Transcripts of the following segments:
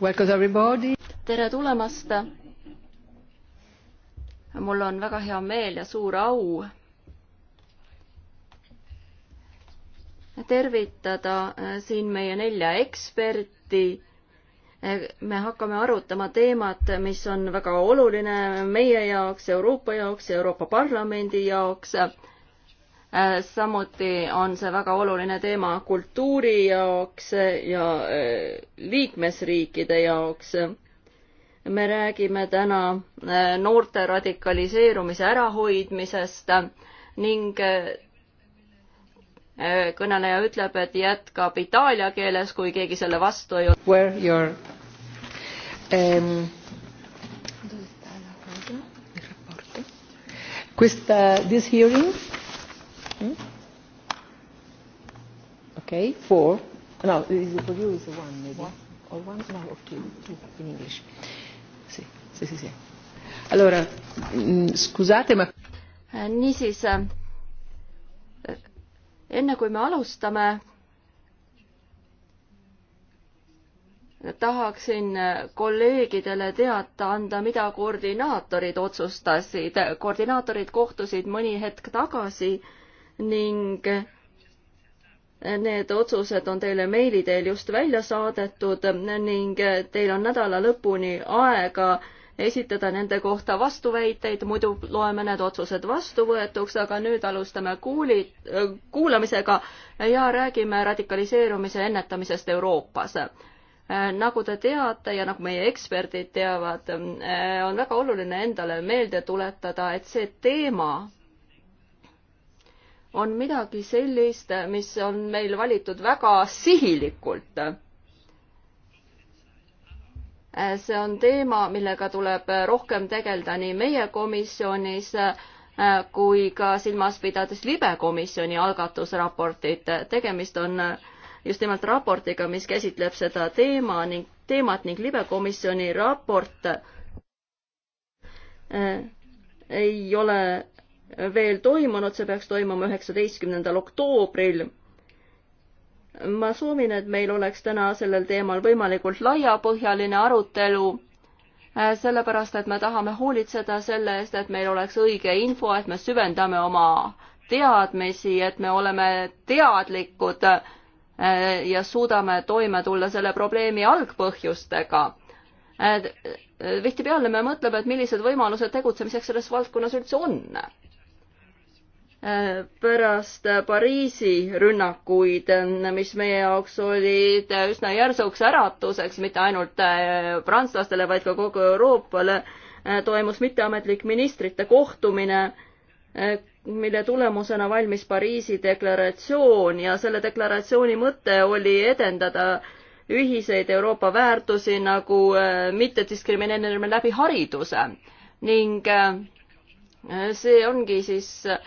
Welcome everybody. tere tulemast. mul on väga hea meel ja suur au tervitada siin meie nelja eksperti. me hakkame arutama teemat, mis on väga oluline meie jaoks, Euroopa jaoks ja Euroopa Parlamendi jaoks Äh, samuti on see väga oluline teema kultuuri jaoks ja äh, liikmesriikide jaoks. me räägime täna äh, noorte radikaliseerumise ärahoidmisest ning kõneleja ütleb, et jätkab itaalia keeles, kui keegi selle vastu ei ole. Where your um, questa, this hearing Hmm? Okay, four. No, for you is one maybe. One. Or oh, one? No, or two. Two in English. Sì, sì, sì. sì. Allora, mh, mm, scusate ma... Eh, niisiis, eh, enne kui me alustame, tahaksin eh, kolleegidele teata anda, mida koordinaatorid otsustasid. koordinaatorid kohtusid mõni hetk tagasi äh, ning need otsused on teile meili teel just välja saadetud ning teil on nädala lõpuni aega esitada nende kohta vastuväiteid, muidu loeme need otsused vastuvõetuks, aga nüüd alustame kuuli, kuulamisega ja räägime radikaliseerumise ennetamisest Euroopas nagu te teate ja nagu meie eksperdid teavad, on väga oluline endale meelde tuletada, et see teema, on midagi sellist, mis on meil valitud väga sihilikult. see on teema, millega tuleb rohkem tegeleda nii meie komisjonis äh, kui ka silmas pidades libe komisjoni algatusraportit. tegemist on äh, just nimelt raportiga, mis käsitleb seda teema ning teemat ning libe komisjoni raport äh, ei ole veel toimunud, see peaks toimuma üheksateistkümnendal oktoobril. ma soovin, et meil oleks täna sellel teemal võimalikult laiapõhjaline arutelu, äh, sellepärast et me tahame hoolitseda selle eest, et meil oleks õige info, et me süvendame oma teadmisi, et me oleme teadlikud äh, ja suudame toime tulla selle probleemi algpõhjustega äh, tihtipeale me mõtleme, et millised võimalused tegutsemiseks selles valdkonnas üldse on pärast Pariisi rünnakuid, mis meie jaoks olid üsna järsuks äratuseks, mitte ainult äh, prantslastele, vaid ka kogu Euroopale, äh, toimus mitteametlik ministrite kohtumine, äh, mille tulemusena valmis Pariisi deklaratsioon ja selle deklaratsiooni mõte oli edendada ühiseid Euroopa väärtusi nagu mittediskrimineerimine läbi hariduse ning see ongi siis äh,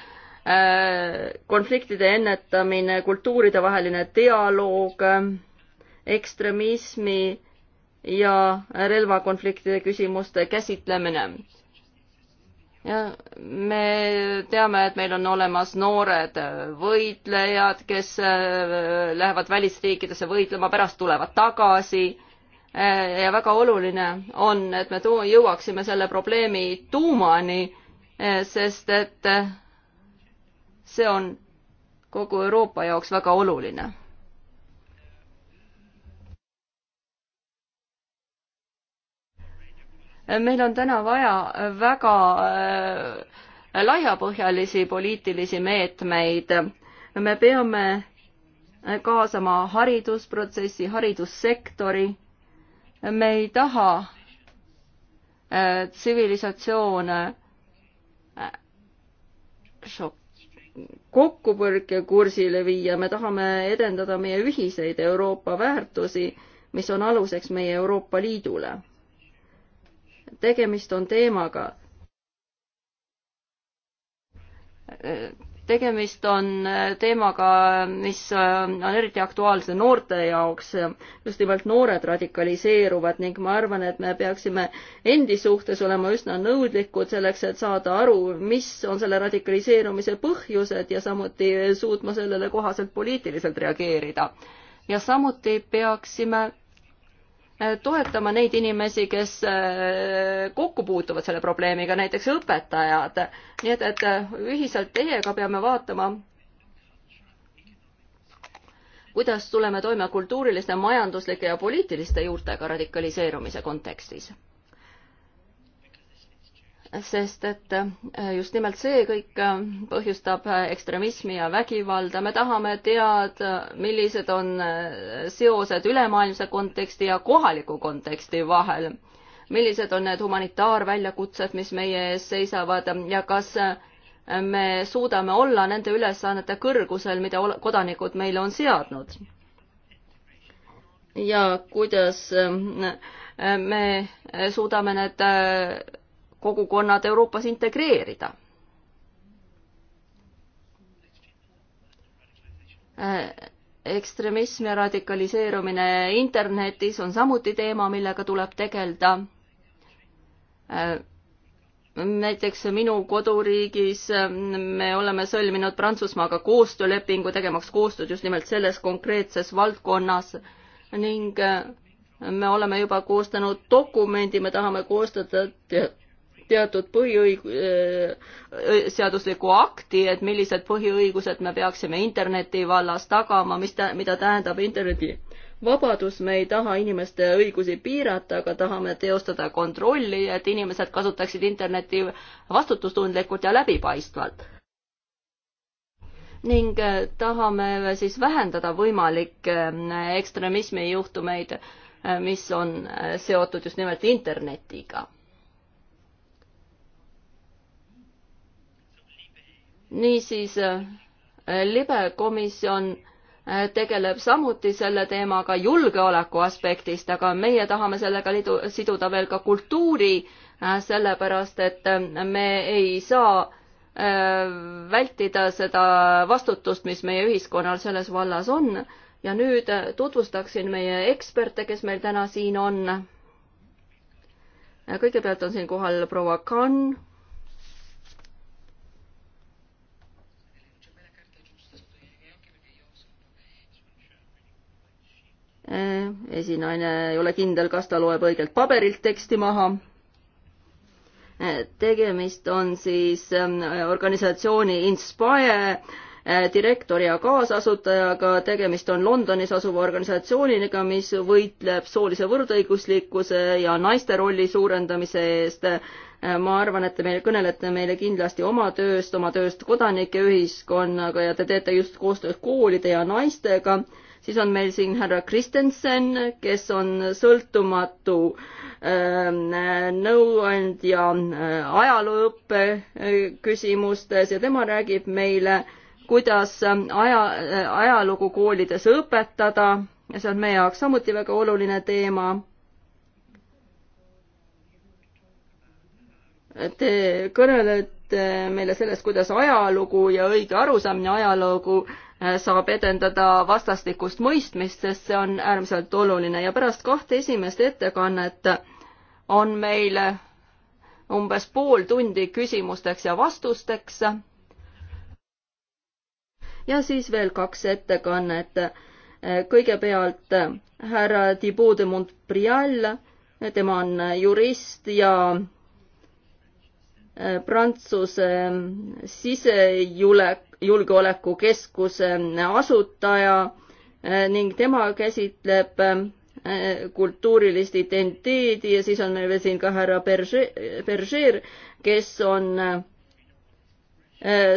Äh, konfliktide ennetamine, kultuuridevaheline dialoog, ekstremismi ja relvakonfliktide küsimuste käsitlemine. ja me teame, et meil on olemas noored võitlejad, kes äh, lähevad välisriikidesse võitlema, pärast tulevad tagasi äh, ja väga oluline on, et me jõuaksime selle probleemi tuumani, sest et see on kogu Euroopa jaoks väga oluline. meil on täna vaja väga äh, laiapõhjalisi poliitilisi meetmeid. me peame kaasama haridusprotsessi, haridussektori. me ei taha äh, tsivilisatsioone äh, šokk kokkupõrkekursile viia, me tahame edendada meie ühiseid Euroopa väärtusi, mis on aluseks meie Euroopa Liidule. tegemist on teemaga, tegemist on äh, teemaga, mis äh, on eriti aktuaalse noorte jaoks, just nimelt noored radikaliseeruvad ning ma arvan, et me peaksime endi suhtes olema üsna nõudlikud selleks, et saada aru, mis on selle radikaliseerumise põhjused ja samuti suutma sellele kohaselt poliitiliselt reageerida. ja samuti peaksime toetama neid inimesi, kes äh, kokku puutuvad selle probleemiga, näiteks õpetajad. nii et, et äh, ühiselt teiega peame vaatama, kuidas tuleme toime kultuuriliste, majanduslike ja poliitiliste juurtega radikaliseerumise kontekstis sest et äh, just nimelt see kõik äh, põhjustab äh, ekstremismi ja vägivalda. me tahame teada, millised on seosed ülemaailmse konteksti ja kohaliku konteksti vahel. millised on need humanitaarväljakutsed, mis meie ees seisavad ja kas me suudame olla nende ülesannete kõrgusel, mida kodanikud meile on seadnud. ja kuidas me suudame need kogukonnad Euroopas integreerida. ekstremism ja radikaliseerumine internetis on samuti teema, millega tuleb tegeleda. näiteks minu koduriigis me oleme sõlminud Prantsusmaaga koostöölepingu, tegemaks koostööd just nimelt selles konkreetses valdkonnas ning me oleme juba koostanud dokumendi, me tahame koostada teatud põhiõig-, äh, seaduslikku akti, et millised põhiõigused me peaksime interneti vallas tagama, mis tä-, mida tähendab interneti vabadus, me ei taha inimeste õigusi piirata, aga tahame teostada kontrolli, et inimesed kasutaksid internetti vastutustundlikult ja läbipaistvalt. ning äh, tahame siis vähendada võimalikke äh, ekstremismijuhtumeid, mis on seotud just nimelt internetiga niisiis äh, libe komisjon äh, tegeleb samuti selle teemaga julgeoleku aspektist, aga meie tahame sellega lidu, siduda veel ka kultuuri, äh, sellepärast et me ei saa vältida seda vastutust, mis meie ühiskonnal selles vallas on. ja nüüd tutvustaksin meie eksperte, kes meil täna siin on. kõigepealt on siin kohal proua Kann Eh, esinaine ei ole kindel, kas ta loeb õigelt paberilt teksti maha. Eh, tegemist on siis ehm, organisatsiooni Inspire eh, direktori ja kaasasutajaga, tegemist on Londonis asuva organisatsiooniga, mis võitleb soolise võrdõiguslikkuse ja naiste rolli suurendamise eest. ma arvan, et te meile kõnelete meile kindlasti oma tööst, oma tööst kodanike ühiskonnaga ja te teete just koostööd koolide ja naistega siis on meil siin härra Kristensen, kes on sõltumatu ähm, nõuandja äh, ajalooõppe äh, küsimustes ja tema räägib meile, kuidas äh, aja, ajalugu koolides õpetada ja see on meie jaoks samuti väga oluline teema. Te kõnelete meile sellest, kuidas ajalugu ja õige arusaamine ajalugu Äh, saab edendada vastastikust mõistmist, sest see on äärmiselt oluline ja pärast kahte esimest ettekannet on meil umbes pool tundi küsimusteks ja vastusteks. ja siis veel kaks ettekannet. kõigepealt härra Thibaud de Montbrial, tema on jurist ja Prantsuse sisejulgeolekukeskuse asutaja ning tema käsitleb äh, kultuurilist identiteedi ja siis on meil veel siin ka härra Berger, kes on äh,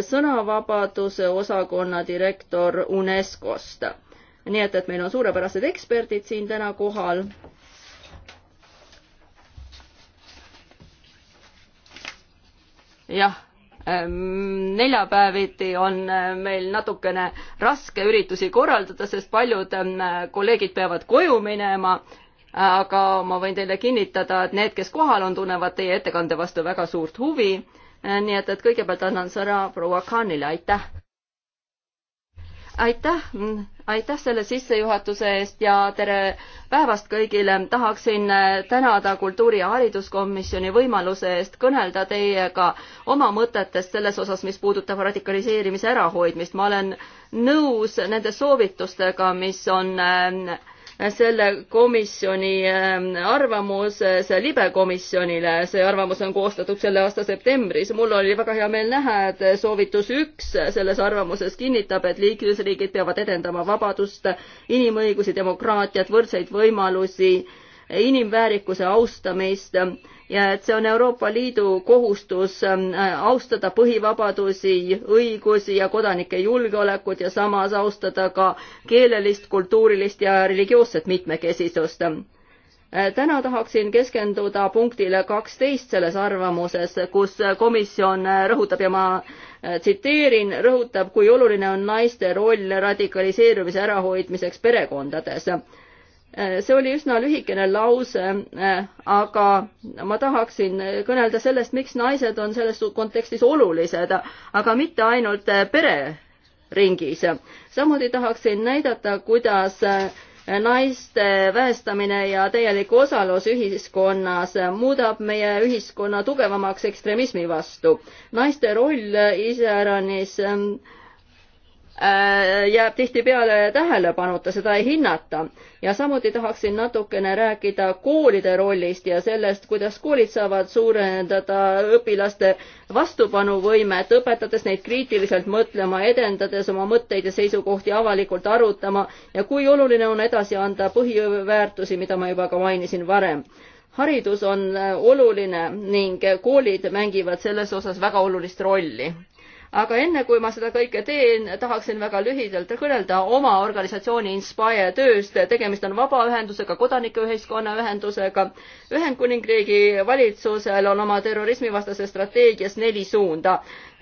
sõnavabaduse osakonna direktor UNESCO-st. nii et, et meil on suurepärased eksperdid siin täna kohal jah, ähm, neljapäeviti on äh, meil natukene raske üritusi korraldada, sest paljud ähm, kolleegid peavad koju minema, äh, aga ma võin teile kinnitada, et need, kes kohal on, tunnevad teie ettekande vastu väga suurt huvi. Äh, nii et, et kõigepealt annan sõna proua Kahnile, aitäh! aitäh, aitäh selle sissejuhatuse eest ja tere päevast kõigile. tahaksin äh, tänada Kultuuri- ja Hariduskomisjoni võimaluse eest kõnelda teiega oma mõtetest selles osas, mis puudutab radikaliseerimise ärahoidmist. ma olen nõus nende soovitustega, mis on äh, selle komisjoni ähm, arvamuses äh, libekomisjonile, see arvamus on koostatud selle aasta septembris. mul oli väga hea meel näha, et soovitus üks selles arvamuses kinnitab, et liikmesriigid peavad edendama vabadust, inimõigusi, demokraatiat, võrdseid võimalusi, inimväärikuse austamist ja et see on Euroopa Liidu kohustus ähm, austada põhivabadusi, õigusi ja kodanike julgeolekut ja samas austada ka keelelist, kultuurilist ja religioosset mitmekesisust. Äh, täna tahaksin keskenduda punktile kaksteist selles arvamuses, kus komisjon äh, rõhutab ja ma äh, tsiteerin, rõhutab, kui oluline on naiste roll radikaliseerumise ärahoidmiseks perekondades Äh, see oli üsna lühikene lause, äh, aga ma tahaksin kõnelda sellest, miks naised on selles kontekstis olulised, aga mitte ainult äh, pereringis. samuti tahaksin näidata, kuidas naiste väestamine ja täielik osalus ühiskonnas muudab meie ühiskonna tugevamaks ekstremismi vastu. naiste roll iseäranis äh, Äh, jääb tihtipeale tähelepanuta, seda ei hinnata. ja samuti tahaksin natukene rääkida koolide rollist ja sellest, kuidas koolid saavad suurendada õpilaste vastupanuvõimet, õpetades neid kriitiliselt mõtlema, edendades oma mõtteid ja seisukohti avalikult arutama ja kui oluline on edasi anda põhiväärtusi, mida ma juba ka mainisin varem haridus on oluline ning koolid mängivad selles osas väga olulist rolli aga enne kui ma seda kõike teen, tahaksin väga lühidalt kõnelda oma organisatsiooni Inspire tööst. tegemist on vabaühendusega, kodanikuühiskonna ühendusega. Ühendkuningriigi valitsusel on oma terrorismivastases strateegias neli suunda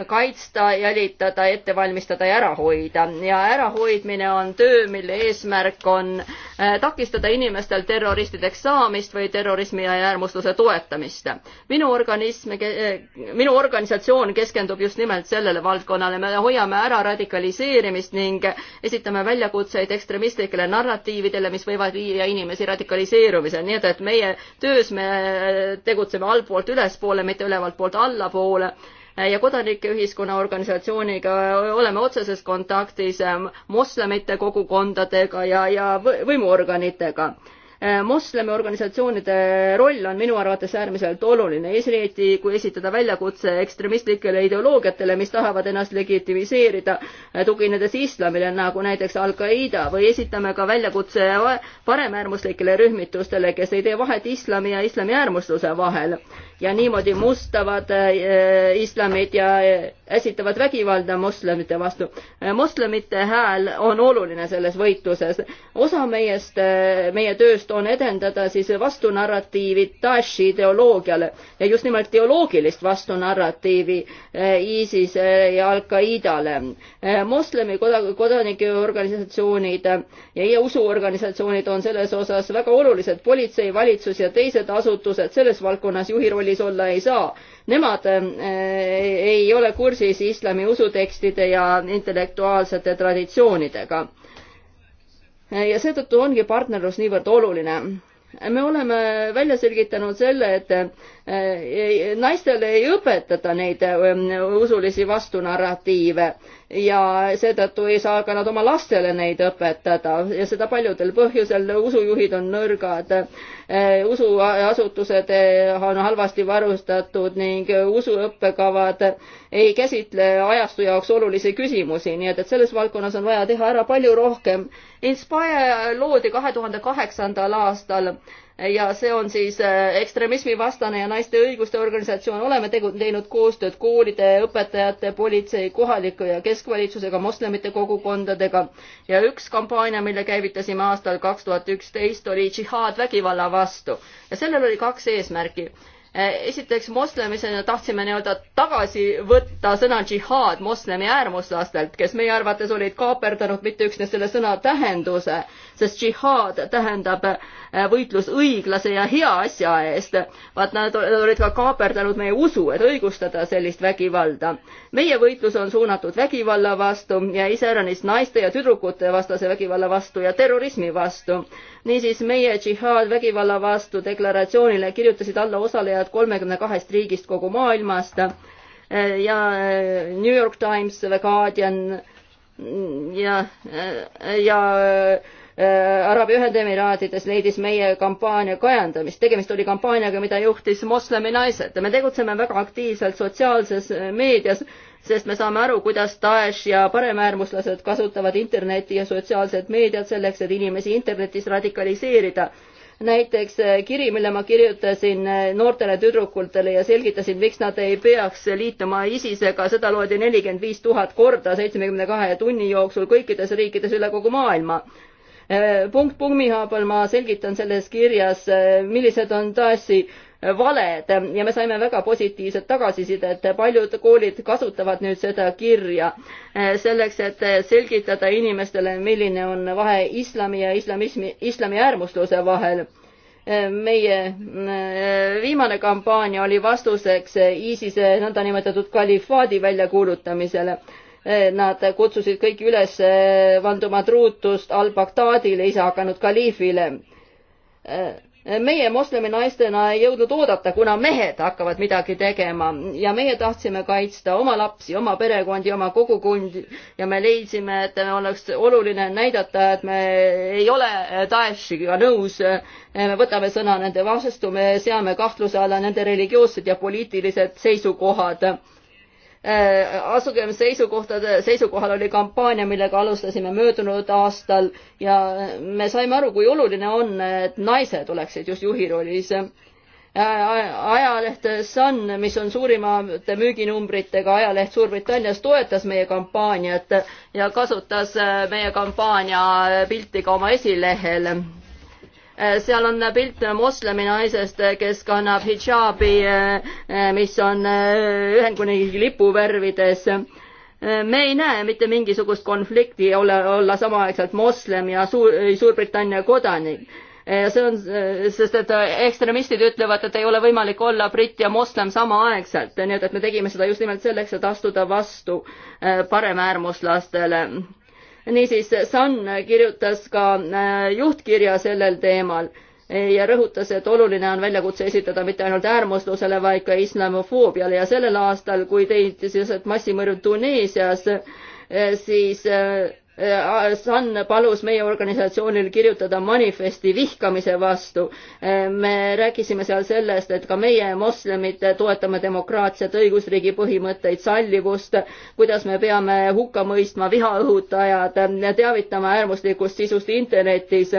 kaitsta, jälitada, ette valmistada ja ära hoida. ja ärahoidmine on töö, mille eesmärk on äh, takistada inimestel terroristideks saamist või terrorismi ja äärmusluse toetamist. minu organism, äh, minu organisatsioon keskendub just nimelt sellele valdkonnale, me hoiame ära radikaliseerimist ning esitame väljakutseid ekstremistlikele narratiividele, mis võivad viia inimesi radikaliseerumiseni, nii et, et meie töös me äh, tegutseme altpoolt ülespoole, mitte ülevalt poolt allapoole Eh, ja kodanikeühiskonna organisatsiooniga oleme otseses kontaktis eh, moslemite kogukondadega ja, ja võimuorganitega Äh, moslemiorganisatsioonide roll on minu arvates äärmiselt oluline, eriti kui esitada väljakutse ekstremistlikele ideoloogiatele, mis tahavad ennast legitimiseerida, äh, tuginedes islamile, nagu näiteks Al-Qaeda või esitame ka väljakutse paremäärmuslikele rühmitustele, kes ei tee vahet islami ja islami äärmusluse vahel ja niimoodi mustavad äh, islamit ja esitavad vägivalda moslemite vastu. moslemite hääl on oluline selles võitluses. osa meiest, meie tööst on edendada siis vastunarratiivi Daeshi ideoloogiale ja just nimelt ideoloogilist vastunarratiivi eh, ISISe eh, ja Al-Qaidale. Eh, moslemi kodanike organisatsioonid ja usuorganisatsioonid on selles osas väga olulised, politsei, valitsus ja teised asutused selles valdkonnas juhi rollis olla ei saa. Nemad ei ole kursis islami usutekstide ja intellektuaalsete traditsioonidega ja seetõttu ongi partnerlus niivõrd oluline. me oleme välja selgitanud selle, et naistele ei õpetata neid usulisi vastunarratiive ja seetõttu ei saa ka nad oma lastele neid õpetada ja seda paljudel põhjusel, usujuhid on nõrgad, e, usuasutused e, on halvasti varustatud ning usuõppekavad ei käsitle ajastu jaoks olulisi küsimusi, nii et, et selles valdkonnas on vaja teha ära palju rohkem. Inspire loodi kahe tuhande kaheksandal aastal ja see on siis äh, ekstremismivastane ja naiste õiguste organisatsioon. oleme tegu-, teinud koostööd koolide, õpetajate, politsei, kohaliku ja keskvalitsusega, moslemite kogukondadega ja üks kampaania, mille käivitasime aastal kaks tuhat üksteist, oli džihaad vägivalla vastu ja sellel oli kaks eesmärki. Eh, esiteks moslemisena tahtsime nii-öelda tagasi võtta sõna džihaad moslemi äärmuslastelt, kes meie arvates olid kaaperdanud mitte üksnes selle sõna tähenduse, sest džihaad tähendab eh, võitlus õiglase ja hea asja eest, vaat nad olid ka kaaperdanud meie usu, et õigustada sellist vägivalda. meie võitlus on suunatud vägivalla vastu ja iseäranis naiste ja tüdrukute vastase vägivalla vastu ja terrorismi vastu niisiis meie džihaad vägivalla vastu deklaratsioonile kirjutasid alla osalejad kolmekümne kahest riigist kogu maailmast ja äh, New York Times, The Guardian mm, ja, äh, ja äh, Araabia Ühendemiraadides leidis meie kampaania kajandamist. tegemist oli kampaaniaga, mida juhtis moslemi naised. me tegutseme väga aktiivselt sotsiaalses meedias sest me saame aru, kuidas Daesh ja paremäärmuslased kasutavad Internetti ja sotsiaalset meediat selleks, et inimesi internetis radikaliseerida näiteks eh, kiri, mille ma kirjutasin eh, noortele tüdrukutele ja selgitasin, miks nad ei peaks liituma ISISega, seda loodi nelikümmend viis tuhat korda seitsmekümne kahe tunni jooksul kõikides riikides üle kogu maailma. Eh, punkt punkti haaval ma selgitan selles kirjas, millised on Daeshi valed ja me saime väga positiivset tagasisidet, paljud koolid kasutavad nüüd seda kirja eh, selleks, et selgitada inimestele, milline on vahe islami ja islamismi, islami äärmusluse vahel eh, meie eh, viimane kampaania oli vastuseks ISISe nõndanimetatud kalifaadi väljakuulutamisele. Nad kutsusid kõiki üles vanduma truutust al-Baghdadile, ise hakanud kaliifile meie moslemi naistena ei jõudnud oodata, kuna mehed hakkavad midagi tegema ja meie tahtsime kaitsta oma lapsi, oma perekondi, oma kogukondi ja me leidsime, et oleks oluline näidata, et me ei ole eh, Daeshiga nõus. Eh, me võtame sõna nende vastu, me seame kahtluse alla nende religioossed ja poliitilised seisukohad Äh, asugem seisukohtade, seisukohal oli kampaania, millega alustasime möödunud aastal ja me saime aru, kui oluline on, et naised oleksid just juhi rollis. Äh, ajaleht Sun, mis on suurimate müüginumbritega ajaleht Suurbritannias, toetas meie kampaaniat ja kasutas äh, meie kampaania pilti ka oma esilehel Eh, seal on pilt moslemi naisest, eh, kes kannab hidžaabi, eh, mis on Ühendkuningriigi lipuvärvides. me ei näe mitte mingisugust konflikti olla, olla samaaegselt moslem ja Suur, Suurbritannia kodanik. ja see on, sest et ekstremistid ütlevad, et ei ole võimalik olla britt ja moslem samaaegselt, nii et, et me tegime seda just nimelt selleks, et astuda vastu paremäärmuslastele niisiis, Sun kirjutas ka äh, juhtkirja sellel teemal ja rõhutas, et oluline on väljakutse esitada mitte ainult äärmuslusele, vaid ka islamofoobiale ja sellel aastal, kui teid siis massimõrv Tuneesias, äh, siis äh, San palus meie organisatsioonil kirjutada manifesti vihkamise vastu. me rääkisime seal sellest, et ka meie, moslemid, toetame demokraatiat, õigusriigi põhimõtteid, sallivust, kuidas me peame hukka mõistma vihaõhutajad, teavitama äärmuslikust sisust internetis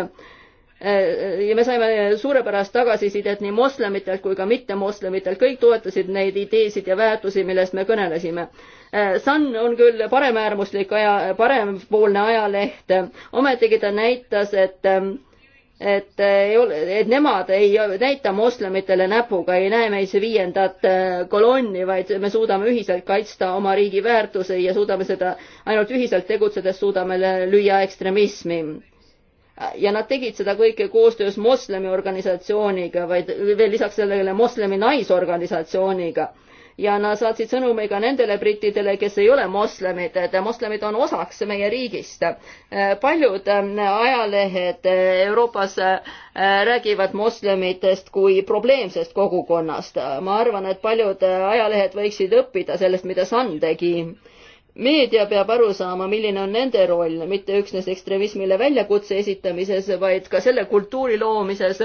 Äh, ja me saime suurepärast tagasisidet nii moslemitelt kui ka mittemoslemitelt, kõik toetasid neid ideesid ja väärtusi, millest me kõnelesime. Äh, Sun on küll paremäärmuslik aja, parempoolne ajaleht, ometigi ta näitas, et et ei ole, et nemad ei näita moslemitele näpuga, ei näe meis viiendat äh, kolonni, vaid me suudame ühiselt kaitsta oma riigi väärtusi ja suudame seda, ainult ühiselt tegutsedes suudame lüüa ekstremismi ja nad tegid seda kõike koostöös moslemi organisatsiooniga, vaid veel lisaks sellele moslemi naisorganisatsiooniga. ja nad saatsid sõnumi ka nendele brittidele, kes ei ole moslemid, et moslemid on osaks meie riigist. paljud ajalehed Euroopas räägivad moslemitest kui probleemsest kogukonnast. ma arvan, et paljud ajalehed võiksid õppida sellest, mida Sun tegi meedia peab aru saama, milline on nende roll, mitte üksnes ekstremismile väljakutse esitamises, vaid ka selle kultuuri loomises,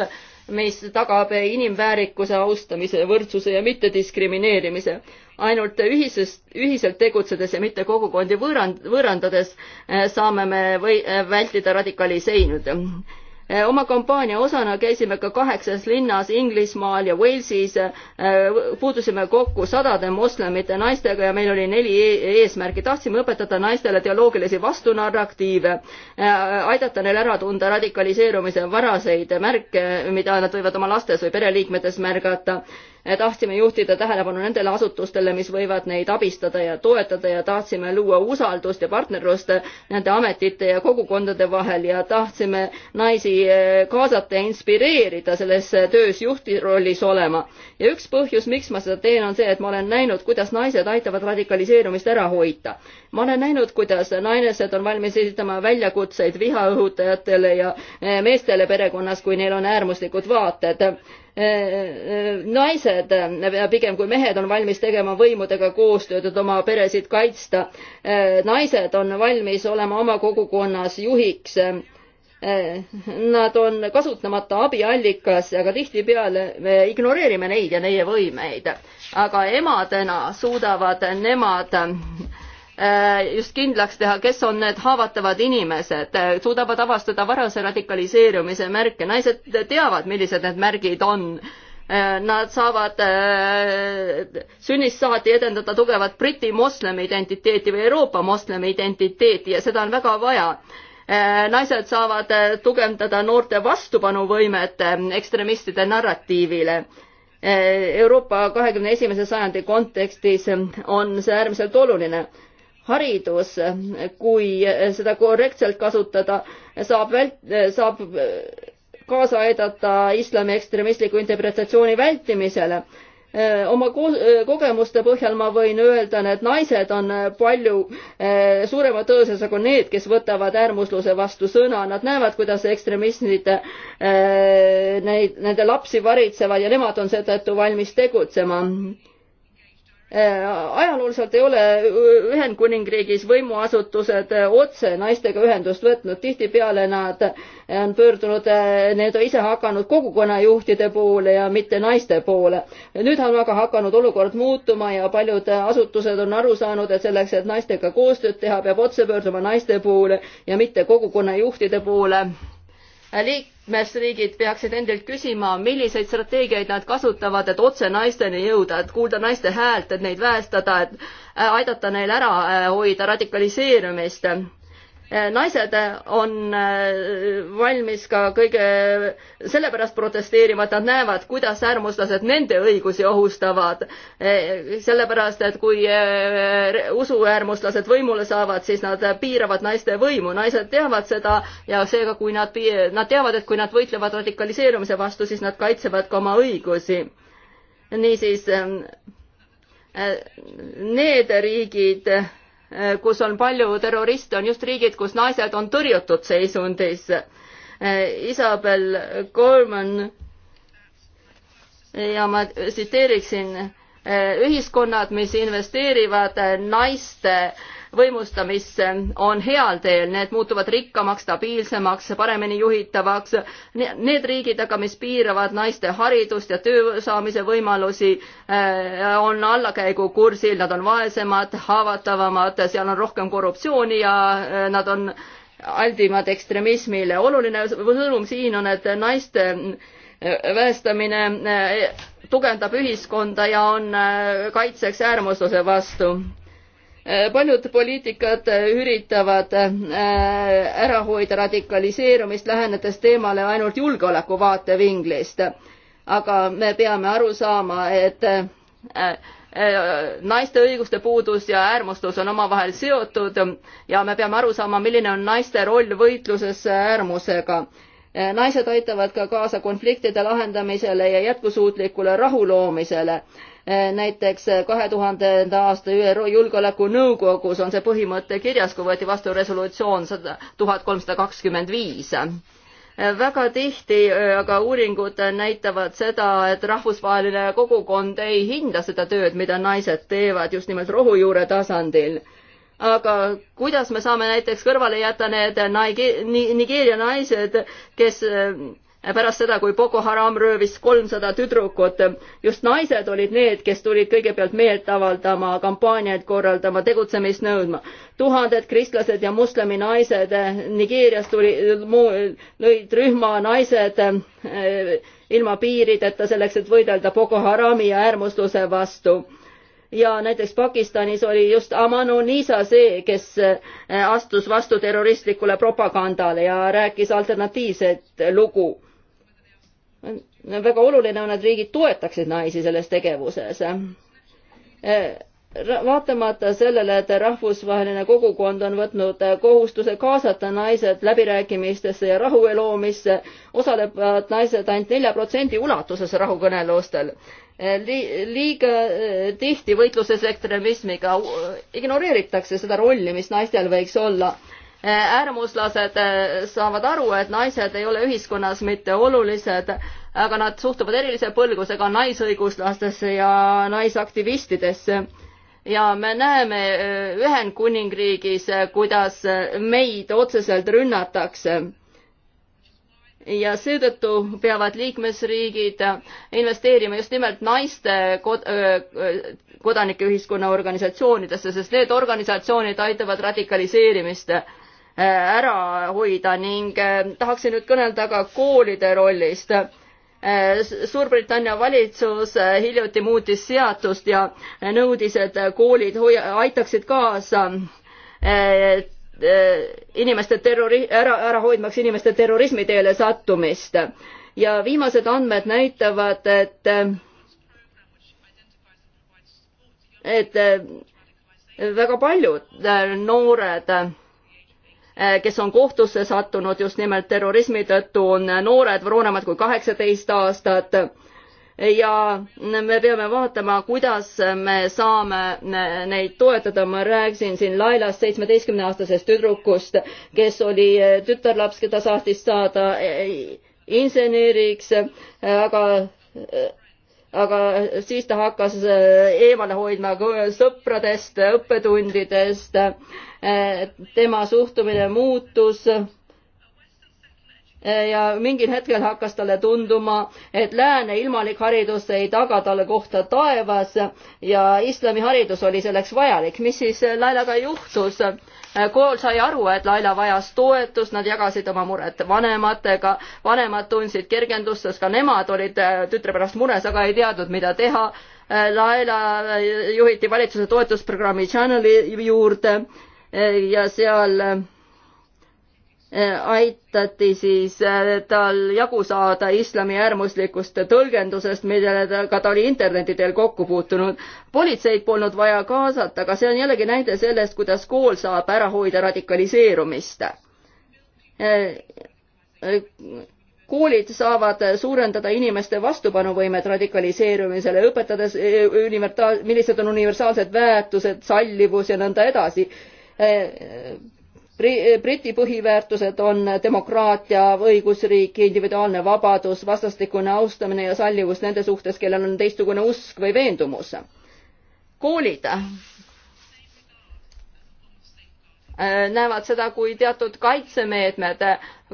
mis tagab inimväärikuse austamise, võrdsuse ja mittediskrimineerimise. ainult ühisest, ühiselt tegutsedes ja mitte kogukondi võõrand, võõrandades eh, saame me või vältida radikaliseinud Eh, oma kampaania osana käisime ka kaheksas linnas Inglismaal ja Walesis, eh, eh, puutusime kokku sadade moslemite naistega ja meil oli neli e-, eesmärki. tahtsime õpetada naistele teoloogilisi vastunarratiive, aidata neil ära tunda radikaliseerumise varaseid märke, mida nad võivad oma lastes või pereliikmetes märgata tahtsime juhtida tähelepanu nendele asutustele, mis võivad neid abistada ja toetada ja tahtsime luua usaldust ja partnerlust nende ametite ja kogukondade vahel ja tahtsime naisi eh, kaasata ja inspireerida selles töös juhtirollis olema. ja üks põhjus, miks ma seda teen, on see, et ma olen näinud, kuidas naised aitavad radikaliseerumist ära hoida. ma olen näinud, kuidas naised on valmis esitama väljakutseid vihaõhutajatele ja eh, meestele perekonnas, kui neil on äärmuslikud vaated Äh, äh, naised äh, pigem kui mehed on valmis tegema võimudega koostööd, et oma peresid kaitsta. naised on valmis olema oma kogukonnas juhiks. Nad on kasutamata abiallikas, aga tihtipeale me ignoreerime neid ja neie võimeid. aga emadena suudavad nemad Äh, just kindlaks teha, kes on need haavatavad inimesed, äh, suudavad avastada varase radikaliseerumise märke, naised teavad, millised need märgid on. Äh, nad saavad sünnist saati edendada tugevat Briti moslemi identiteeti või Euroopa moslemi identiteeti ja seda on väga vaja naised saavad tugevdada noorte vastupanuvõimet ekstremistide narratiivile. Euroopa kahekümne esimese sajandi kontekstis on see äärmiselt oluline haridus, kui seda korrektselt kasutada, saab vält-, saab kaasa aidata islami ekstremistliku interpretatsiooni vältimisele oma ko kogemuste põhjal ma võin öelda, et naised on palju eh, suurema tõesusega need, kes võtavad äärmusluse vastu sõna, nad näevad, kuidas ekstremistid eh, neid, nende lapsi varitsevad ja nemad on seetõttu valmis tegutsema Äh, ajalooliselt ei ole Ühendkuningriigis võimuasutused äh, otse naistega ühendust võtnud, tihtipeale nad äh, on pöördunud, need on ise hakanud kogukonnajuhtide poole ja mitte naiste poole. nüüd on aga hakanud olukord muutuma ja paljud asutused on aru saanud, et selleks, et naistega koostööd teha, peab otse pöörduma naiste poole ja mitte kogukonnajuhtide poole liikmesriigid peaksid endilt küsima, milliseid strateegiaid nad kasutavad, et otse naisteni jõuda, et kuulda naiste häält, et neid väestada, et äh, aidata neil ära äh, hoida radikaliseerumist Äh, naised äh, on äh, valmis ka kõige sellepärast protesteerima, et nad näevad, kuidas äärmuslased nende õigusi ohustavad. sellepärast, et kui usuäärmuslased võimule saavad, siis nad piiravad naiste võimu, naised teavad seda ja seega, kui nad, nad teavad, et kui nad võitlevad radikaliseerumise vastu, siis nad kaitsevad ka oma õigusi. niisiis, ähm, need riigid Eh, kus on palju terroriste, on just riigid, kus naised on tõrjutud seisundis. Eh, Isabel Gorman ja ma tsiteeriksin, eh, ühiskonnad, mis investeerivad naiste äh, võimustamisse on heal teel, need muutuvad rikkamaks, stabiilsemaks, paremini juhitavaks. Need riigid aga, mis piiravad naiste haridust ja töö saamise võimalusi, äh, on allakäigukursil, nad on vaesemad, haavatavamad, seal on rohkem korruptsiooni ja äh, nad on aldimad ekstremismile. oluline sõnum siin on, et naiste äh, väestamine tugevdab ühiskonda ja on kaitseks äärmusluse vastu. Eh, paljud poliitikad eh, üritavad eh, ära hoida radikaliseerumist, lähenedes teemale ainult julgeoleku vaatevinklist. aga me peame aru saama, et naiste õiguste puudus ja äärmustus on omavahel seotud ja me peame aru saama, milline on naiste roll võitluses äärmusega Eh, naised aitavad ka kaasa konfliktide lahendamisele ja jätkusuutlikule rahu loomisele. Eh, näiteks eh, kahe tuhandenda aasta ÜRO Julgeolekunõukogus on see põhimõte kirjas, kui võeti vastu resolutsioon sada, tuhat kolmsada kakskümmend viis väga tihti aga uuringud näitavad seda, et rahvusvaheline kogukond ei hinda seda tööd, mida naised teevad just nimelt rohujuure tasandil aga kuidas me saame näiteks kõrvale jätta need Nigeeria naised, kes äh, pärast seda, kui Boko Haram röövis kolmsada tüdrukut, just naised olid need, kes tulid kõigepealt meelt avaldama, kampaaniaid korraldama, tegutsemist nõudma. tuhanded kristlased ja moslemi naised äh, Nigeerias tuli, lõid rühma naised äh, ilma piirideta selleks, et võidelda Boko Harami ja äärmusluse vastu ja näiteks Pakistanis oli just Amanu Nisa see, kes äh, astus vastu terroristlikule propagandale ja rääkis alternatiivset lugu. väga oluline on, et riigid toetaksid naisi selles tegevuses. Äh, vaatamata sellele, et rahvusvaheline kogukond on võtnud äh, kohustuse kaasata naised läbirääkimistesse ja rahu loomisse, osalevad naised ainult nelja protsendi ulatuses rahukõnelustel Eh, liiga eh, tihti võitluses ekstremismiga eh, ignoreeritakse seda rolli, mis naistel võiks olla. äärmuslased saavad aru, et naised ei ole ühiskonnas mitte olulised, aga nad suhtuvad erilise põlgusega naisõiguslastesse ja naisaktivistidesse ja me näeme Ühendkuningriigis, kuidas meid otseselt rünnatakse ja seetõttu peavad liikmesriigid investeerima just nimelt naiste kod kodanikeühiskonna organisatsioonidesse, sest need organisatsioonid aitavad radikaliseerimist äh, ära hoida ning äh, tahaksin nüüd kõnelda ka koolide rollist. Äh, Suurbritannia valitsus hiljuti muutis seadust ja nõudis, et koolid hoia-, aitaksid kaasa et Eh, inimeste terrori-, ära, ära hoidmaks inimeste terrorismi teele sattumist. ja viimased andmed näitavad, et et väga paljud eh, noored, eh, kes on kohtusse sattunud just nimelt terrorismi tõttu, on noored vanemad kui kaheksateist aastat ja me peame vaatama, kuidas me saame neid toetada, ma rääkisin siin Lailast, seitsmeteistkümneaastasest tüdrukust, kes oli tütarlaps, keda saatis saada inseneriks, aga aga siis ta hakkas eemale hoidma sõpradest, õppetundidest. tema suhtumine muutus Eh, ja mingil hetkel hakkas talle tunduma, et lääne ilmalik haridus ei taga talle kohta taevas ja islamiharidus oli selleks vajalik. mis siis eh, Lailaga juhtus? Eh, kool sai aru, et Laila vajas toetust, nad jagasid oma muret vanematega, vanemad tundsid kergendust, sest ka nemad olid tütre pärast mures, aga ei teadnud, mida teha. Laila juhiti valitsuse toetusprogrammi Channeli juurde ja seal Äh, aitati siis äh, tal jagu saada islami äärmuslikust tõlgendusest, millega ta oli interneti teel kokku puutunud. politseid polnud vaja kaasata, aga see on jällegi näide sellest, kuidas kool saab ära hoida radikaliseerumist. Äh, koolid saavad suurendada inimeste vastupanuvõimet radikaliseerumisele, õpetades universaal, millised on universaalsed väärtused, sallivus ja nõnda edasi Eh, Briti põhiväärtused on demokraatia, õigusriik, individuaalne vabadus, vastastikune austamine ja sallivus nende suhtes, kellel on teistsugune usk või veendumus. koolid eh, näevad seda kui teatud kaitsemeetmed.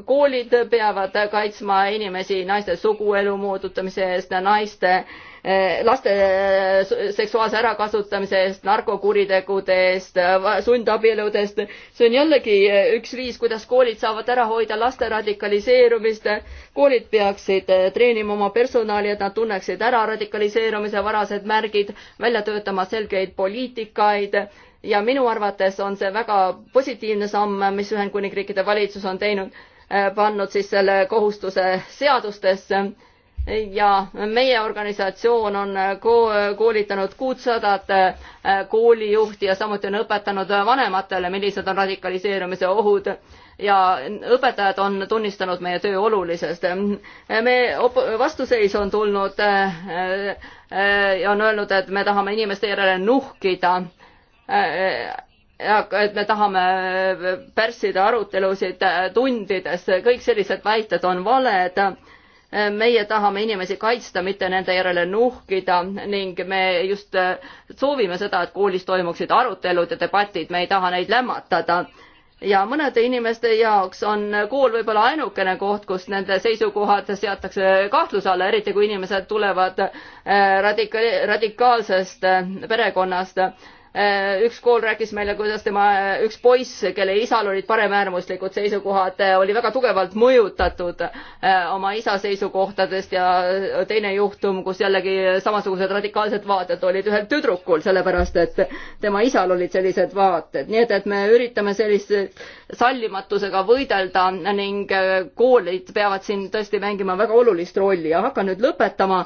koolid peavad kaitsma inimesi naiste suguelu moodutamise eest, naiste äh, Eh, laste eh, seksuaalse ärakasutamise eest, narkokuritegude eest, sundabieludest. see on jällegi eh, üks viis, kuidas koolid saavad ära hoida laste radikaliseerumist. koolid peaksid treenima oma personali, et nad tunneksid ära radikaliseerumise varased märgid, välja töötama selgeid poliitikaid ja minu arvates on see väga positiivne samm, mis Ühendkuningriikide valitsus on teinud, pannud siis selle kohustuse seadustesse ja meie organisatsioon on koolitanud kuutsadat äh, koolijuhti ja samuti on õpetanud vanematele, millised on radikaliseerumise ohud ja õpetajad on tunnistanud meie töö olulisest. me, vastuseis on tulnud äh, äh, ja on öelnud, et me tahame inimeste järele nuhkida ja et me tahame pärssida arutelusid tundides, kõik sellised väited on valed meie tahame inimesi kaitsta, mitte nende järele nuhkida ning me just äh, soovime seda, et koolis toimuksid arutelud ja debatid, me ei taha neid lämmatada. ja mõnede inimeste jaoks on kool võib-olla ainukene koht, kus nende seisukohad seatakse kahtluse alla, eriti kui inimesed tulevad äh, radika-, radikaalsest äh, perekonnast Äh, üks kool rääkis meile, kuidas tema äh, üks poiss, kelle isal olid paremäärmuslikud seisukohad, äh, oli väga tugevalt mõjutatud oma isa seisukohtadest ja teine juhtum, kus jällegi samasugused radikaalsed vaated olid ühel tüdrukul, sellepärast et tema isal olid sellised vaated, nii et, et me üritame sellise sallimatusega võidelda ning koolid peavad siin tõesti mängima väga olulist rolli ja hakkan nüüd lõpetama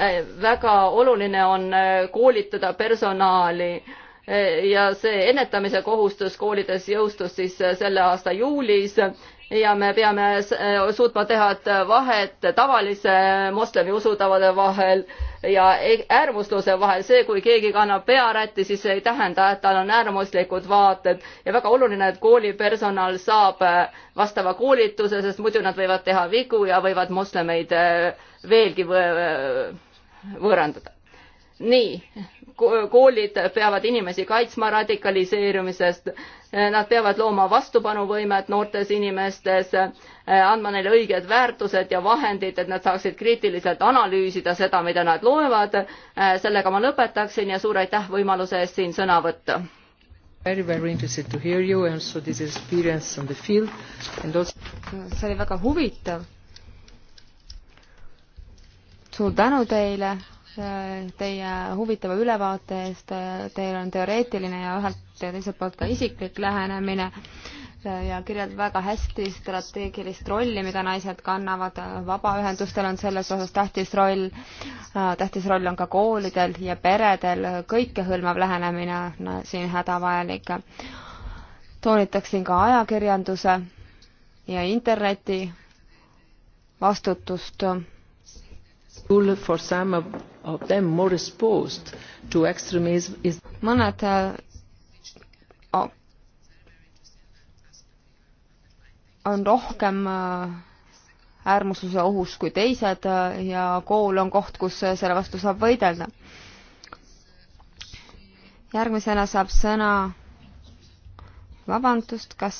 Äh, väga oluline on äh, koolitada personali äh, ja see ennetamise kohustus koolides jõustus siis selle aasta juulis ja me peame suutma teha vahet tavalise moslemi usutavade vahel ja e-, äärmusluse vahel. see, kui keegi kannab pearätti, siis see ei tähenda, et tal on äärmuslikud vaated ja väga oluline, et koolipersonal saab vastava koolituse, sest muidu nad võivad teha vigu ja võivad moslemeid veelgi võ võõrandada. nii, koolid peavad inimesi kaitsma radikaliseerumisest, nad peavad looma vastupanuvõimet noortes inimestes, andma neile õiged väärtused ja vahendid, et nad saaksid kriitiliselt analüüsida seda, mida nad loevad. sellega ma lõpetaksin ja suur aitäh võimaluse eest siin sõna võtta very very interested to hear you and so this experience on the field and also see oli väga huvitav suur tänu teile teie huvitava ülevaate eest, teil on teoreetiline ja ühelt ja teiselt poolt ka isiklik lähenemine ja kirjeldab väga hästi strateegilist rolli, mida naised kannavad, vabaühendustel on selles osas tähtis roll, tähtis roll on ka koolidel ja peredel, kõikehõlmav lähenemine on siin hädavajalik. toonitaksin ka ajakirjanduse ja interneti vastutust mõned äh, on rohkem äh, äärmusluse ohus kui teised äh, ja kool on koht, kus selle vastu saab võidelda. järgmisena saab sõna vabandust, kas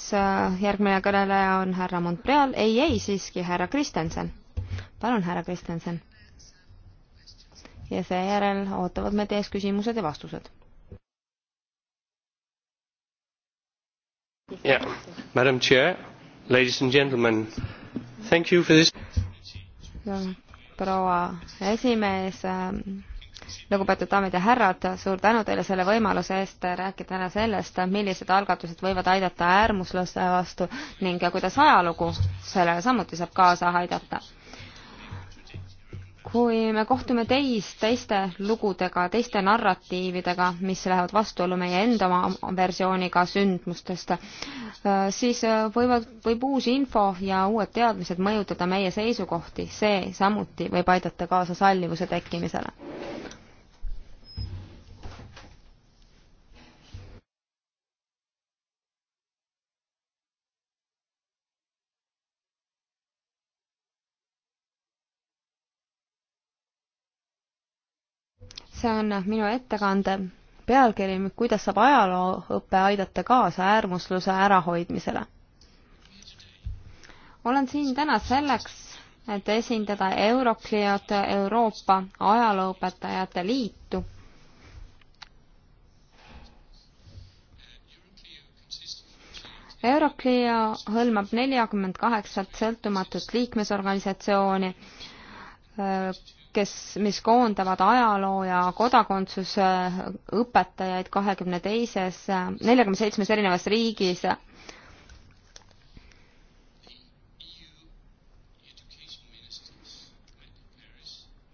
järgmine kõneleja on härra Montreal? ei, ei, siiski härra Kristjanson. palun, härra Kristjanson ja seejärel ootavad meid ees küsimused ja vastused. Yeah. Madam Chair, ladies and gentlemen, thank you for this. proua esimees ähm, lugupeetud daamid ja härrad, suur tänu teile selle võimaluse eest rääkida täna sellest, millised algatused võivad aidata äärmuslaste vastu ning kuidas ajalugu sellele samuti saab kaasa aidata kui me kohtume teis, teiste lugudega, teiste narratiividega, mis lähevad vastuollu meie enda oma versiooniga sündmustest, äh, siis äh, võivad, võib uus info ja uued teadmised mõjutada meie seisukohti, see samuti võib aidata kaasa sallivuse tekkimisele. see on minu ettekande pealkiri, kuidas saab ajalooõpe aidata kaasa äärmusluse ärahoidmisele. olen siin täna selleks, et esindada Eurocleot Euroopa Ajalooõpetajate Liitu. Euroclio hõlmab neljakümmend kaheksat sõltumatut liikmesorganisatsiooni kes, mis koondavad ajaloo ja kodakondsuse õpetajaid kahekümne teises, neljakümne seitsmes erinevas riigis.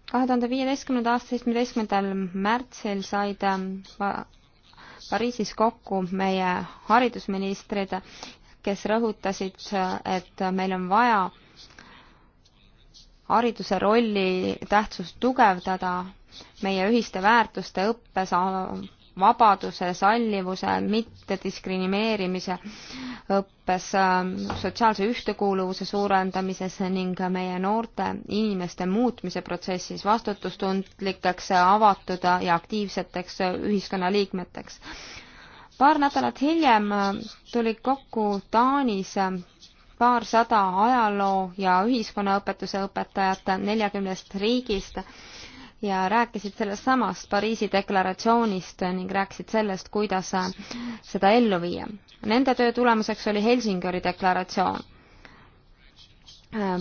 kahe tuhande viieteistkümnenda aasta seitsmeteistkümnendal märtsil said ähm, Pariisis kokku meie haridusministrid, kes rõhutasid, et meil on vaja hariduse rolli tähtsust tugevdada, meie ühiste väärtuste õppes, vabaduse, sallivuse, mittediskrimineerimise õppes, ähm, sotsiaalse ühtekuuluvuse suurendamises ning meie noorte inimeste muutmise protsessis vastutustundlikeks, avatud ja aktiivseteks ühiskonnaliikmeteks. paar nädalat hiljem tulid kokku Taanis paarsada ajaloo- ja ühiskonnaõpetuse õpetajat neljakümnest riigist ja rääkisid sellest samast Pariisi deklaratsioonist ning rääkisid sellest, kuidas seda ellu viia. Nende töö tulemuseks oli Helsingori deklaratsioon.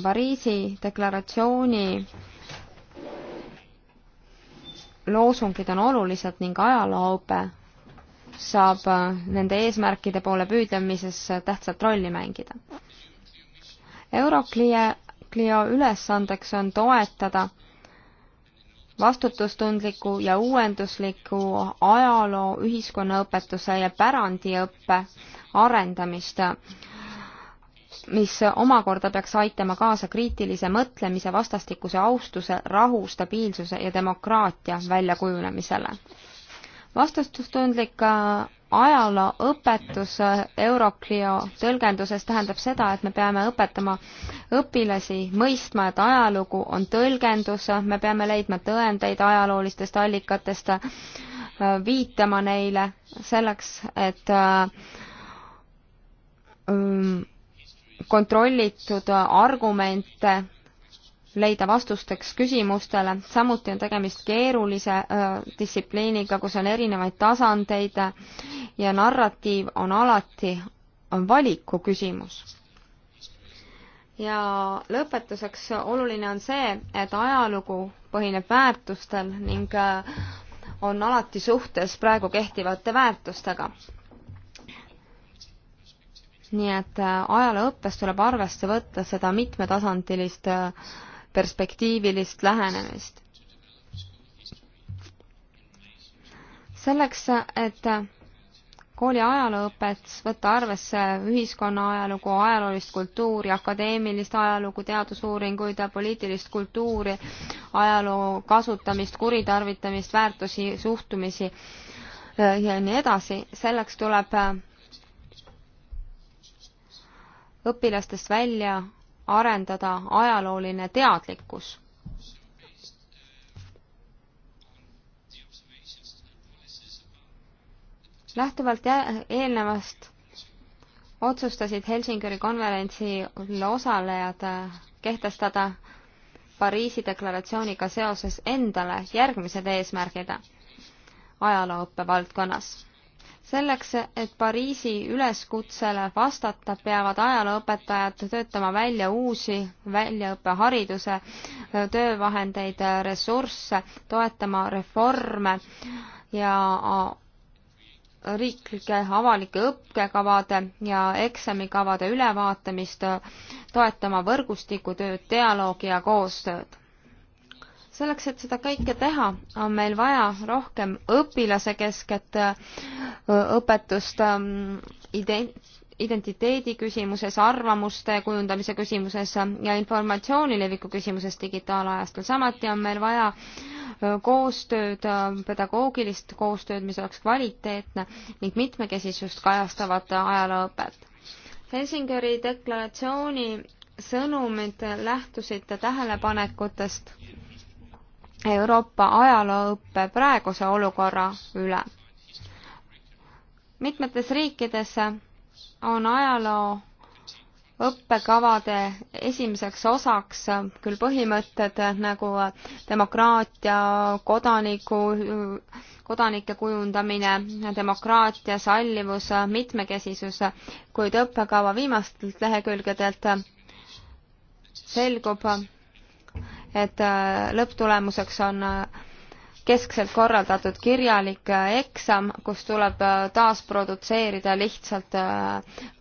Pariisi deklaratsiooni loosungid on olulised ning ajalooõpe saab nende eesmärkide poole püüdlemises tähtsat rolli mängida Euroclio ülesandeks on toetada vastutustundliku ja uuendusliku ajaloo, ühiskonnaõpetuse ja pärandiõppe arendamist, mis omakorda peaks aitama kaasa kriitilise mõtlemise, vastastikuse austuse, rahu, stabiilsuse ja demokraatia väljakujunemisele. vastutustundlik ajalooõpetus Euroclio tõlgenduses tähendab seda, et me peame õpetama õpilasi mõistma, et ajalugu on tõlgendus, me peame leidma tõendeid ajaloolistest allikatest, viitama neile selleks, et mm, kontrollitud argumente leida vastusteks küsimustele, samuti on tegemist keerulise äh, distsipliiniga, kus on erinevaid tasandeid ja narratiiv on alati, on valiku küsimus. ja lõpetuseks oluline on see, et ajalugu põhineb väärtustel ning äh, on alati suhtes praegu kehtivate väärtustega nii et äh, ajalooõppes tuleb arvesse võtta seda mitmetasandilist perspektiivilist lähenemist. selleks, et kooli ajalooõpet võtta arvesse ühiskonna ajalugu, ajaloolist kultuuri, akadeemilist ajalugu, teadusuuringuid ja poliitilist kultuuri, ajaloo kasutamist, kuritarvitamist, väärtusi, suhtumisi ja nii edasi, selleks tuleb õpilastest välja arendada ajalooline teadlikkus. lähtuvalt eelnevast otsustasid Helsingeri konverentsil osalejad äh, kehtestada Pariisi deklaratsiooniga seoses endale järgmised eesmärgid ajalooõppe valdkonnas selleks, et Pariisi üleskutsele vastata, peavad ajalooõpetajad töötama välja uusi väljaõppehariduse töövahendeid, ressursse, toetama reforme ja riiklike avalike õppekavade ja eksamikavade ülevaatamist, toetama võrgustikutööd, dialoogi ja koostööd selleks, et seda kõike teha, on meil vaja rohkem õpilasekesket äh, õpetust ähm, identiteedi küsimuses, arvamuste kujundamise küsimuses ähm, ja informatsiooni leviku küsimuses digitaalajastul. samuti on meil vaja äh, koostööd, äh, pedagoogilist koostööd, mis oleks kvaliteetne ning mitmekesisust kajastavat ajalooõpet. Helsingeri deklaratsiooni sõnumid lähtusid tähelepanekutest Euroopa ajalooõppe praeguse olukorra üle. mitmetes riikides on ajaloo õppekavade esimeseks osaks küll põhimõtted nagu demokraatia, kodaniku, kodanike kujundamine, demokraatia, sallivus, mitmekesisus, kuid õppekava viimastelt lehekülgedelt selgub, et äh, lõpptulemuseks on äh, keskselt korraldatud kirjalik äh, eksam, kus tuleb taasprodutseerida lihtsalt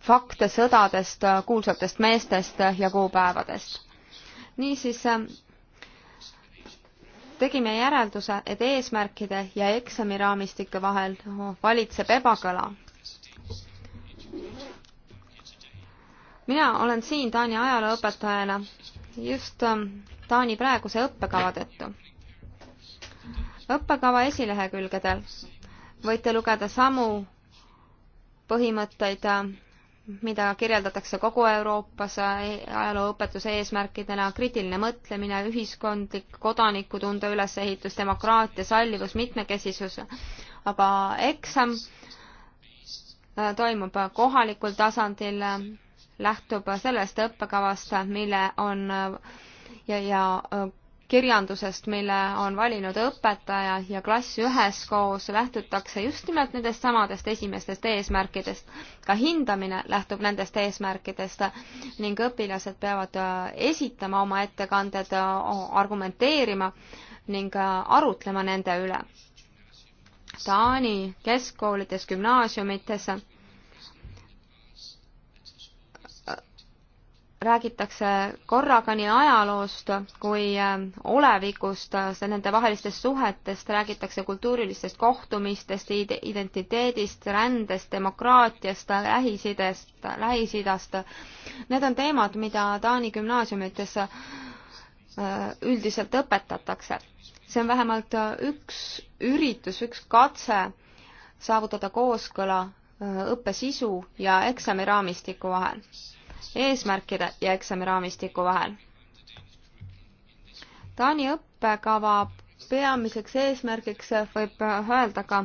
fakte sõdadest, kuulsatest meestest ja kuupäevadest. niisiis tegime järelduse, et eesmärkide ja eksamiraamistike vahel oh, valitseb ebakõla. mina olen siin Taani ajalooõpetajana just ähm, Taani praeguse õppekava tõttu. õppekava esilehekülgedel võite lugeda samu põhimõtteid, mida kirjeldatakse kogu Euroopas e-, ajalooõpetuse eesmärkidena, kriitiline mõtlemine, ühiskondlik kodanikutunde ülesehitus, demokraatia, sallivus, mitmekesisus, aga eksam e, toimub kohalikul tasandil, lähtub sellest õppekavast, mille on ja, ja kirjandusest, mille on valinud õpetaja ja klass üheskoos, lähtutakse just nimelt nendest samadest esimestest eesmärkidest. ka hindamine lähtub nendest eesmärkidest ning õpilased peavad esitama oma ettekanded, argumenteerima ning arutlema nende üle. Taani keskkoolides, gümnaasiumites räägitakse korraga nii ajaloost kui ähm, olevikust, äh, nende vahelistest suhetest, räägitakse kultuurilistest kohtumistest, identiteedist, rändest, demokraatiast, Lähis-Idest, Lähis-Idast. Need on teemad, mida Taani gümnaasiumites äh, üldiselt õpetatakse. see on vähemalt äh, üks üritus, üks katse saavutada kooskõla õppe sisu ja eksamiraamistiku vahel eesmärkide ja eksamiraamistiku vahel. Taani õppekava peamiseks eesmärgiks võib öelda ka,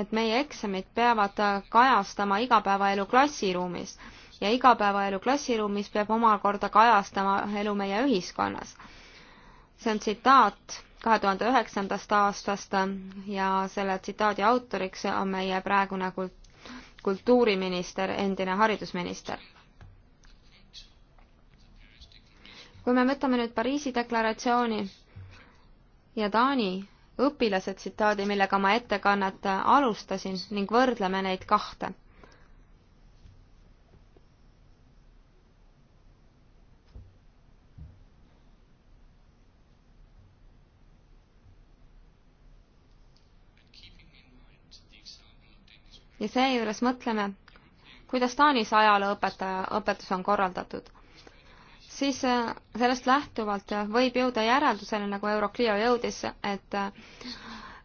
et meie eksamid peavad kajastama igapäevaelu klassiruumis ja igapäevaelu klassiruumis peab omakorda kajastama elu meie ühiskonnas. see on tsitaat kahe tuhande üheksandast aastast ja selle tsitaadi autoriks on meie praegune kult-, kultuuriminister, endine haridusminister kui me võtame nüüd Pariisi deklaratsiooni ja Taani õpilase tsitaadi, millega ma ettekannet alustasin ning võrdleme neid kahte. ja seejuures mõtleme, kuidas Taanis ajalooõpetaja õpetus on korraldatud siis äh, sellest lähtuvalt võib jõuda järeldusele, nagu Euroclio jõudis, et äh,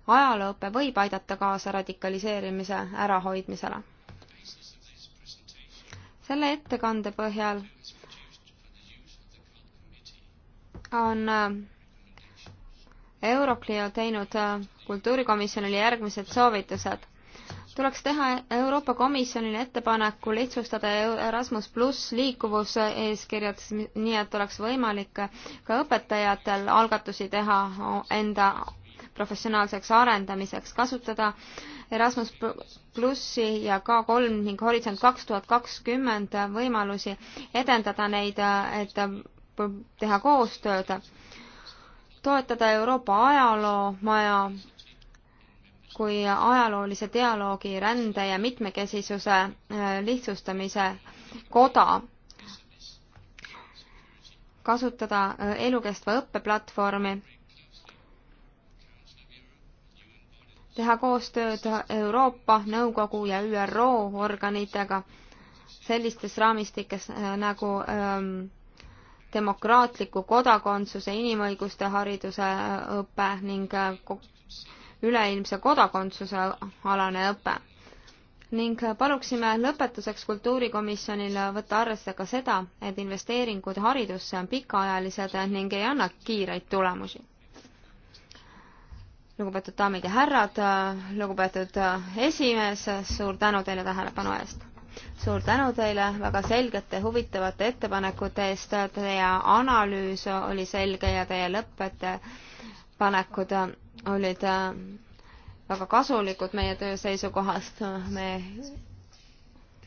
ajalooõpe võib aidata kaasa radikaliseerimise ärahoidmisele. selle ettekande põhjal on äh, Euroclio teinud kultuurikomisjonile järgmised soovitused tuleks teha Euroopa Komisjonile ettepaneku lihtsustada e- Erasmus pluss liikuvuse eeskirjad, nii et oleks võimalik ka õpetajatel algatusi teha enda professionaalseks arendamiseks, kasutada Erasmus plussi ja K3 ning Horisont kaks tuhat kakskümmend võimalusi edendada neid, et teha koostööd, toetada Euroopa ajaloomaja kui ajaloolise dialoogi, rände ja mitmekesisuse äh, lihtsustamise koda kasutada äh, elukestva õppeplatvormi, teha koostööd Euroopa Nõukogu ja ÜRO organitega sellistes raamistikes äh, nagu ähm, demokraatliku kodakondsuse, inimõiguste hariduse õpe ning üleilmse kodakondsuse alane õpe. ning paluksime lõpetuseks kultuurikomisjonile võtta arvesse ka seda, et investeeringud haridusse on pikaajalised ning ei anna kiireid tulemusi. lugupeetud daamid ja härrad, lugupeetud esimees, suur tänu teile tähelepanu eest! suur tänu teile väga selgete, huvitavate ettepanekute eest, teie analüüs oli selge ja teie lõpete panekud olid äh, väga kasulikud meie töö seisukohast. me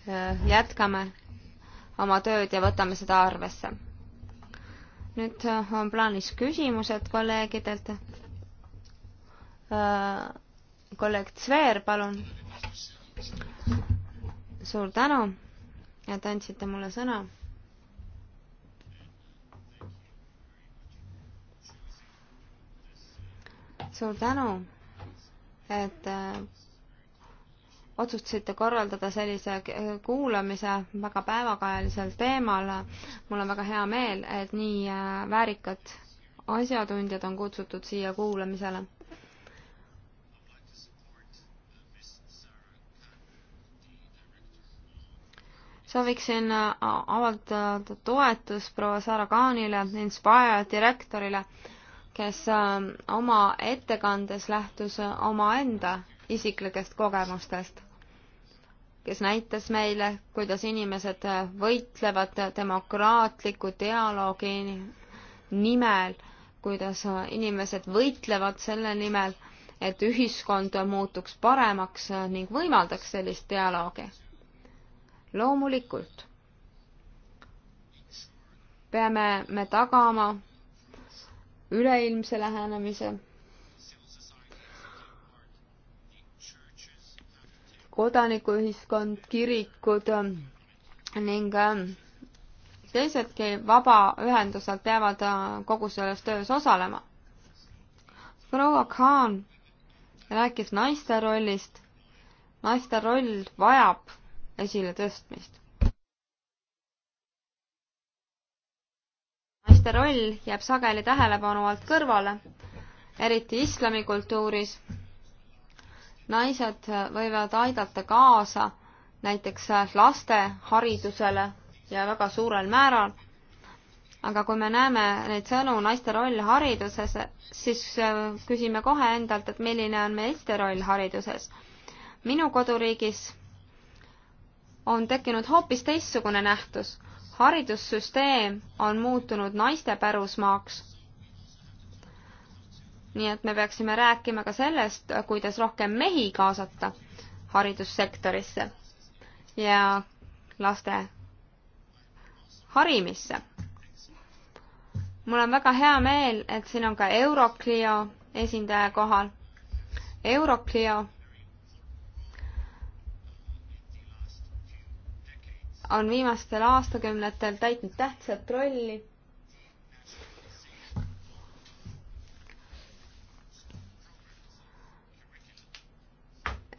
äh, jätkame oma tööd ja võtame seda arvesse. nüüd äh, on plaanis küsimused kolleegidelt. kolleeg Zver, palun. suur tänu, et andsite mulle sõna suur tänu, et äh, otsustasite korraldada sellise äh, kuulamise väga päevakajalisel teemal. mul on väga hea meel, et nii äh, väärikad asjatundjad on kutsutud siia kuulamisele. sooviksin avaldada toetust proua Sara Kaanile, Inspire direktorile kes ähm, oma ettekandes lähtus äh, omaenda isiklikest kogemustest, kes näitas meile, kuidas inimesed äh, võitlevad äh, demokraatliku dialoogi nimel, kuidas inimesed võitlevad selle nimel, et ühiskond muutuks paremaks ning võimaldaks sellist dialoogi. loomulikult peame me tagama üleilmse lähenemise. kodanikuühiskond, kirikud ähm, ning ähm, teisedki vabaühendused peavad äh, kogu selles töös osalema. proua Khan rääkis naiste rollist. naiste roll vajab esiletõstmist. naiste roll jääb sageli tähelepanu alt kõrvale, eriti islamikultuuris. naised võivad aidata kaasa näiteks laste haridusele ja väga suurel määral. aga kui me näeme neid sõnu naiste roll hariduses, siis äh, küsime kohe endalt, et milline on meeste roll hariduses. minu koduriigis on tekkinud hoopis teistsugune nähtus haridussüsteem on muutunud naiste pärusmaaks. nii et me peaksime rääkima ka sellest, kuidas rohkem mehi kaasata haridussektorisse ja laste harimisse. mul on väga hea meel, et siin on ka Euroclio esindaja kohal. Euroclio on viimastel aastakümnetel täitnud tähtsat rolli.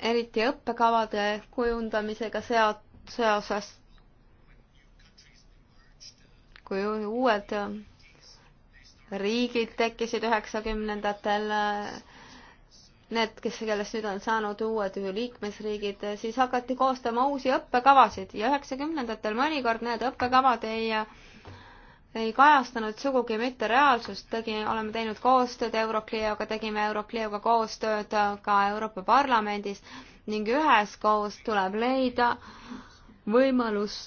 eriti õppekavade kujundamisega seoses, kui uued riigid tekkisid üheksakümnendatel need, kes, kellest nüüd on saanud uued liikmesriigid, siis hakati koostama uusi õppekavasid ja üheksakümnendatel mõnikord need õppekavad ei ei kajastanud sugugi mitte reaalsust, tegi, oleme teinud koostööd Eurocleoga, tegime Eurocleoga koostööd ka Euroopa Parlamendis ning üheskoos tuleb leida võimalus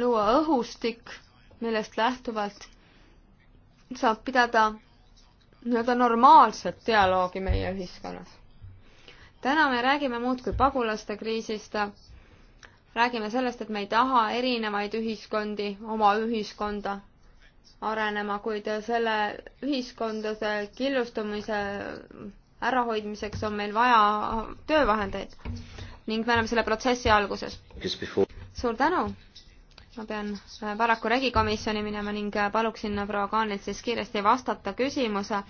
luua õhustik, millest lähtuvalt saab pidada nii-öelda normaalset dialoogi meie ühiskonnas. täna me räägime muudkui pagulaste kriisist, räägime sellest, et me ei taha erinevaid ühiskondi, oma ühiskonda arenema, kuid selle ühiskondade killustumise ärahoidmiseks on meil vaja töövahendeid ning me oleme selle protsessi alguses. suur tänu! ma pean äh, paraku regikomisjoni minema ning äh, paluksin äh, proua Kaanilt siis kiiresti vastata küsimuse.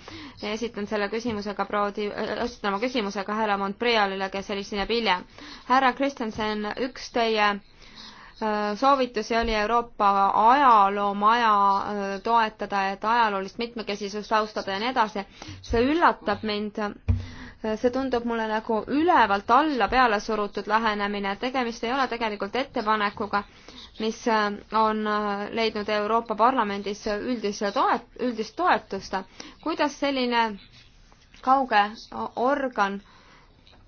esitan selle küsimusega proua, esitan oma küsimuse ka härra Montrealile, kes helistab hiljem. härra Kristjanson, üks teie soovitusi oli Euroopa ajaloomaja toetada, et ajaloolist mitmekesisust austada ja nii edasi. see üllatab mind see tundub mulle nagu ülevalt alla peale surutud lähenemine, tegemist ei ole tegelikult ettepanekuga, mis äh, on äh, leidnud Euroopa Parlamendis üldise toet-, üldist toetust. kuidas selline kauge organ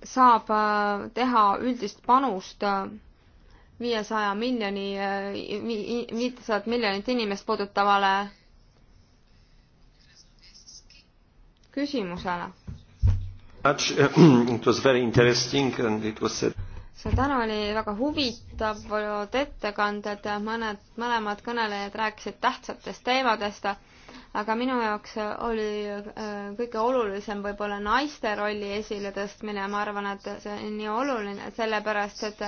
saab äh, teha üldist panust viiesaja miljoni, viitesajat miljonit inimest puudutavale küsimusele? suur tänu, oli väga huvitavad ettekanded, mõned, mõlemad kõnelejad rääkisid tähtsatest teemadest, aga minu jaoks oli äh, kõige olulisem võib-olla naiste rolli esiletõstmine, ma arvan, et see on nii oluline, sellepärast et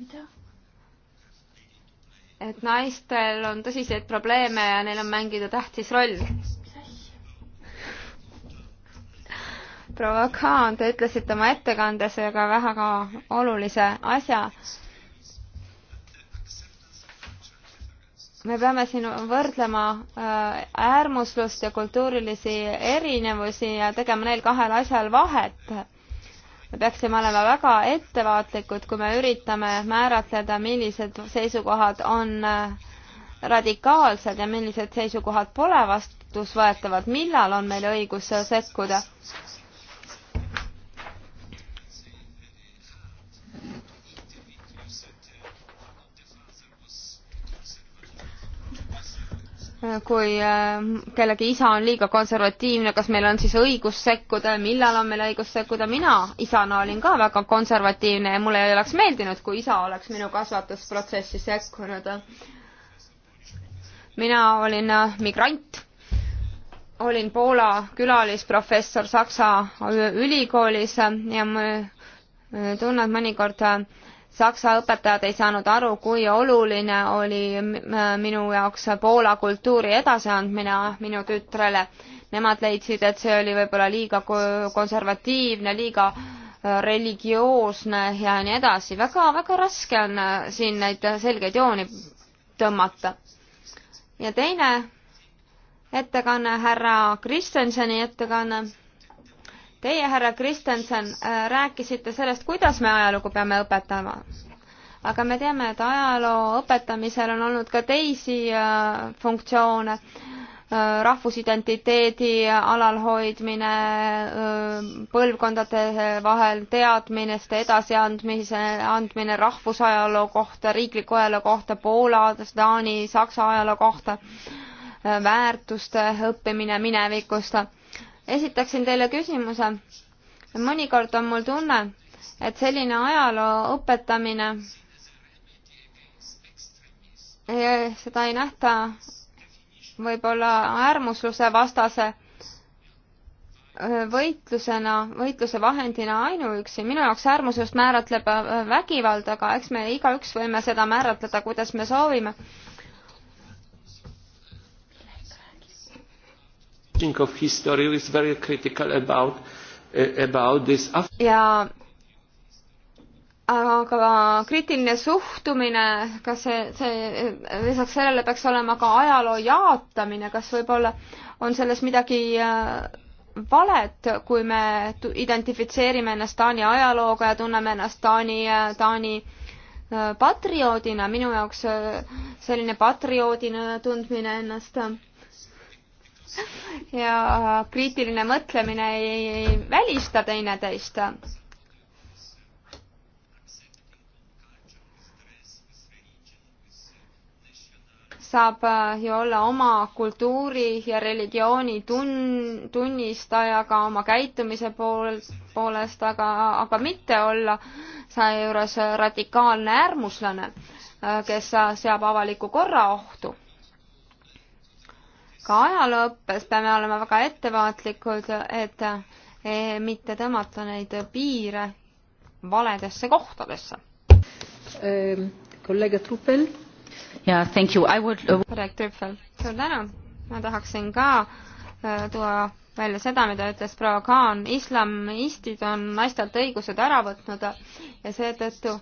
mida? et naistel on tõsiseid probleeme ja neil on mängida tähtis roll. proua Kaan, te ütlesite oma ettekandes väga väga olulise asja. me peame siin võrdlema äh, äärmuslust ja kultuurilisi erinevusi ja tegema neil kahel asjal vahet me peaksime olema väga ettevaatlikud, kui me üritame määratleda, millised seisukohad on äh, radikaalsed ja millised seisukohad pole vastusvõetavad, millal on meil õigus sekkuda kui äh, kellegi isa on liiga konservatiivne, kas meil on siis õigus sekkuda ja millal on meil õigus sekkuda, mina isana olin ka väga konservatiivne ja mulle ei oleks meeldinud, kui isa oleks minu kasvatusprotsessi sekkunud. mina olin äh, migrant, olin Poola külalisprofessor Saksa ülikoolis ja ma äh, tunnen mõnikord äh, Saksa õpetajad ei saanud aru, kui oluline oli minu jaoks Poola kultuuri edasiandmine ah, minu tütrele. Nemad leidsid, et see oli võib-olla liiga konservatiivne, liiga äh, religioosne ja nii edasi väga,. väga-väga raske on äh, siin neid äh, selgeid jooni tõmmata. ja teine ettekanne, härra Kristjansoni ettekanne Teie, härra Kristjanson, äh, rääkisite sellest, kuidas me ajalugu peame õpetama. aga me teame, et ajaloo õpetamisel on olnud ka teisi äh, funktsioone, äh, rahvusidentiteedi alalhoidmine, põlvkondade vahel teadmiste edasiandmise, andmine rahvusajaloo kohta, riikliku ajaloo kohta, Poola, Taani, Saksa ajaloo kohta väärtuste õppimine minevikust esitaksin teile küsimuse. mõnikord on mul tunne, et selline ajaloo õpetamine, seda ei nähta võib-olla äärmusluse vastase äh, võitlusena, võitluse vahendina ainuüksi. minu jaoks äärmuslust määratleb äh, vägivald, aga eks me igaüks võime seda määratleda, kuidas me soovime Eh, ja aga kriitiline suhtumine, kas see, see, lisaks sellele peaks olema ka ajaloo jaatamine, kas võib-olla on selles midagi eh, valet, kui me identifitseerime ennast Taani ajalooga ja tunneme ennast Taani, eh, Taani patrioodina, minu jaoks selline patrioodina tundmine ennast ja äh, kriitiline mõtlemine ei välista teineteist. saab äh, ju olla oma kultuuri ja religiooni tun-, tunnistajaga oma käitumise pool, poolest, aga, aga mitte olla seejuures radikaalne äärmuslane, äh, kes seab avaliku korra ohtu ka ajalooõppes peame olema väga ettevaatlikud, et e, mitte tõmmata neid piire valedesse kohtadesse ähm,. kolleeg Truppel. jaa, thank you, I would. Uh, kolleeg Truppel, suur tänu. ma tahaksin ka äh, tuua välja seda, mida ütles proua Kaan, islamistid on naistelt õigused ära võtnud ja seetõttu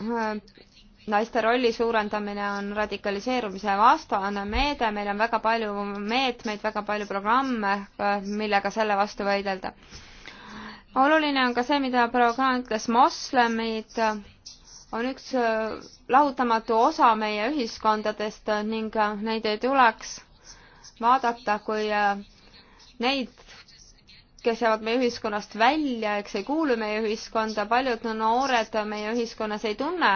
e, naiste rolli suurendamine on radikaliseerumise vastane meede, meil on väga palju meetmeid, väga palju programme, millega selle vastu võidelda. oluline on ka see, mida programm ütles, moslemid on üks äh, lahutamatu osa meie ühiskondadest ning äh, neid ei tuleks vaadata kui äh, neid kes jäävad meie ühiskonnast välja, eks ei kuulu meie ühiskonda, paljud noored meie ühiskonnas ei tunne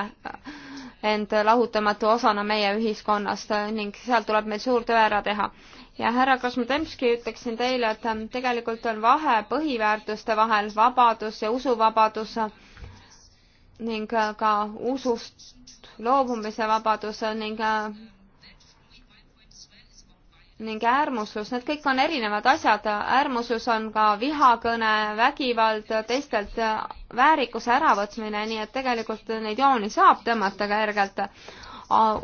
end lahutamatu osana meie ühiskonnast ning seal tuleb meil suur töö ära teha. ja härra Kosmodemski, ütleksin teile, et tegelikult on vahe põhiväärtuste vahel vabadus ja usuvabadus ning ka usust loobumise vabadus ning ning äärmuslus, need kõik on erinevad asjad, äärmuslus on ka vihakõne, vägivald, teistelt väärikuse äravõtmine, nii et tegelikult neid jooni saab tõmmata kergelt.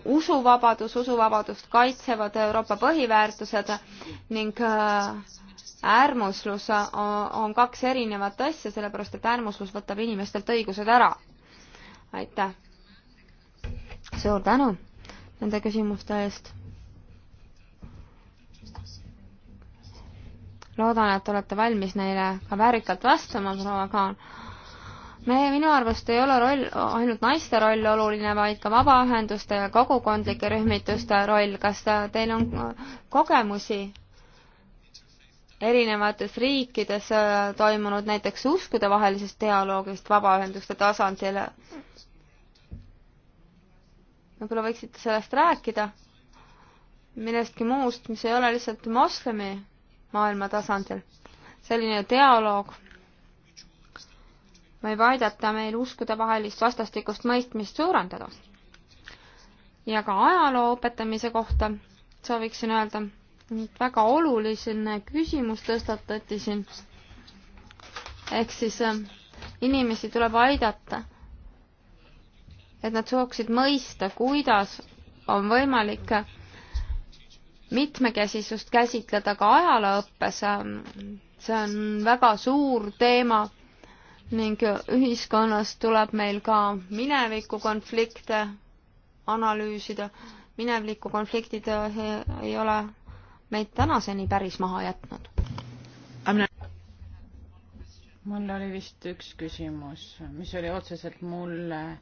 usuvabadus, usuvabadust kaitsevad Euroopa põhiväärtused ning äh, äärmuslus on kaks erinevat asja, sellepärast et äärmuslus võtab inimestelt õigused ära. aitäh! suur tänu nende küsimuste eest! loodan, et olete valmis neile ka väärikalt vastama, proua Kaan. me, minu arust ei ole roll, ainult naiste roll oluline, vaid ka vabaühenduste ja kogukondlike rühmituste roll. kas teil on kogemusi erinevates riikides äh, toimunud näiteks uskudevahelisest dialoogist vabaühenduste tasandil? võib-olla võiksite sellest rääkida? millestki muust, mis ei ole lihtsalt moslemi maailma tasandil. selline dialoog võib aidata meil uskudevahelist vastastikust mõistmist suurendada. ja ka ajaloo õpetamise kohta sooviksin öelda, et väga oluline küsimus tõstatati siin. ehk siis äh, inimesi tuleb aidata, et nad suuksid mõista, kuidas on võimalik äh, mitmekesisust käsitleda ka ajalooõppes. see on väga suur teema ning ühiskonnas tuleb meil ka minevikukonflikte analüüsida. minevikukonfliktid eh, ei ole meid tänaseni päris maha jätnud. mul oli vist üks küsimus, mis oli otseselt mulle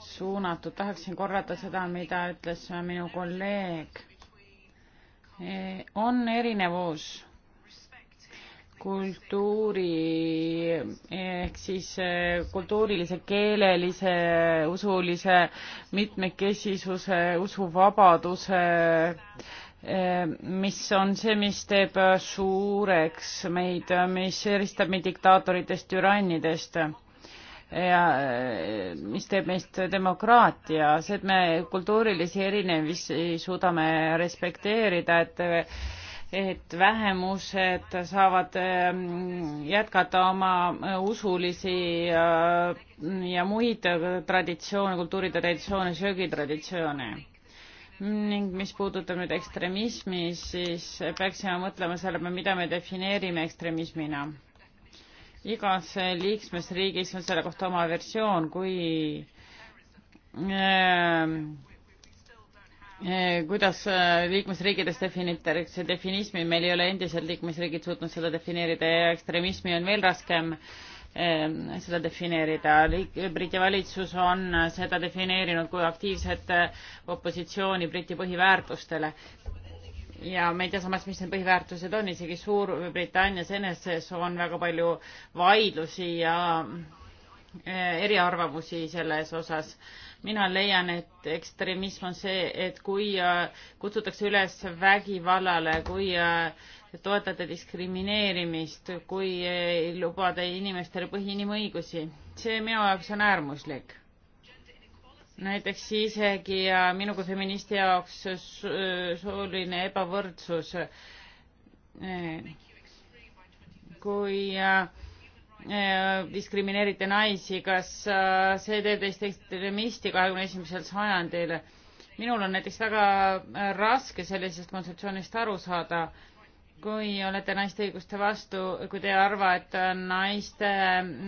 suunatud. tahaksin korrata seda, mida ütles minu kolleeg Eh, on erinevus kultuuri ehk siis eh, kultuurilise, keelelise, usulise mitmekesisuse, usuvabaduse, eh, mis on see, mis teeb suureks meid, mis eristab meid diktaatoritest, türannidest ja mis teeb meist demokraatia, see, et me kultuurilisi erinevusi suudame respekteerida, et et vähemused saavad ähm, jätkata oma äh, usulisi ja, äh, ja muid traditsioone, kultuuritraditsioone, söögitraditsioone. ning mis puudutab nüüd ekstremismi, siis peaksime mõtlema selle peale, mida me defineerime ekstremismina igas liikmesriigis on selle kohta oma versioon, kui ähm, äh, kuidas äh, liikmesriikides definitakse definismi, meil ei ole endiselt liikmesriigid suutnud seda defineerida ja ekstremismi on veel raskem äh, seda defineerida. Briti valitsus on seda defineerinud kui aktiivset äh, opositsiooni Briti põhiväärtustele ja me ei tea samas, mis need põhiväärtused on, isegi Suurbritannias eneses on väga palju vaidlusi ja eh, eriarvamusi selles osas. mina leian, et ekstremism on see, et kui eh, kutsutakse üles vägivallale, kui eh, toetate diskrimineerimist, kui lubate inimestele põhiinimõigusi, see minu jaoks on äärmuslik näiteks isegi minu kui feministi jaoks sooline ebavõrdsus. kui äh, äh, diskrimineerite naisi, kas äh, see teeb teist ekstremisti kahekümne esimesel sajandil? minul on näiteks väga raske sellisest kontseptsioonist aru saada kui olete naiste õiguste vastu, kui te ei arva, et naiste,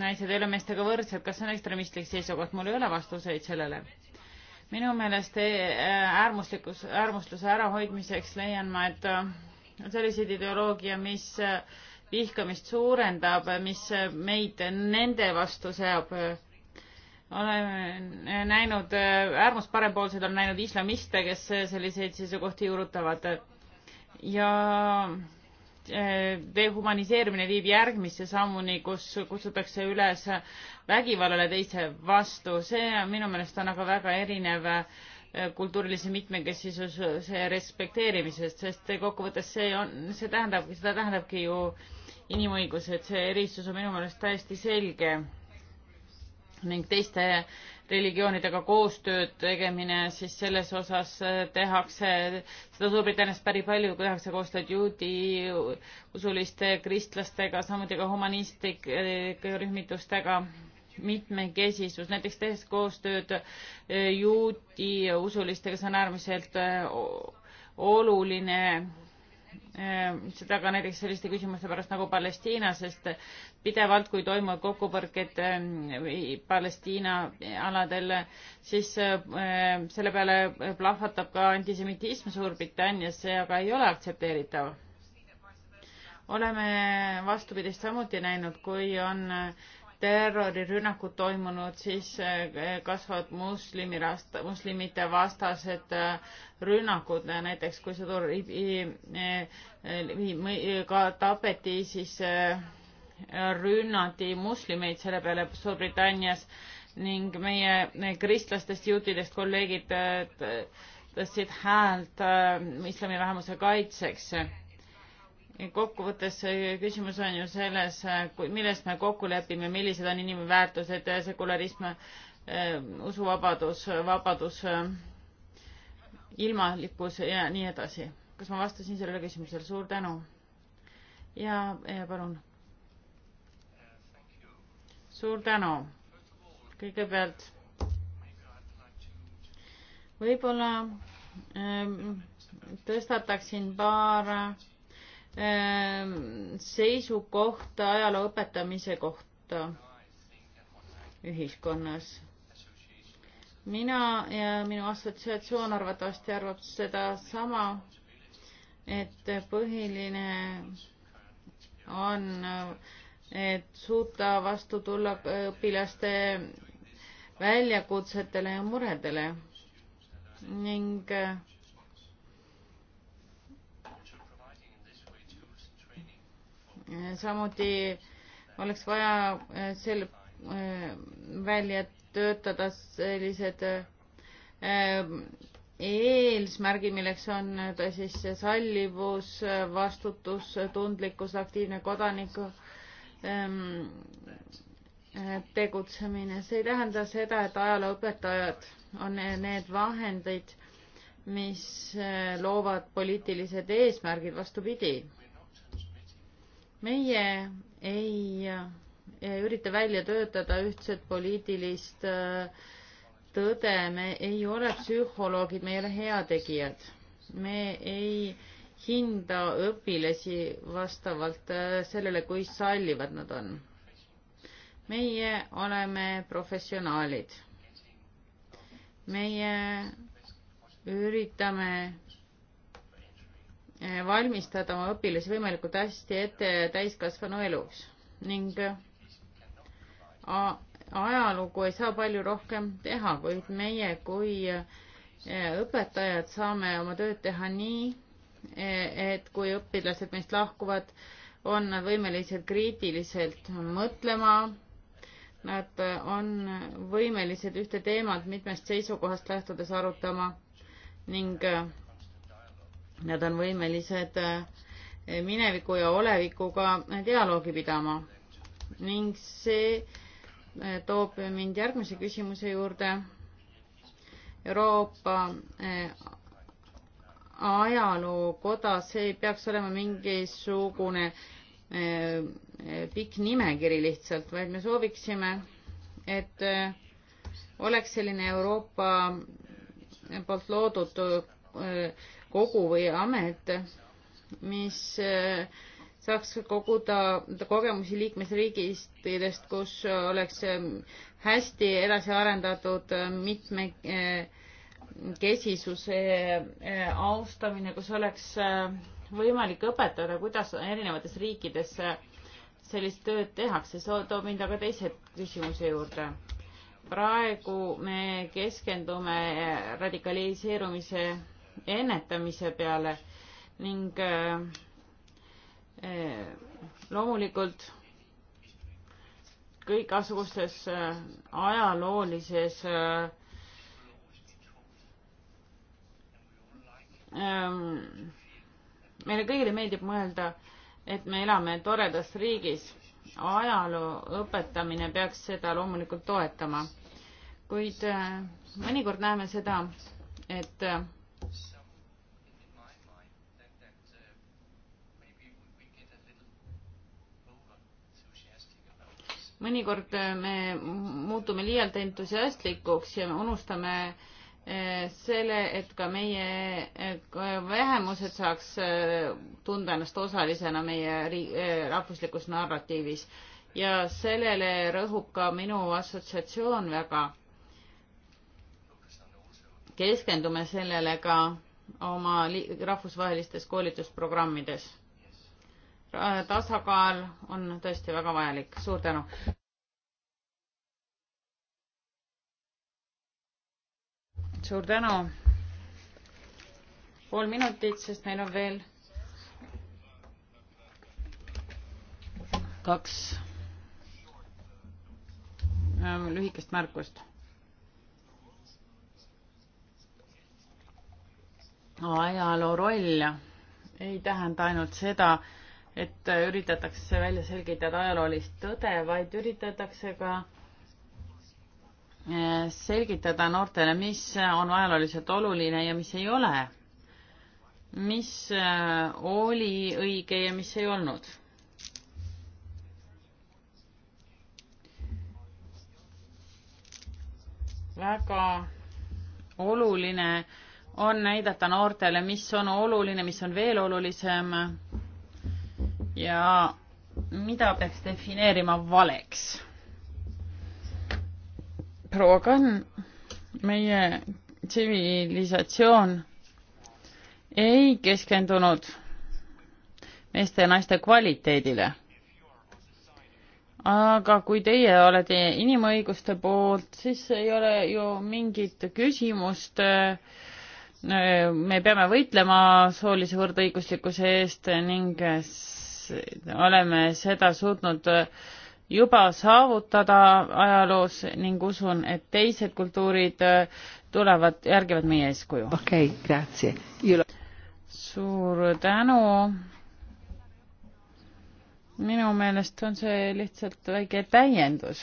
naised ei ole meestega võrdsed, kas see on ekstremistlik seisukoht, mul ei ole vastuseid sellele minu meelest eh, äärmuslikus, äärmusluse ärahoidmiseks leian ma, et on eh, selliseid ideoloogia, mis eh, vihkamist suurendab, mis meid nende vastu seab. oleme näinud, äärmusparempoolsed on näinud islamiste, kes selliseid seisukohti juurutavad ja Äh, dehumaniseerimine viib järgmisse sammuni, kus kutsutakse üles vägivallale teise vastu. see minu meelest on aga väga erinev äh, kultuurilise mitmekesisuse respekteerimisest, sest kokkuvõttes see on, see tähendabki, seda tähendabki ju inimõigused, see erisus on minu meelest täiesti selge ning teiste religioonidega koostööd tegemine, siis selles osas äh, tehakse, seda Suurbritannias päris palju, kui tehakse koostööd juudi usuliste kristlastega, samuti ka humanistlike rühmitustega, mitmekesisus, näiteks tehes koostööd äh, juudi usulistega, see on äärmiselt äh, oluline Ehm, seda ka näiteks selliste küsimuste pärast nagu Palestiina, sest pidevalt, kui toimuvad kokkupõrked ehm, Palestiina aladel, siis ehm, selle peale plahvatab ka antisemitism Suurbritannias, see aga ei ole aktsepteeritav. oleme vastupidist samuti näinud, kui on terrorirünnakud toimunud, siis eh, kasvavad moslemi, moslemite vastased eh, rünnakud, näiteks kui see eh, ka tapeti, siis rünnati moslemeid selle peale Suurbritannias ning meie kristlastest juutidest kolleegid tõstsid häält islamivähemuse kaitseks kokkuvõttes küsimus on ju selles, milles me kokku lepime, millised on inimväärtused, sekularism, eh, usuvabadus, vabadus, eh, ilmalikkus ja nii edasi. kas ma vastasin sellele küsimusele? suur tänu. ja, ja palun. suur tänu. kõigepealt võib-olla eh, tõstataksin paar Ehm, seisukohta ajaloo õpetamise kohta ühiskonnas. mina ja minu assotsiatsioon arvatavasti arvab sedasama, et põhiline on, et suuta vastu tulla õpilaste väljakutsetele ja muredele ning äh, samuti oleks vaja äh, sel- äh, välja töötada sellised äh, eesmärgi, milleks on ta siis sallivus, vastutustundlikkus, aktiivne kodaniku ähm, tegutsemine. see ei tähenda seda, et ajalooõpetajad on need vahendid, mis loovad poliitilised eesmärgid, vastupidi meie ei, ei ürita välja töötada ühtset poliitilist äh, tõde, me ei ole psühholoogid, me ei ole heategijad. me ei hinda õpilasi vastavalt äh, sellele, kui sallivad nad on. meie oleme professionaalid. meie üritame Eh, valmistada oma õpilasi võimalikult hästi ette täiskasvanu eluks ning ajalugu ei saa palju rohkem teha, kuid meie kui eh, õpetajad saame oma tööd teha nii, eh, et kui õpilased meist lahkuvad, on nad võimelised kriitiliselt mõtlema, nad on võimelised ühte teemat mitmest seisukohast lähtudes arutama ning nad on võimelised äh, mineviku ja olevikuga dialoogi pidama. ning see äh, toob mind järgmise küsimuse juurde. Euroopa äh, ajalookoda, see ei peaks olema mingisugune pikk nimekiri lihtsalt, vaid me sooviksime, et oleks selline Euroopa poolt loodud kogu või amet, mis eh, saaks koguda kogemusi liikmesriigist, kus oleks eh, hästi edasi arendatud eh, mitmekesisuse austamine, kus oleks võimalik õpetada, kuidas erinevates riikides sellist tööd tehakse, see toob mind aga teise küsimuse juurde. praegu me keskendume radikaliseerumise ennetamise peale ning äh, äh, loomulikult kõigasugustes äh, ajaloolises ähm, meile kõigile meeldib mõelda, et me elame toredas riigis. ajaloo õpetamine peaks seda loomulikult toetama. kuid mõnikord näeme seda, et mõnikord äh, me muutume liialt entusiastlikuks ja unustame äh, selle, et ka meie äh, vähemused saaks tunda ennast osalisena meie rahvuslikus narratiivis ja sellele rõhub ka minu assotsiatsioon väga. keskendume sellele ka oma rahvusvahelistes koolitusprogrammides Äh, tasakaal on tõesti väga vajalik. suur tänu. suur tänu. pool minutit, sest meil on veel kaks äh, lühikest märkust. ajaloo roll ei tähenda ainult seda, et üritatakse välja selgitada ajaloolist tõde, vaid üritatakse ka eh, selgitada noortele, mis on ajalooliselt oluline ja mis ei ole. mis eh, oli õige ja mis ei olnud. väga oluline on näidata noortele, mis on oluline, mis on veel olulisem ja mida peaks defineerima valeks? proua Kann, meie tsivilisatsioon ei keskendunud meeste ja naiste kvaliteedile. aga kui teie olete inimõiguste poolt, siis ei ole ju mingit küsimust. me peame võitlema soolise võrdõiguslikkuse eest ning oleme seda suutnud äh, juba saavutada ajaloos ning usun, et teised kultuurid äh, tulevad, järgivad meie eeskuju. okei okay,, grazie Jule.... suur tänu. minu meelest on see lihtsalt väike täiendus.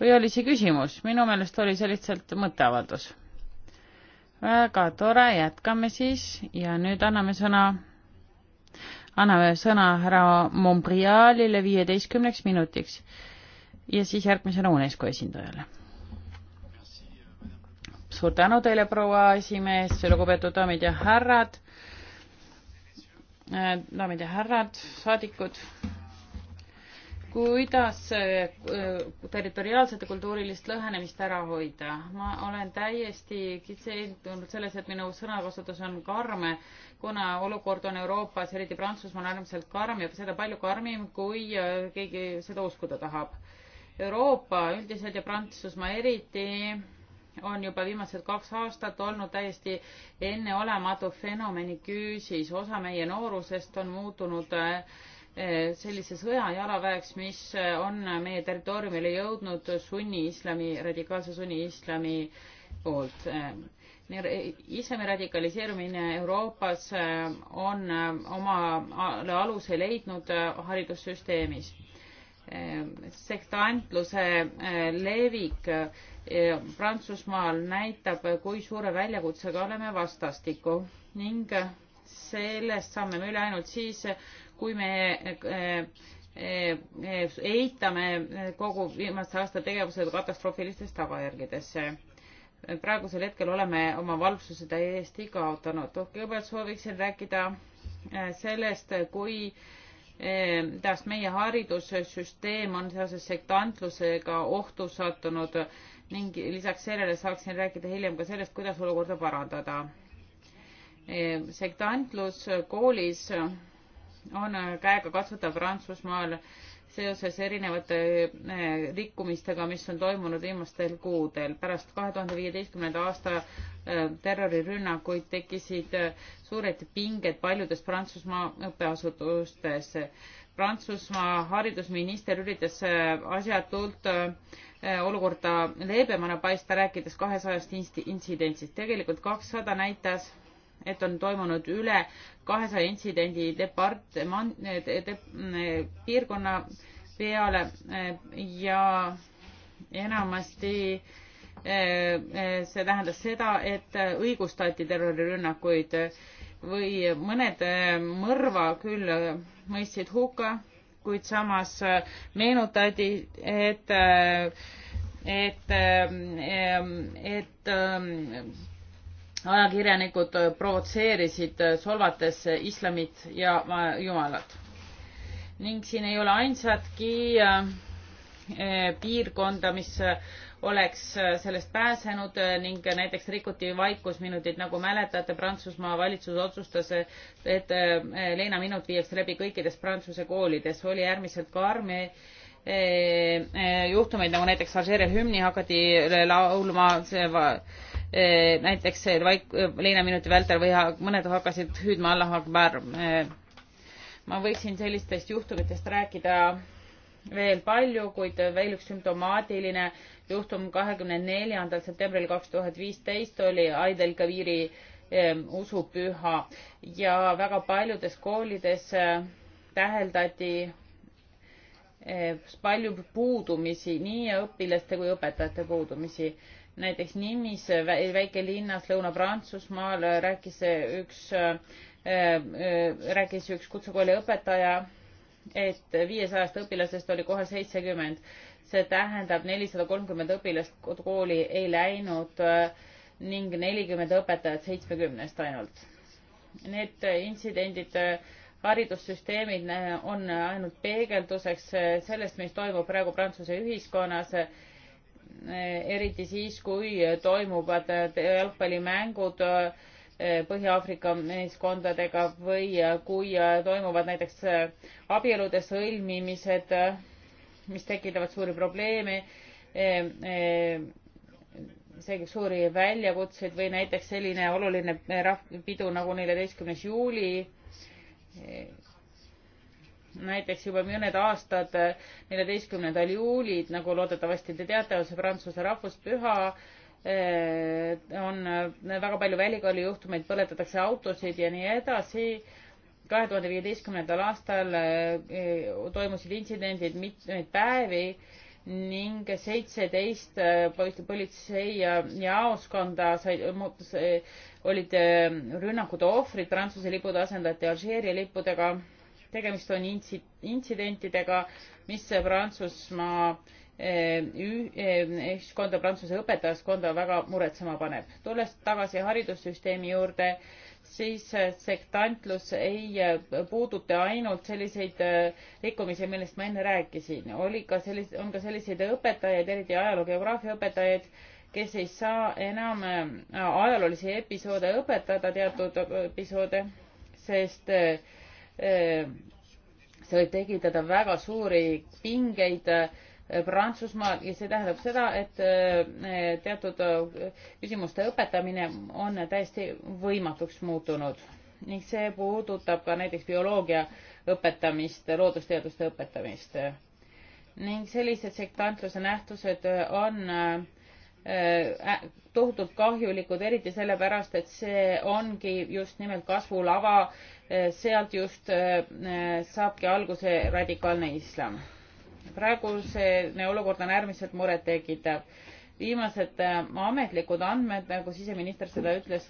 või oli see küsimus? minu meelest oli see lihtsalt mõtteavaldus. väga tore, jätkame siis ja nüüd anname sõna anname sõna härra Montrealile viieteistkümneks minutiks ja siis järgmisena UNESCO esindajale. suur tänu teile, proua esimees, lugupeetud daamid ja härrad, äh, daamid ja härrad, saadikud kuidas äh, territoriaalset ja kultuurilist lõhenemist ära hoida. ma olen täiesti kitsendunud selles, et minu sõnakasutus on karm, kuna olukord on Euroopas, eriti Prantsusmaal, äärmiselt karm ja seda palju karmim, kui äh, keegi seda uskuda tahab. Euroopa üldiselt ja Prantsusmaa eriti on juba viimased kaks aastat olnud täiesti enneolematu fenomeni küüsis. osa meie noorusest on muutunud äh, Eh, sellise sõja jalaväeks, mis eh, on meie territooriumile jõudnud sunni-islami, radikaalse sunni-islami poolt. Eh. islami radikaliseerumine Euroopas on omale aluse leidnud haridussüsteemis sektantluse levik Prantsusmaal näitab, kui suure väljakutsega oleme vastastikku ning sellest saame me üle ainult siis, kui me eh, eh, eh, eitame kogu viimaste aasta tegevuse katastroofilistest tagajärgedesse. praegusel hetkel oleme oma valvsuse täiesti kaotanud. Noh, kõigepealt sooviksin rääkida sellest, kui kuidas meie haridussüsteem on seoses sektantlusega ohtu sattunud ning lisaks sellele saaksin rääkida hiljem ka sellest, kuidas olukorda parandada. sektantlus koolis on käegakatsutav Prantsusmaal seoses erinevate eh, rikkumistega, mis on toimunud viimastel kuudel. pärast kahe tuhande viieteistkümnenda aasta eh, terrorirünnakuid tekkisid eh, suured pinged paljudes Prantsusmaa õppeasutustes. Prantsusmaa haridusminister üritas asjatult olukorda leebemana paista, rääkides kahesajast intsidentsist. tegelikult kakssada näitas et on toimunud üle kahesaja intsidendi departement de, de, mm, piirkonna peale eh, ja enamasti eh, eh, see tähendas seda, et õigustati terrorirünnakuid või mõned mõrva küll mõistsid hukka, kuid samas meenutati, et et, mm, et, et ajakirjanikud äh, provotseerisid äh, solvates äh, islamit ja jumalat. ning siin ei ole ainsatki piirkonda, mis oleks sellest pääsenud ning näiteks rikuti vaikusminutid, nagu mäletate, Prantsusmaa valitsus otsustas, et leinaminut viiakse läbi kõikides Prantsuse koolides, oli äärmiselt karm juhtumeid, nagu näiteks Alžeeria hümni hakati laulma see Äh, näiteks äh, äh, leina minuti vältel või mõned hakkasid hüüdma Allah Akbar. ma võiksin sellistest juhtumitest rääkida veel palju, kuid veel üks sümptomaatiline juhtum kahekümne neljandal septembril kaks tuhat viisteist oli Aidel Kaviri ähm, usupüha ja väga paljudes koolides täheldati palju puudumisi, nii õpilaste kui õpetajate puudumisi näiteks Nimis väikelinnas Lõuna-Prantsusmaal rääkis üks äh, äh, rääkis üks kutsekooli õpetaja, et viiesajast õpilasest oli kohe seitsekümmend. see tähendab nelisada kolmkümmend õpilast kooli ei läinud äh, ning nelikümmend õpetajat seitsmekümnest ainult. Need intsidendid, äh, haridussüsteemid äh, on ainult peegelduseks äh, sellest, mis toimub praegu Prantsuse ühiskonnas eriti siis, kui toimuvad jalgpallimängud eh, Põhja-Aafrika meeskondadega või kui toimuvad näiteks abielude sõlmimised, mis tekitavad suuri probleeme, eh, eh, seega suuri väljakutseid või näiteks selline oluline pidu nagu neljateistkümnes juuli näiteks juba mõned aastad, äh, neljateistkümnendal juulil, nagu loodetavasti te teate, on see Prantsuse rahvuspüha, äh, on äh, väga palju välikoolijuhtumeid, põletatakse autosid ja nii edasi. kahe tuhande viieteistkümnendal aastal toimusid intsidendid mitmeid päevi ning seitseteist politsei jaoskonda said, olid rünnakute ohvrid, Prantsuse lipud asendati Alžeeria lippudega tegemist on intsi- intsidentidega mis prantsusmaa eh, eh, ühiskonda prantsuse õpetajaskonda väga muretsema paneb tulles tagasi haridussüsteemi juurde siis eh, sektantlus ei puuduta ainult selliseid rikkumisi millest ma enne rääkisin oli ka sellis- on ka selliseid õpetajaid eriti ajaloo geograafia õpetajaid kes ei saa enam ajaloolisi episoode õpetada teatud episoode sest äh, Ehm, see võib tekitada väga suuri pingeid äh, Prantsusmaal ja see tähendab seda, et äh, teatud äh, küsimuste õpetamine on täiesti võimatuks muutunud ning see puudutab ka näiteks bioloogia õpetamist, loodusteaduste õpetamist. ning sellised sektantluse nähtused on tohutult kahjulikud, eriti sellepärast, et see ongi just nimelt kasvulava äh, Eh, sealt just eh, saabki alguse radikaalne islam. praegune olukord on äärmiselt murettekitav. viimased eh, ametlikud andmed, nagu siseminister seda ütles,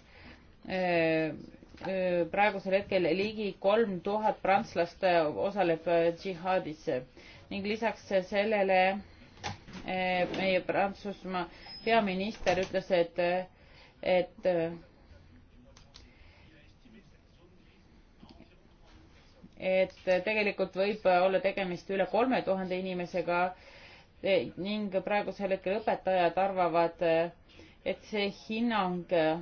praegusel hetkel ligi kolm tuhat prantslast osaleb džihaadis ning lisaks sellele meie Prantsusmaa peaminister ütles, et, et et tegelikult võib olla tegemist üle kolme tuhande inimesega e, ning praegusel hetkel õpetajad arvavad, e, et see hinnang, e,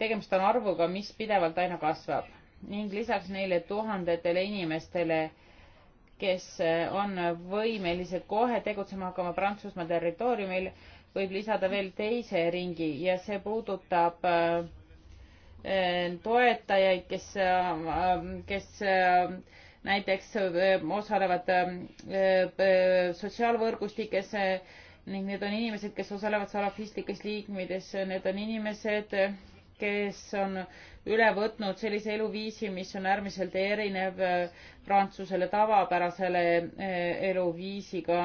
tegemist on arvuga, mis pidevalt aina kasvab ning lisaks neile tuhandetele inimestele, kes on võimelised kohe tegutsema hakkama Prantsusmaa territooriumil, võib lisada veel teise ringi ja see puudutab äh, Eh, toetajaid, kes, eh, kes eh, näiteks osalevad sotsiaalvõrgustikes ning need on inimesed, kes osalevad salafistlikes liikmides, need on inimesed, kes on üle võtnud sellise eluviisi, mis on äärmiselt erinev Prantsusele tavapärasele eluviisiga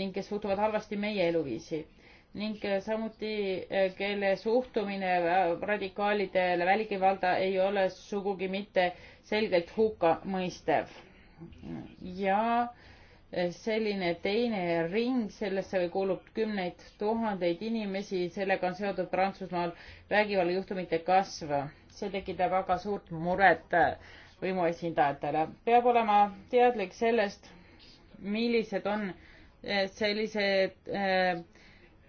ning kes suhtuvad halvasti meie eluviisi ning eh, samuti eh, kelle suhtumine äh, radikaalidele väligivalda ei ole sugugi mitte selgelt hukkamõistev ja eh, selline teine ring sellesse kuulub kümneid tuhandeid inimesi sellega on seotud prantsusmaal vägivallajuhtumite kasv see tekitab väga suurt muret võimuesindajatele peab olema teadlik sellest millised on sellised äh,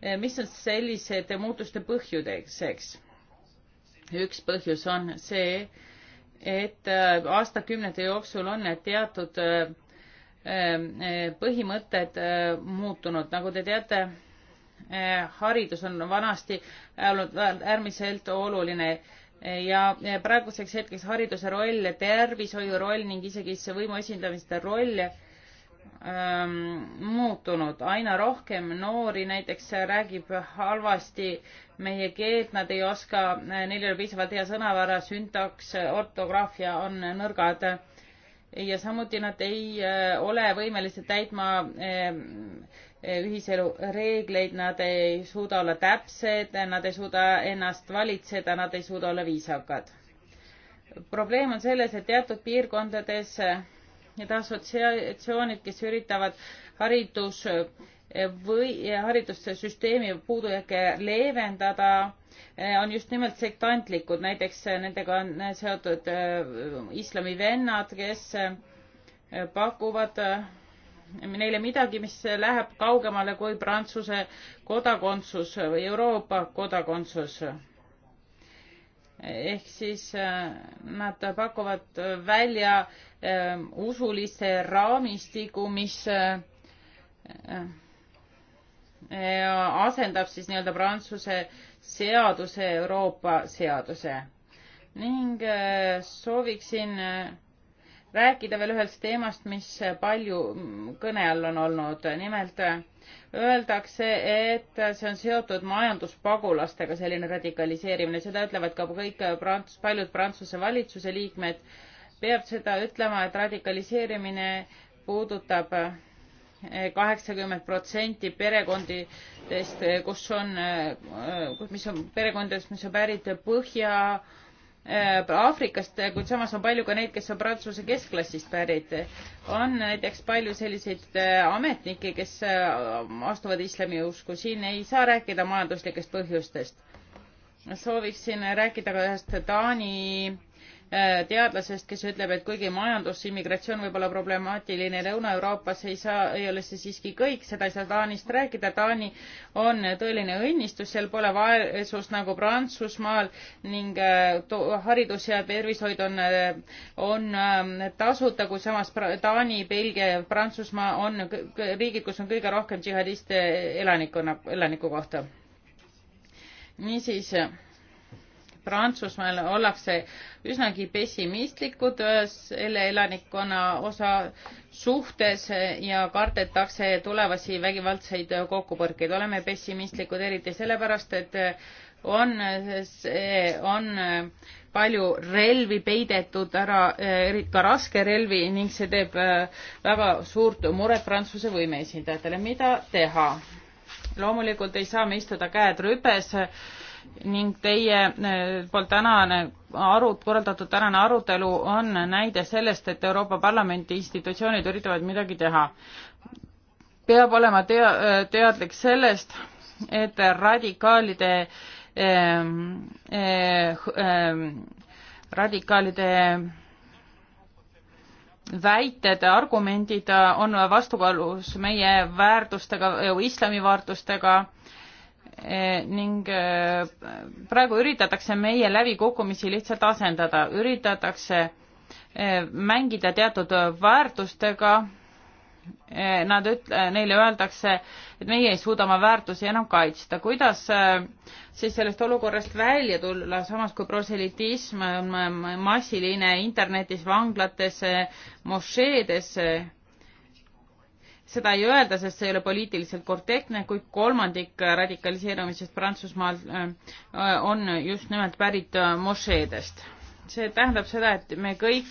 Eh, mis on selliste muutuste põhjuseks? üks põhjus on see, et äh, aastakümnete jooksul on need teatud äh, äh, põhimõtted muutunud, nagu te teate, haridus on vanasti olnud äärmiselt oluline ja praeguseks hetkeks hariduse roll, tervishoiu roll ning isegi see võimu esindamiste roll Ähm, muutunud, aina rohkem noori näiteks räägib halvasti meie keelt, nad ei oska, äh, neil ei ole piisavalt hea sõnavara, süntaks, ortograafia on nõrgad ja samuti nad ei äh, ole võimelised täitma ähm, äh, ühiselu reegleid, nad ei suuda olla täpsed, nad ei suuda ennast valitseda, nad ei suuda olla viisakad. probleem on selles, et teatud piirkondades need assotsiatsioonid, kes üritavad haridus eh, või eh, haridussüsteemi puudujääke leevendada, eh, on just nimelt sektantlikud, näiteks nendega on seotud islami vennad, kes pakuvad neile midagi, mis läheb kaugemale kui Prantsuse kodakondsus või Euroopa kodakondsus ehk siis äh, nad pakuvad välja ähm, usulise raamistiku, mis äh, äh, asendab siis nii-öelda Prantsuse seaduse Euroopa seaduse ning sooviksin rääkida veel ühest teemast, mis palju kõne all on olnud, nimelt öeldakse, et see on seotud majanduspagulastega, selline radikaliseerimine, seda ütlevad ka kõik Prants-, paljud Prantsuse valitsuse liikmed, peab seda ütlema, et radikaliseerimine puudutab kaheksakümmend protsenti perekondadest, kus on, mis on perekondadest, mis on pärit Põhja- Äh, Aafrikast, äh, kuid samas on palju ka neid, kes on Prantsuse keskklassist pärit. on näiteks palju selliseid äh, ametnikke, kes astuvad islami usku, siin ei saa rääkida majanduslikest põhjustest. sooviksin rääkida ka ühest Taani Äh, teadlasest, kes ütleb, et kuigi majandusimmigratsioon võib olla problemaatiline Lõuna-Euroopas, ei saa, ei ole see siiski kõik, seda ei saa Taanist rääkida, Taani on tõeline õnnistus, seal pole vaesust nagu Prantsusmaal ning äh, haridus ja tervishoid on, äh, on tasuta, kui samas Taani, Belgia ja Prantsusmaa on riigid, kus on kõige rohkem džihadiste elanikkonna, elaniku kohta. niisiis Prantsusmaal ollakse üsnagi pessimistlikud selle elanikkonna osa suhtes ja kardetakse tulevasi vägivaldseid kokkupõrkeid. oleme pessimistlikud eriti sellepärast, et on, on palju relvi peidetud ära, ka raskerelvi ning see teeb äh, väga suurt muret Prantsuse võime esindajatele. mida teha? loomulikult ei saa me istuda käed rüpes ning teie eh, poolt tänane arut-, korraldatud tänane arutelu on näide sellest, et Euroopa Parlamendi institutsioonid üritavad midagi teha. peab olema tea-, teadlik sellest, et radikaalide eh, eh, eh, radikaalide väited, argumendid on vastukaalus meie väärtustega, islami väärtustega Eh, ning eh, praegu üritatakse meie läbikukkumisi lihtsalt asendada, üritatakse eh, mängida teatud väärtustega. Nad üt-, neile öeldakse, et meie ei suuda oma väärtusi enam kaitsta. kuidas siis sellest olukorrast välja tulla, samas kui proselitism on massiline internetis, vanglates, mošeedes seda ei öelda, sest see ei ole poliitiliselt korrektne, kuid kolmandik radikaliseerumisest Prantsusmaal äh, on just nimelt pärit äh, mošeedest. see tähendab seda, et me kõik,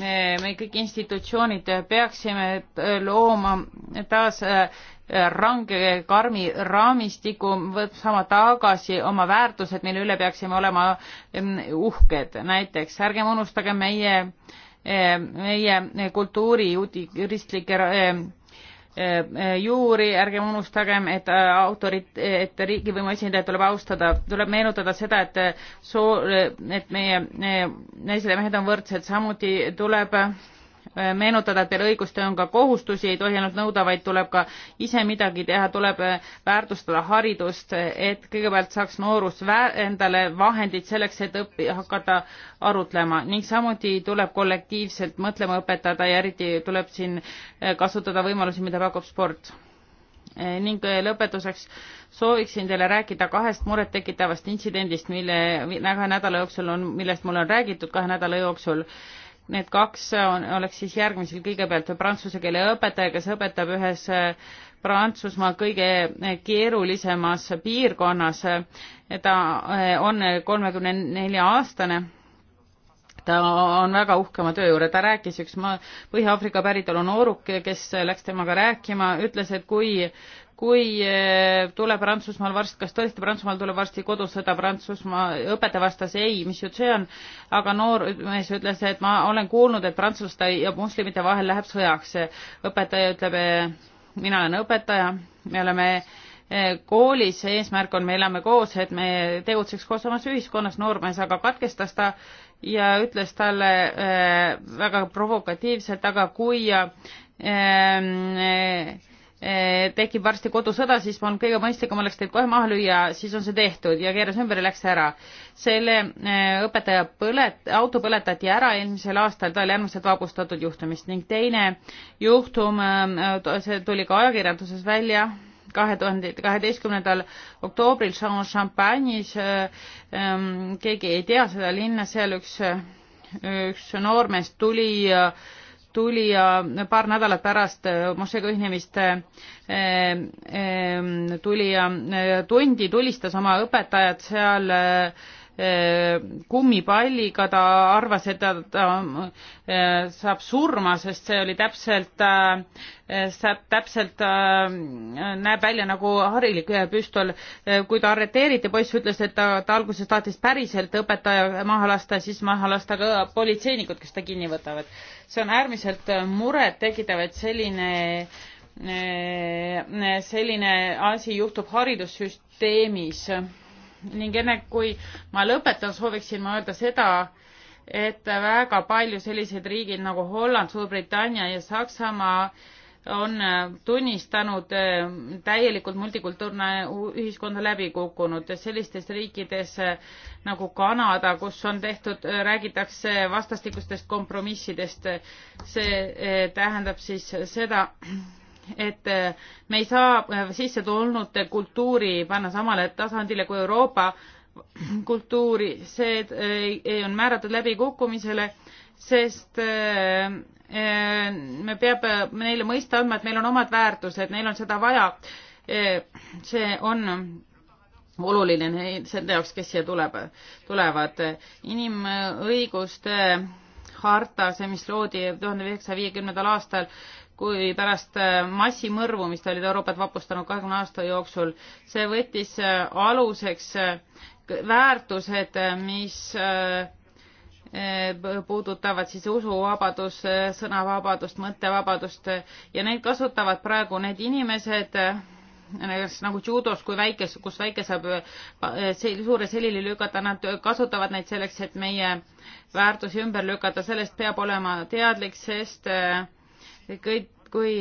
me kõik institutsioonid peaksime äh, looma taas range karmi raamistiku, võtma tagasi oma väärtused, mille üle peaksime olema uhked. näiteks ärgem unustagem meie äh, meie kultuuri juristlikke eh, eh, eh, juuri, ärgem unustagem, et äh, autorit, et riigivõimu esindajaid tuleb austada, tuleb meenutada seda, et äh, soo, et meie naised ja mehed on võrdsed, samuti tuleb äh, meenutada, et peale õiguste on ka kohustusi, ei tohi ainult nõuda, vaid tuleb ka ise midagi teha, tuleb äh, väärtustada haridust, et kõigepealt saaks noorus endale vahendid selleks, et õppi, hakata arutlema ning samuti tuleb kollektiivselt mõtlema õpetada ja eriti tuleb siin äh, kasutada võimalusi, mida pakub sport äh, ning lõpetuseks sooviksin teile rääkida kahest murettekitavast intsidendist, mille kahe nädala jooksul on, millest mul on räägitud kahe nädala jooksul Need kaks on, oleks siis järgmisel kõigepealt prantsuse keele õpetaja, kes õpetab ühes eh, Prantsusmaa kõige eh, keerulisemas piirkonnas. ta eh, on kolmekümne nelja aastane ta on väga uhke oma töö juurde, ta rääkis üks Põhja-Aafrika päritolu nooruk, kes läks temaga rääkima, ütles, et kui kui eh, tuleb Prantsusmaal varsti, kas tõesti Prantsusmaal tuleb varsti kodusõda, Prantsusmaa õpetaja vastas ei, mis jutt see on, aga noor mees ütles, et ma olen kuulnud, et prantslaste ja moslemite vahel läheb sõjaks. õpetaja ütleb, eh, mina olen õpetaja, me oleme eh, koolis, eesmärk on, me elame koos, et me tegutseks koos omas ühiskonnas, noormees aga katkestas ta ja ütles talle väga provokatiivselt, aga kui äh, Eh, tekib varsti kodusõda, siis on kõige mõistlikum oleks teid kohe maha lüüa, siis on see tehtud ja keeras ümber ja läks ära. selle eh, õpetaja põlet-, auto põletati ära eelmisel aastal, ta oli äärmiselt vabustatud juhtumist ning teine juhtum, eh, see tuli ka ajakirjanduses välja, kahe tuhande kaheteistkümnendal oktoobril Champagne'is, keegi ei tea seda linna, seal üks, üks noormees tuli äh, tuli ja paar nädalat pärast äh, Mošega ühinemist äh, äh, tuli ja tundi tulistas oma õpetajat seal kummipalliga, ta arvas, et ta, ta saab surma, sest see oli täpselt, täpselt näeb välja nagu harilik püstol. kui ta arreteeriti, poiss ütles, et ta, ta alguses tahtis päriselt õpetaja maha lasta, siis maha lasta ka politseinikud, kes ta kinni võtavad see on äärmiselt äh, murettekitav, et selline, äh, äh, selline asi juhtub haridussüsteemis. ning enne kui ma lõpetan, sooviksin ma öelda seda, et väga palju selliseid riigid nagu Holland, Suurbritannia ja Saksamaa on äh, tunnistanud äh, täielikult multikultuurne ühiskond läbi kukkunud. sellistes riikides äh, nagu Kanada, kus on tehtud, räägitakse vastastikustest kompromissidest, see tähendab siis seda, et me ei saa sissetulnute kultuuri panna samale tasandile kui Euroopa kultuuri, see on määratud läbikukkumisele sest äh, äh, me peab neile mõista andma, et meil on omad väärtused, neil on seda vaja. Äh, see on oluline selle jaoks, kes siia tuleb, tulevad. inimõiguste harta, see, mis loodi tuhande üheksasaja viiekümnendal aastal, kui pärast massimõrvu, mis olid Euroopat vapustanud kahekümne aasta jooksul, see võttis aluseks väärtused, mis Eh, puudutavad siis usuvabadust, sõnavabadust, mõttevabadust ja neid kasutavad praegu need inimesed, kas nagu judos, kui väikes, kus väike saab eh, suure selili lükata, nad kasutavad neid selleks, et meie väärtusi ümber lükata, sellest peab olema teadlik, sest eh, kõik, kui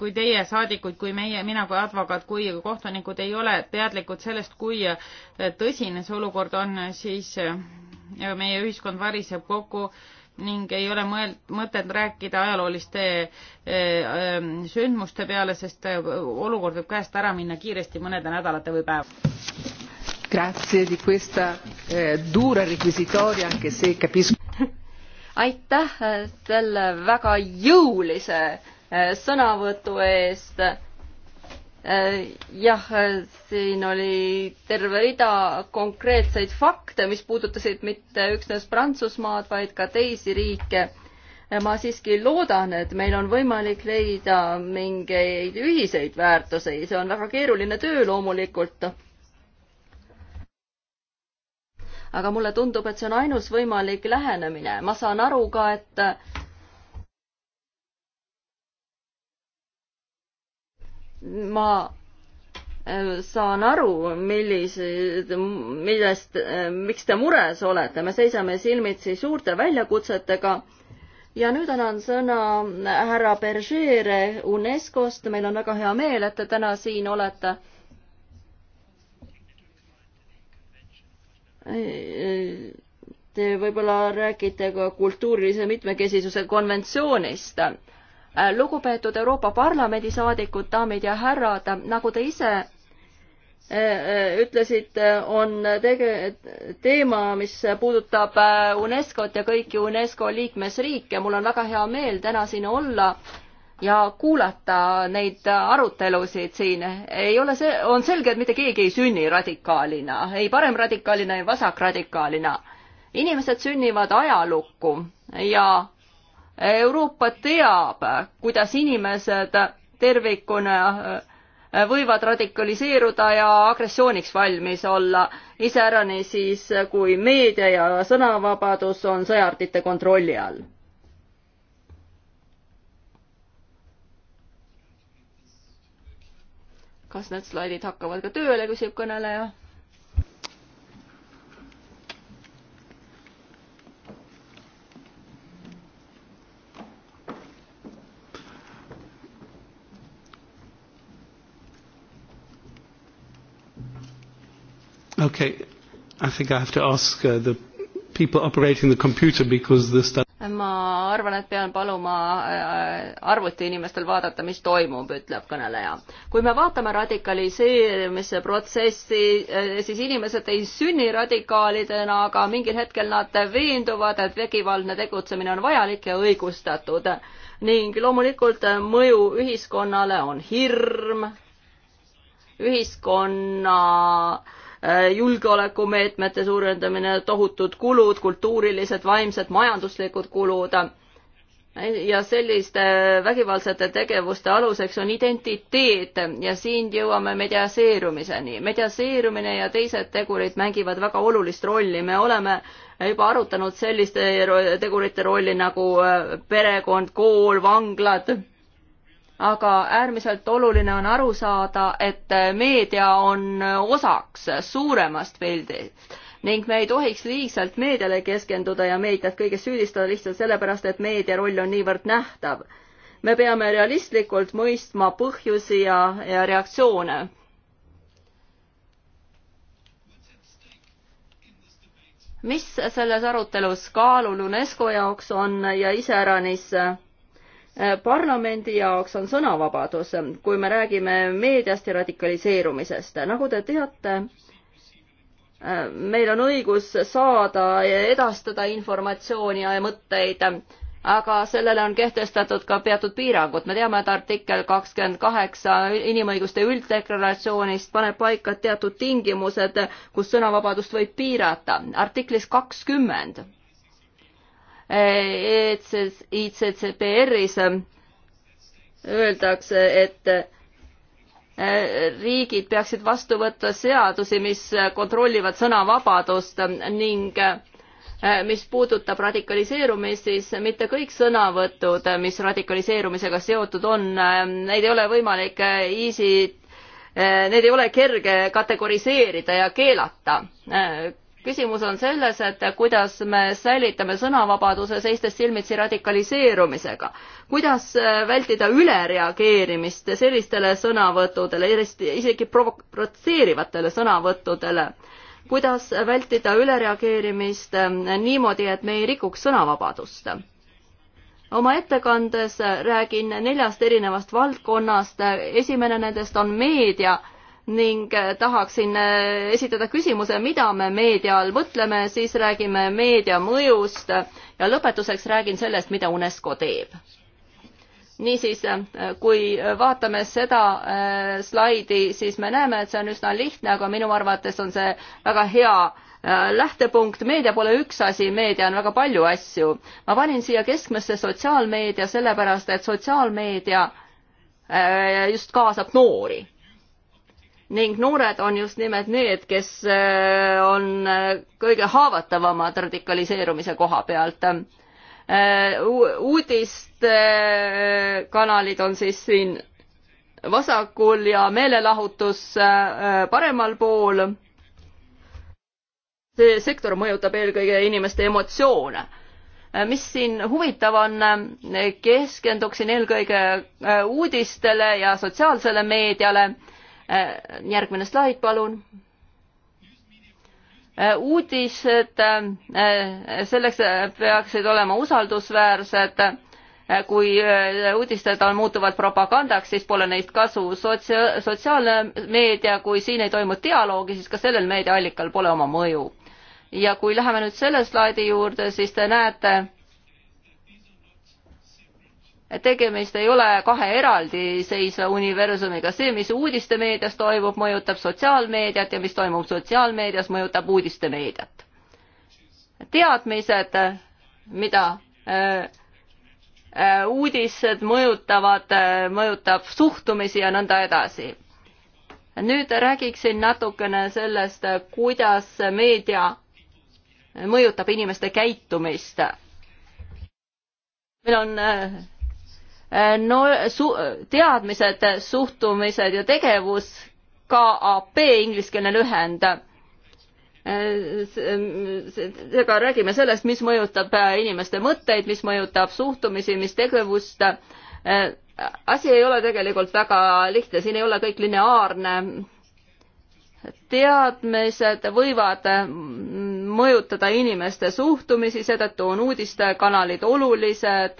kui teie saadikud, kui meie, mina kui advokaat, kui kohtunikud ei ole teadlikud sellest, kui tõsine see olukord on, siis meie ühiskond variseb kokku ning ei ole mõeld-, mõtet rääkida ajalooliste eh, eh, sündmuste peale, sest eh, olukord võib käest ära minna kiiresti mõnede nädalate või päev. Grazie di questa eh, dura requisitoria, anche se capisco. aitäh selle väga jõulise sõnavõtu eest Äh, jah, siin oli terve rida konkreetseid fakte, mis puudutasid mitte üksnes Prantsusmaad, vaid ka teisi riike. Äh, ma siiski loodan, et meil on võimalik leida mingeid ühiseid väärtusi, see on väga keeruline töö loomulikult. aga mulle tundub, et see on ainus võimalik lähenemine, ma saan aru ka, et ma äh, saan aru, millised, millest, äh, miks te mures olete, me seisame silmitsi suurte väljakutsetega ja nüüd annan sõna härra Bergere UNESCO-st, meil on väga hea meel, et te täna siin olete. Te võib-olla räägite ka kultuurilise mitmekesisuse konventsioonist Äh, lugupeetud Euroopa Parlamendi saadikud, daamid ja härrad, nagu te ise äh, äh, ütlesite, on tege-, teema, mis puudutab UNESCO-t ja kõiki UNESCO liikmesriike. mul on väga hea meel täna siin olla ja kuulata neid arutelusid siin. ei ole see, on selge, et mitte keegi ei sünni radikaalina, ei paremradikaalina, ei vasakradikaalina. inimesed sünnivad ajalukku ja Euroopa teab, kuidas inimesed tervikuna äh, võivad radikaliseeruda ja agressiooniks valmis olla, iseärani siis, kui meedia ja sõnavabadus on sõjardite kontrolli all. kas need slaidid hakkavad ka tööle, küsib kõneleja Okay, I think I have to ask uh, the people operating the computer because the study ma arvan, et pean paluma äh, arvutiinimestel vaadata, mis toimub, ütleb kõneleja. kui me vaatame radikaliseerimise protsessi, äh, siis inimesed ei sünni radikaalidena, aga mingil hetkel nad veenduvad, et vägivaldne tegutsemine on vajalik ja õigustatud. ning loomulikult mõju ühiskonnale on hirm, ühiskonna Äh, julgeolekumeetmete suurendamine, tohutud kulud, kultuurilised, vaimsed, majanduslikud kulud ja selliste vägivaldsete tegevuste aluseks on identiteet ja siin jõuame mediaseerumiseni. mediaseerumine ja teised tegurid mängivad väga olulist rolli, me oleme juba arutanud selliste tegurite rolli nagu äh, perekond, kool, vanglad aga äärmiselt oluline on aru saada, et meedia on osaks suuremast pildist ning me ei tohiks liigselt meediale keskenduda ja meediat kõiges süüdistada lihtsalt sellepärast, et meedia roll on niivõrd nähtav. me peame realistlikult mõistma põhjusi ja, ja reaktsioone. mis selles arutelus kaalul UNESCO jaoks on ja iseäranis äh, Äh, parlamendi jaoks on sõnavabadus, kui me räägime meediast ja radikaliseerumisest. nagu te teate, äh, meil on õigus saada ja edastada informatsiooni ja mõtteid, aga sellele on kehtestatud ka teatud piirangud. me teame, et artikkel kakskümmend kaheksa inimõiguste ülddeklaratsioonist paneb paika teatud tingimused, kus sõnavabadust võib piirata. artiklis kakskümmend 20 E ICCPR-is öeldakse, et e, riigid peaksid vastu võtma seadusi, mis kontrollivad sõnavabadust ning e, mis puudutab radikaliseerumist, siis mitte kõik sõnavõtud, mis radikaliseerumisega seotud on, neid ei ole võimalik easy, neid ei ole kerge kategoriseerida ja keelata küsimus on selles, et kuidas me säilitame sõnavabaduse seistes silmitsi radikaliseerumisega. kuidas äh, vältida ülereageerimist sellistele sõnavõttudele, isegi provotseerivatele sõnavõttudele, kuidas vältida ülereageerimist äh, niimoodi, et me ei rikuks sõnavabadust? oma ettekandes räägin neljast erinevast valdkonnast, esimene nendest on meedia ning äh, tahaksin äh, esitada küsimuse, mida me meedia all mõtleme, siis räägime meedia mõjust ja lõpetuseks räägin sellest, mida UNESCO teeb. niisiis, äh, kui vaatame seda slaidi, siis me näeme, et see on üsna lihtne, aga minu arvates on see väga hea lähtepunkt, meedia pole üks asi, meedia on väga palju asju. ma panin siia keskmesse sotsiaalmeedia sellepärast, et sotsiaalmeedia just kaasab noori ning noored on just nimelt need, kes äh, on äh, kõige haavatavamad radikaliseerumise koha pealt. Äh, uudistekanalid on siis siin vasakul ja meelelahutus paremal pool. see sektor mõjutab eelkõige inimeste emotsioone mis siin huvitav on, keskenduksin eelkõige uudistele ja sotsiaalsele meediale Äh, järgmine slaid, palun. Äh, uudised äh, selleks peaksid olema usaldusväärsed. kui uudised on, muutuvad propagandaks, siis pole neist kasu. Sotsia-, sotsiaalne meedia, kui siin ei toimu dialoogi, siis ka sellel meediaallikal pole oma mõju. ja kui läheme nüüd selle slaidi juurde, siis te näete, tegemist ei ole kahe eraldiseisva universumiga, see, mis uudistemeedias toimub, mõjutab sotsiaalmeediat ja mis toimub sotsiaalmeedias, mõjutab uudistemeediat. teadmised, mida äh, äh, uudised mõjutavad äh,, mõjutab suhtumisi ja nõnda edasi. nüüd räägiksin natukene sellest, kuidas meedia mõjutab inimeste käitumist. meil on äh, no su-, teadmised, suhtumised ja tegevus, KAP ingliskeelne lühend. seega räägime sellest, mis mõjutab inimeste mõtteid, mis mõjutab suhtumisi, mis tegevust. asi ei ole tegelikult väga lihtne, siin ei ole kõik lineaarne. teadmised võivad mõjutada inimeste suhtumisi, seetõttu on uudistekanalid olulised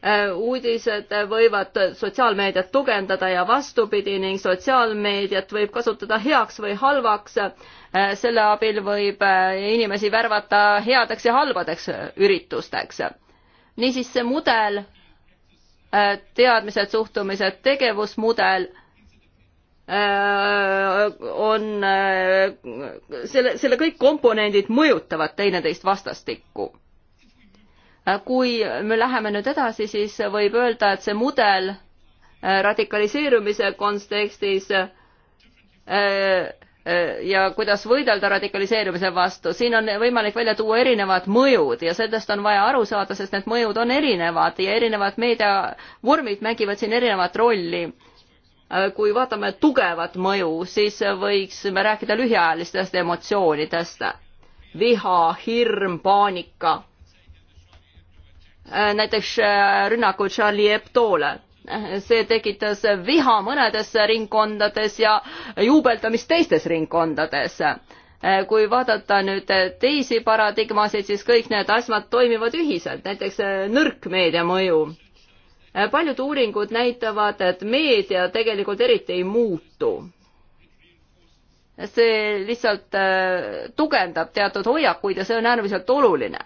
Äh, uudised võivad sotsiaalmeediat tugevdada ja vastupidi ning sotsiaalmeediat võib kasutada heaks või halvaks. Äh, selle abil võib äh, inimesi värvata headeks ja halbadeks üritusteks. niisiis see mudel, teadmised, suhtumised, tegevusmudel on selle, selle kõik komponendid mõjutavad teineteist vastastikku Äh, kui me läheme nüüd edasi, siis võib öelda, et see mudel äh, radikaliseerumise kontekstis äh, ja kuidas võidelda radikaliseerumise vastu, siin on võimalik välja tuua erinevad mõjud ja sellest on vaja aru saada, sest need mõjud on erinevad ja erinevad meediavormid mängivad siin erinevat rolli. kui vaatame tugevat mõju, siis võiksime rääkida lühiajalistest emotsioonidest. viha, hirm, paanika Äh, näiteks äh, rünnaku Charlie Hebdo'le see tekitas viha mõnedes ringkondades ja juubeldamist teistes ringkondades. Äh, kui vaadata nüüd teisi paradigmasid, siis kõik need asjad toimivad ühiselt, näiteks nõrk meedia mõju. paljud uuringud näitavad, et meedia tegelikult eriti ei muutu. see lihtsalt tugevdab teatud hoiakuid ja see on äärmiselt oluline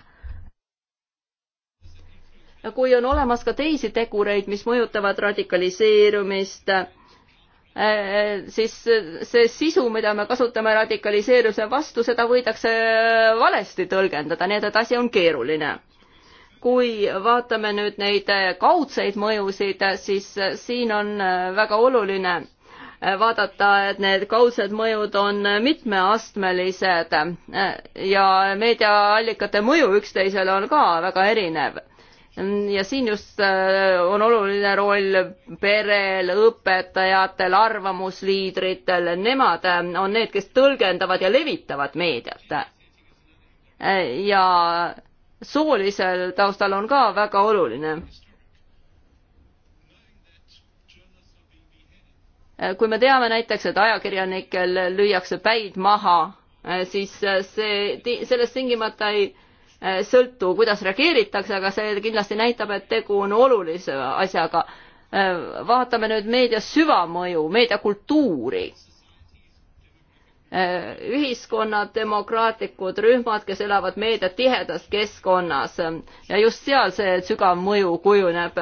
kui on olemas ka teisi tegureid, mis mõjutavad radikaliseerumist, äh, siis see sisu, mida me kasutame radikaliseerumise vastu, seda võidakse valesti tõlgendada, nii et, et asi on keeruline. kui vaatame nüüd neid kaudseid mõjusid, siis siin on väga oluline vaadata, et need kaudsed mõjud on mitmeastmelised ja meediaallikate mõju üksteisele on ka väga erinev ja siin just äh, on oluline roll perel, õpetajatel, arvamusliidritel, nemad äh, on need, kes tõlgendavad ja levitavad meediat. Äh, ja soolisel taustal on ka väga oluline. kui me teame näiteks, et ajakirjanikel lüüakse päid maha, siis see, sellest tingimata ei Eh, sõltu, kuidas reageeritakse, aga see kindlasti näitab, et tegu on olulise asjaga. Eh, vaatame nüüd meedia süvamõju, meediakultuuri. Eh, ühiskonnad, demokraatlikud rühmad, kes elavad meedia tihedas keskkonnas ja just seal see sügav mõju kujuneb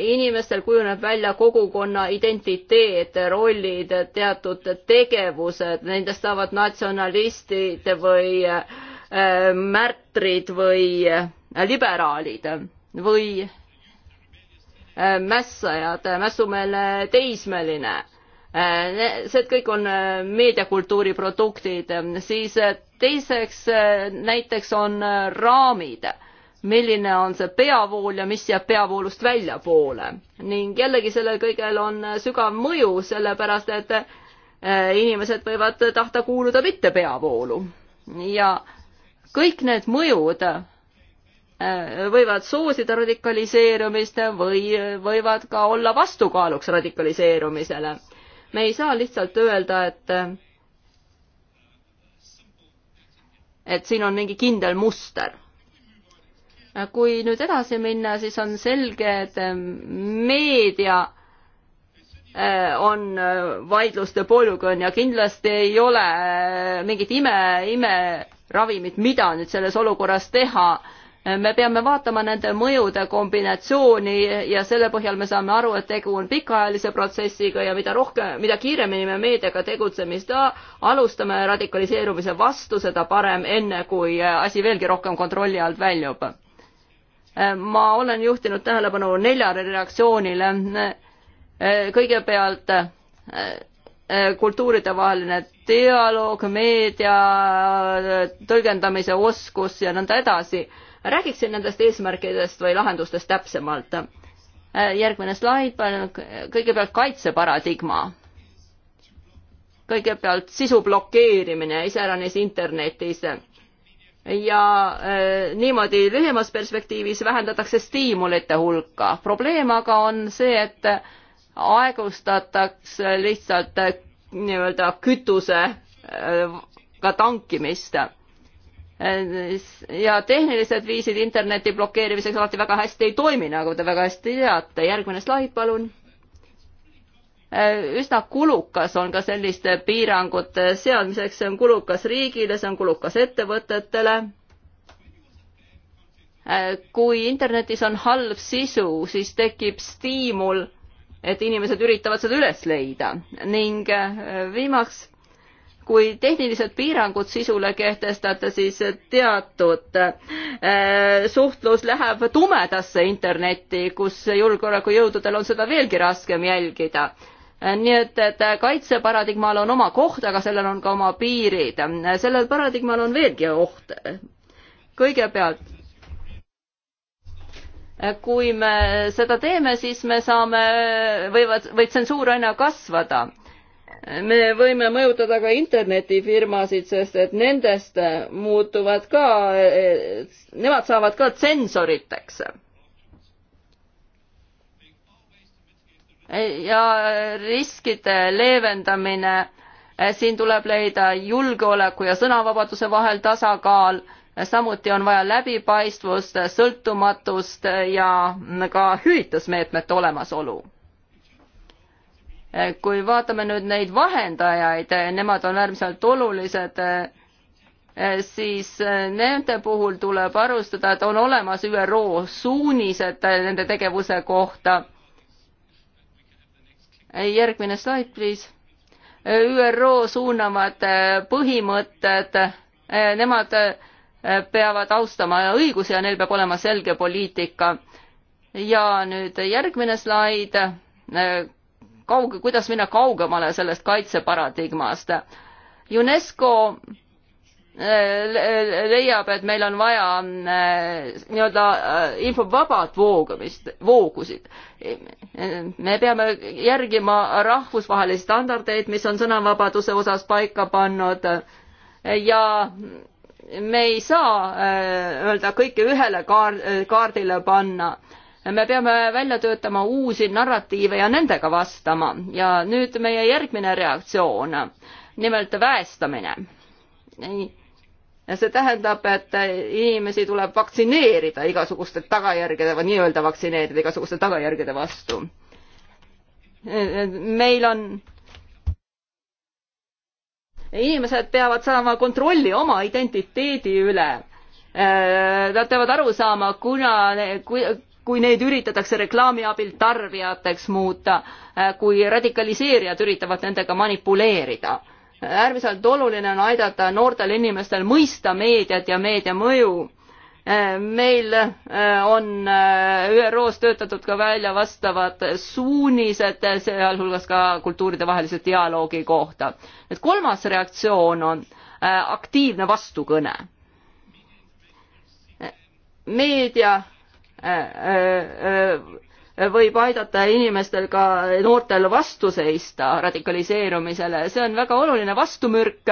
inimestel kujuneb välja kogukonna identiteet, rollid, teatud tegevused, nendest saavad natsionalistid või äh, Äh, märtrid või äh, liberaalid või äh, mässajad, mässumeelne teismeline. see kõik on meediakultuuri produktid, siis teiseks näiteks on raamid, milline on see peavool ja mis jääb peavoolust väljapoole ning jällegi sellel kõigel on sügav mõju, sellepärast et inimesed võivad tahta kuuluda mitte peavoolu ja äh, kõik need mõjud äh, võivad soosida radikaliseerumist või võivad ka olla vastukaaluks radikaliseerumisele. me ei saa lihtsalt öelda, et et siin on mingi kindel muster. kui nüüd edasi minna, siis on selge, et meedia äh, on vaidluste polügoon ja kindlasti ei ole äh, mingit ime, ime ravimid, mida nüüd selles olukorras teha me peame vaatama nende mõjude kombinatsiooni ja selle põhjal me saame aru, et tegu on pikaajalise protsessiga ja mida rohkem, mida kiiremini me meediaga tegutsemist alustame radikaliseerumise vastu, seda parem, enne kui asi veelgi rohkem kontrolli alt väljub. ma olen juhtinud tähelepanu neljale reaktsioonile. kõigepealt Äh, kultuuridevaheline dialoog, meedia tõlgendamise oskus ja nõnda edasi. räägiksin nendest eesmärkidest või lahendustest täpsemalt. Äh, järgmine slaid, kõigepealt kaitseparadigma. kõigepealt sisu blokeerimine, iseäranis internetis ja äh, niimoodi lühemas perspektiivis vähendatakse stiimulite hulka. probleem aga on see, et aeglustatakse lihtsalt äh, nii-öelda kütusega äh, tankimist. ja tehnilised viisid interneti blokeerimiseks alati väga hästi ei toimi, nagu te väga hästi teate. järgmine slaid, palun äh, üsna kulukas on ka selliste piirangute seadmiseks, see on kulukas riigile, see on kulukas ettevõtetele. kui internetis on halb sisu, siis tekib stiimul et inimesed üritavad seda üles leida ning äh, viimaks, kui tehnilised piirangud sisule kehtestada, siis teatud äh, suhtlus läheb tumedasse internetti, kus julgeolekujõududel on seda veelgi raskem jälgida äh, nii et, et kaitseparadigmal on oma koht, aga sellel on ka oma piirid. sellel paradigmal on veelgi oht. kõigepealt kui me seda teeme, siis me saame, võivad, või tsensuur aina kasvada. me võime mõjutada ka internetifirmasid, sest et nendest muutuvad ka, nemad saavad ka tsensoriteks. ja riskide leevendamine, siin tuleb leida julgeoleku ja sõnavabaduse vahel tasakaal samuti on vaja läbipaistvust, sõltumatust ja ka hüvitusmeetmete olemasolu. kui vaatame nüüd neid vahendajaid, nemad on äärmiselt olulised, siis nende puhul tuleb arvestada, et on olemas ÜRO suunised nende tegevuse kohta. järgmine slaid, please. ÜRO suunavad põhimõtted, nemad Äh, peavad austama õigusi ja neil peab olema selge poliitika. ja nüüd järgmine slaid, äh, kauge, kuidas minna kaugemale sellest kaitseparadigmast. UNESCO äh, leiab, et meil on vaja nii-öelda infovabad voogumist, voogusid. me peame järgima rahvusvahelisi standardeid, mis on sõnavabaduse osas paika pannud ja me ei saa äh, öelda kõike ühele kaar-, äh, kaardile panna. me peame välja töötama uusi narratiive ja nendega vastama ja nüüd meie järgmine reaktsioon, nimelt väestamine. see tähendab, et inimesi tuleb vaktsineerida igasuguste tagajärgede, nii-öelda vaktsineerida igasuguste tagajärgede vastu. meil on inimesed peavad saama kontrolli oma identiteedi üle. Äh, nad peavad aru saama, kuna, kui, kui neid üritatakse reklaami abil tarbijateks muuta, äh, kui radikaliseerijad üritavad nendega manipuleerida. äärmiselt oluline on aidata noortel inimestel mõista meediat ja meedia mõju meil äh, on äh, ÜRO-s töötatud ka välja vastavad suunised, sealhulgas ka kultuuridevahelise dialoogi kohta. nüüd kolmas reaktsioon on äh, aktiivne vastukõne. meedia võib aidata inimestel ka noortel vastu seista radikaliseerumisele, see on väga oluline vastumürk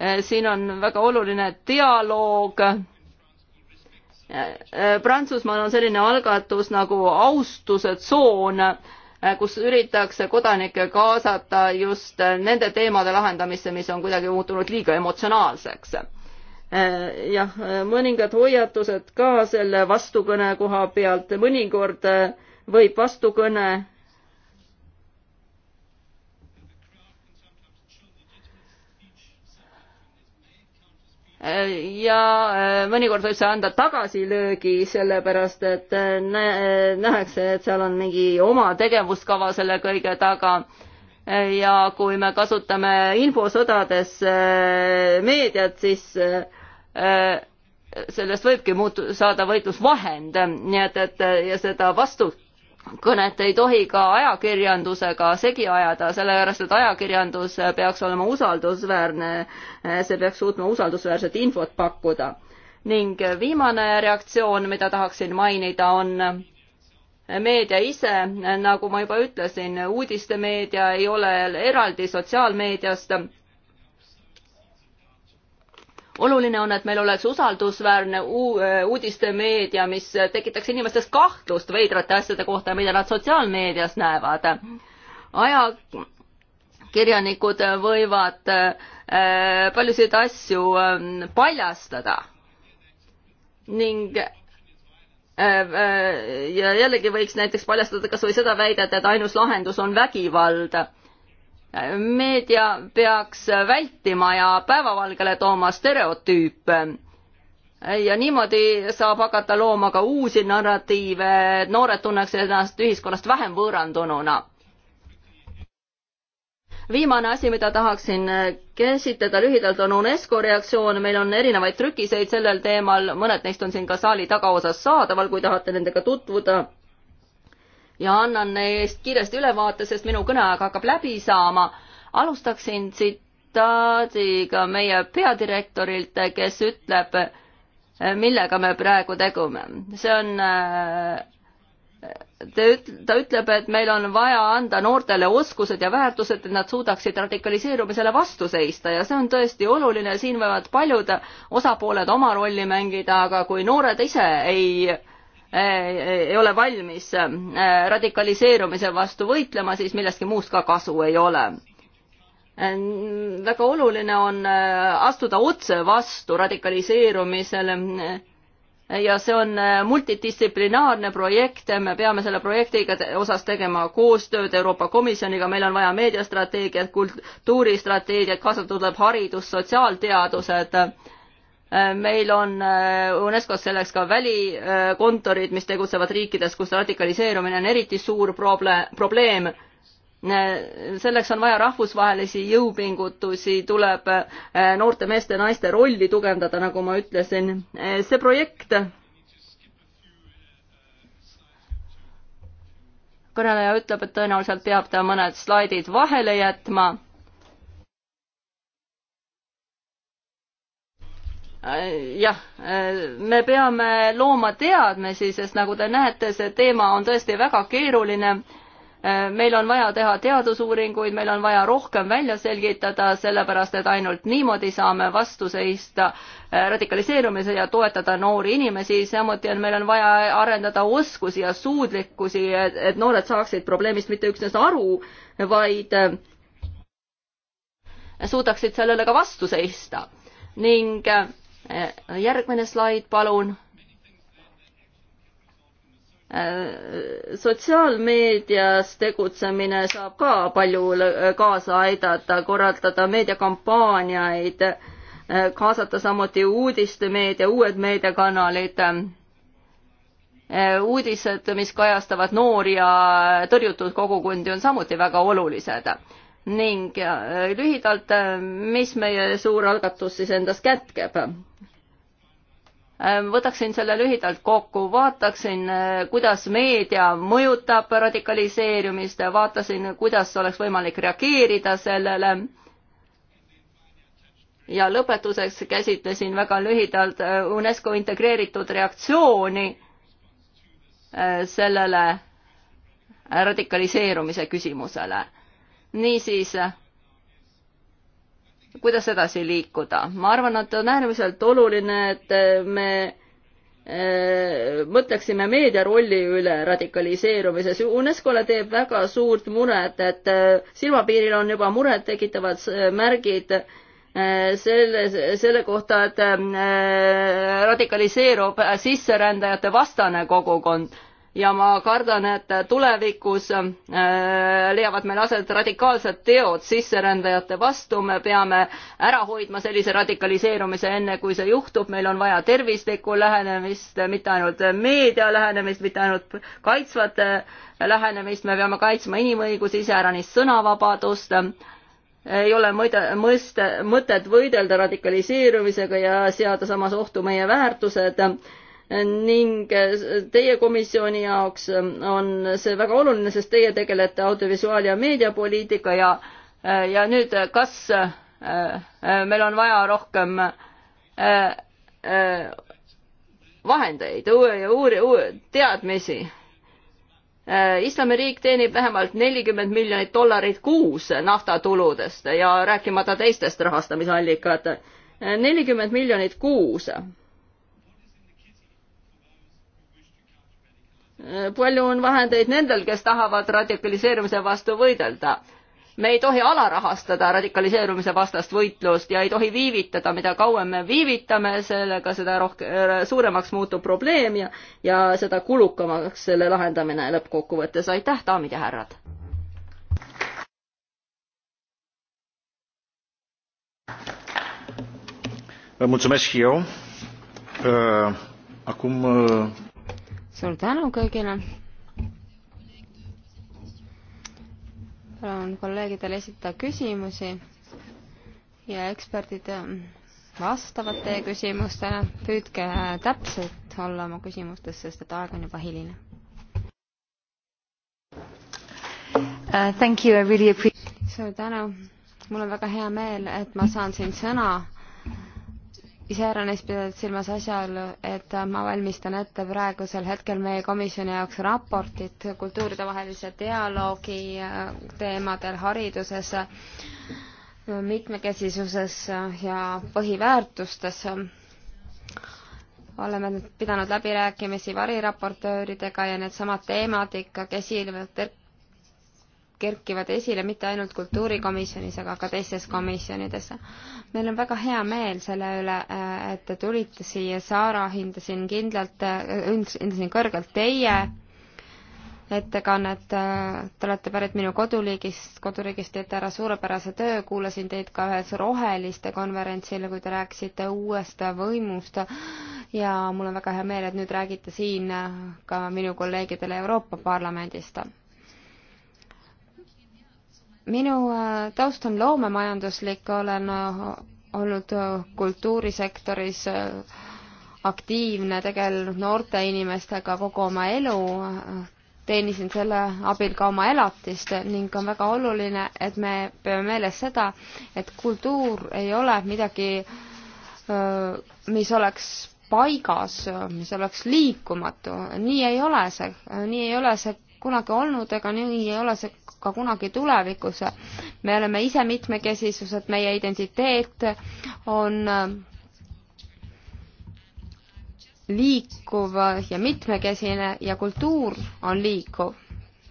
Eh, siin on väga oluline dialoog. Eh, eh, Prantsusmaal on selline algatus nagu austuse tsoon, kus üritatakse kodanikke kaasata just nende teemade lahendamisse, mis on kuidagi muutunud liiga emotsionaalseks. jah, mõningad hoiatused ka selle vastukõne koha pealt, mõnikord võib vastukõne Äh, ja äh, mõnikord võib see anda tagasilöögi, sellepärast et äh, nähakse, et seal on mingi oma tegevuskava selle kõige taga. ja kui me kasutame infosõdades meediat, siis sellest võibki muutu-, saada võitlusvahend, nii et, et ja seda vastu, kõnet ei tohi ka ajakirjandusega segi ajada, sellepärast et ajakirjandus peaks olema usaldusväärne, see peaks suutma usaldusväärset infot pakkuda. ning viimane reaktsioon, mida tahaksin mainida, on meedia ise, nagu ma juba ütlesin, uudistemeedia ei ole eraldi sotsiaalmeediast oluline on, et meil oleks usaldusväärne äh, uudistemeedia, mis tekitaks inimestes kahtlust veidrate asjade kohta, mida nad sotsiaalmeedias näevad. ajakirjanikud võivad äh, paljusid asju ähm, paljastada ning äh, ja jällegi võiks näiteks paljastada kas või seda väidet, et ainus lahendus on vägivald meedia peaks vältima ja päevavalgele tooma stereotüüpe ja niimoodi saab hakata looma ka uusi narratiive, et noored tunneks ennast ühiskonnast vähem võõrandununa. viimane asi, mida tahaksin käsitleda lühidalt, on UNESCO reaktsioon, meil on erinevaid trükiseid sellel teemal, mõned neist on siin ka saali tagaosas saadaval, kui tahate nendega tutvuda ja annan neist kiiresti ülevaate, sest minu kõneaeg hakkab läbi saama. alustaksin tsitaadiga meie peadirektorilt, kes ütleb, millega me praegu tegume. see on ta üt-, ta ütleb, et meil on vaja anda noortele oskused ja väärtused, et nad suudaksid radikaliseerumisele vastu seista ja see on tõesti oluline, siin võivad paljud osapooled oma rolli mängida, aga kui noored ise ei Eh, ei ole valmis eh, radikaliseerumise vastu võitlema, siis millestki muust ka kasu ei ole. väga oluline on eh, astuda otse vastu radikaliseerumisele ja see on multidistsiplinaarne projekt, me peame selle projektiga osas tegema koostööd Euroopa Komisjoniga, meil on vaja meediastrateegiat, kultuuristrateegiat, kaasa tuleb haridus, sotsiaalteadused Äh, meil on äh, UNESCO-s selleks ka välikontorid, mis tegutsevad riikides, kus radikaliseerumine on eriti suur proble-, probleem. Äh, selleks on vaja rahvusvahelisi jõupingutusi, tuleb noorte meeste ja naiste rolli tugevdada, nagu ma ütlesin. see projekt kõneleja ütleb, et tõenäoliselt peab ta mõned slaidid vahele jätma Äh, jah, äh, me peame looma teadmisi, sest nagu te näete, see teema on tõesti väga keeruline. Äh, meil on vaja teha teadusuuringuid, meil on vaja rohkem välja selgitada, sellepärast et ainult niimoodi saame vastu seista radikaliseerumise ja toetada noori inimesi, samuti on, meil on vaja arendada oskusi ja suudlikkusi, et noored saaksid probleemist mitte üksnes aru, vaid suudaksid sellele ka vastu seista ning Eh, järgmine slaid, palun. Eh, sotsiaalmeedias tegutsemine saab ka palju eh, kaasa aidata, korraldada meediakampaaniaid, kaasata samuti uudistemeedia, uued meediakanalid uudised, mis kajastavad noori ja tõrjutud kogukondi, on samuti väga olulised. ning lühidalt, mis meie suur algatus siis endas kätkeb? Ähm, võtaksin selle lühidalt kokku, vaataksin, äh, kuidas meedia mõjutab radikaliseerumist, vaatasin, kuidas oleks võimalik reageerida sellele. ja lõpetuseks käsitlesin väga lühidalt äh, UNESCO integreeritud reaktsiooni äh, sellele radikaliseerumise küsimusele. niisiis kuidas edasi liikuda. ma arvan, et on äärmiselt oluline, et äh, me äh, mõtleksime meedia rolli üle radikaliseerumises. UNESCO-le teeb väga suurt muret, et äh, silmapiiril on juba murettekitavad märgid selle, selle kohta, et radikaliseerub sisserändajate vastane kogukond ja ma kardan, et tulevikus äh, leiavad meil aset radikaalsed teod sisserändajate vastu, me peame ära hoidma sellise radikaliseerumise, enne kui see juhtub, meil on vaja tervislikku lähenemist, mitte ainult meedia lähenemist, mitte ainult kaitsvat lähenemist, me peame kaitsma inimõigusi, iseäranis sõnavabadust ei ole mõte, mõiste, mõtet võidelda radikaliseerumisega ja seada samas ohtu meie väärtused ning äh, teie komisjoni jaoks äh, on see väga oluline, sest teie tegelete audiovisuaal- ja meediapoliitika ja, äh, ja nüüd, kas meil on vaja rohkem vahendeid, uuri-, teadmisi? islamiriik teenib vähemalt nelikümmend miljonit dollarit kuus naftatuludest ja rääkimata teistest rahastamisallikad, nelikümmend miljonit kuus palju on vahendeid nendel, kes tahavad radikaliseerumise vastu võidelda. me ei tohi alarahastada radikaliseerumise vastast võitlust ja ei tohi viivitada, mida kauem me viivitame, sellega seda rohkem, suuremaks muutub probleem ja, ja seda kulukamaks selle lahendamine lõppkokkuvõttes. aitäh, daamid ja härrad! Mulțumesc și eu. Acum suur tänu kõigile. palun kolleegidel esitada küsimusi ja eksperdid vastavad teie küsimustele. püüdke täpselt olla oma küsimustes, sest et aeg on juba hiline uh,. Really suur tänu. mul on väga hea meel, et ma saan siin sõna iseäranis pidades silmas asjaolu, et äh, ma valmistan ette praegusel hetkel meie komisjoni jaoks raportit kultuuridevahelise dialoogi äh, teemadel hariduses, äh, mitmekesisuses ja põhiväärtustes. oleme pidanud läbirääkimisi variraportööridega ja needsamad teemad ikka kesi, kerkivad esile mitte ainult kultuurikomisjonis, aga ka teistes komisjonides. meil on väga hea meel selle üle, äh, et te tulite siia, Saara, hindasin kindlalt, äh, hindasin kõrgelt teie ettekannet, äh, te olete pärit minu koduliigist, koduriigist teete ära suurepärase töö, kuulasin teid ka ühes Roheliste konverentsil, kui te rääkisite uuest võimust ja mul on väga hea meel, et nüüd räägite siin ka minu kolleegidele Euroopa Parlamendist minu äh, taust on loomemajanduslik, olen äh, olnud äh, kultuurisektoris aktiivne, tegelenud noorte inimestega kogu oma elu, teenisin selle abil ka oma elatist ning on väga oluline, et me peame meeles seda, et kultuur ei ole midagi, mis oleks paigas, mis oleks liikumatu, nii ei ole see, nii ei ole see kunagi olnud ega nii ei ole see ka kunagi tulevikus. me oleme ise mitmekesisused, meie identiteet on äh, liikuv ja mitmekesine ja kultuur on liikuv.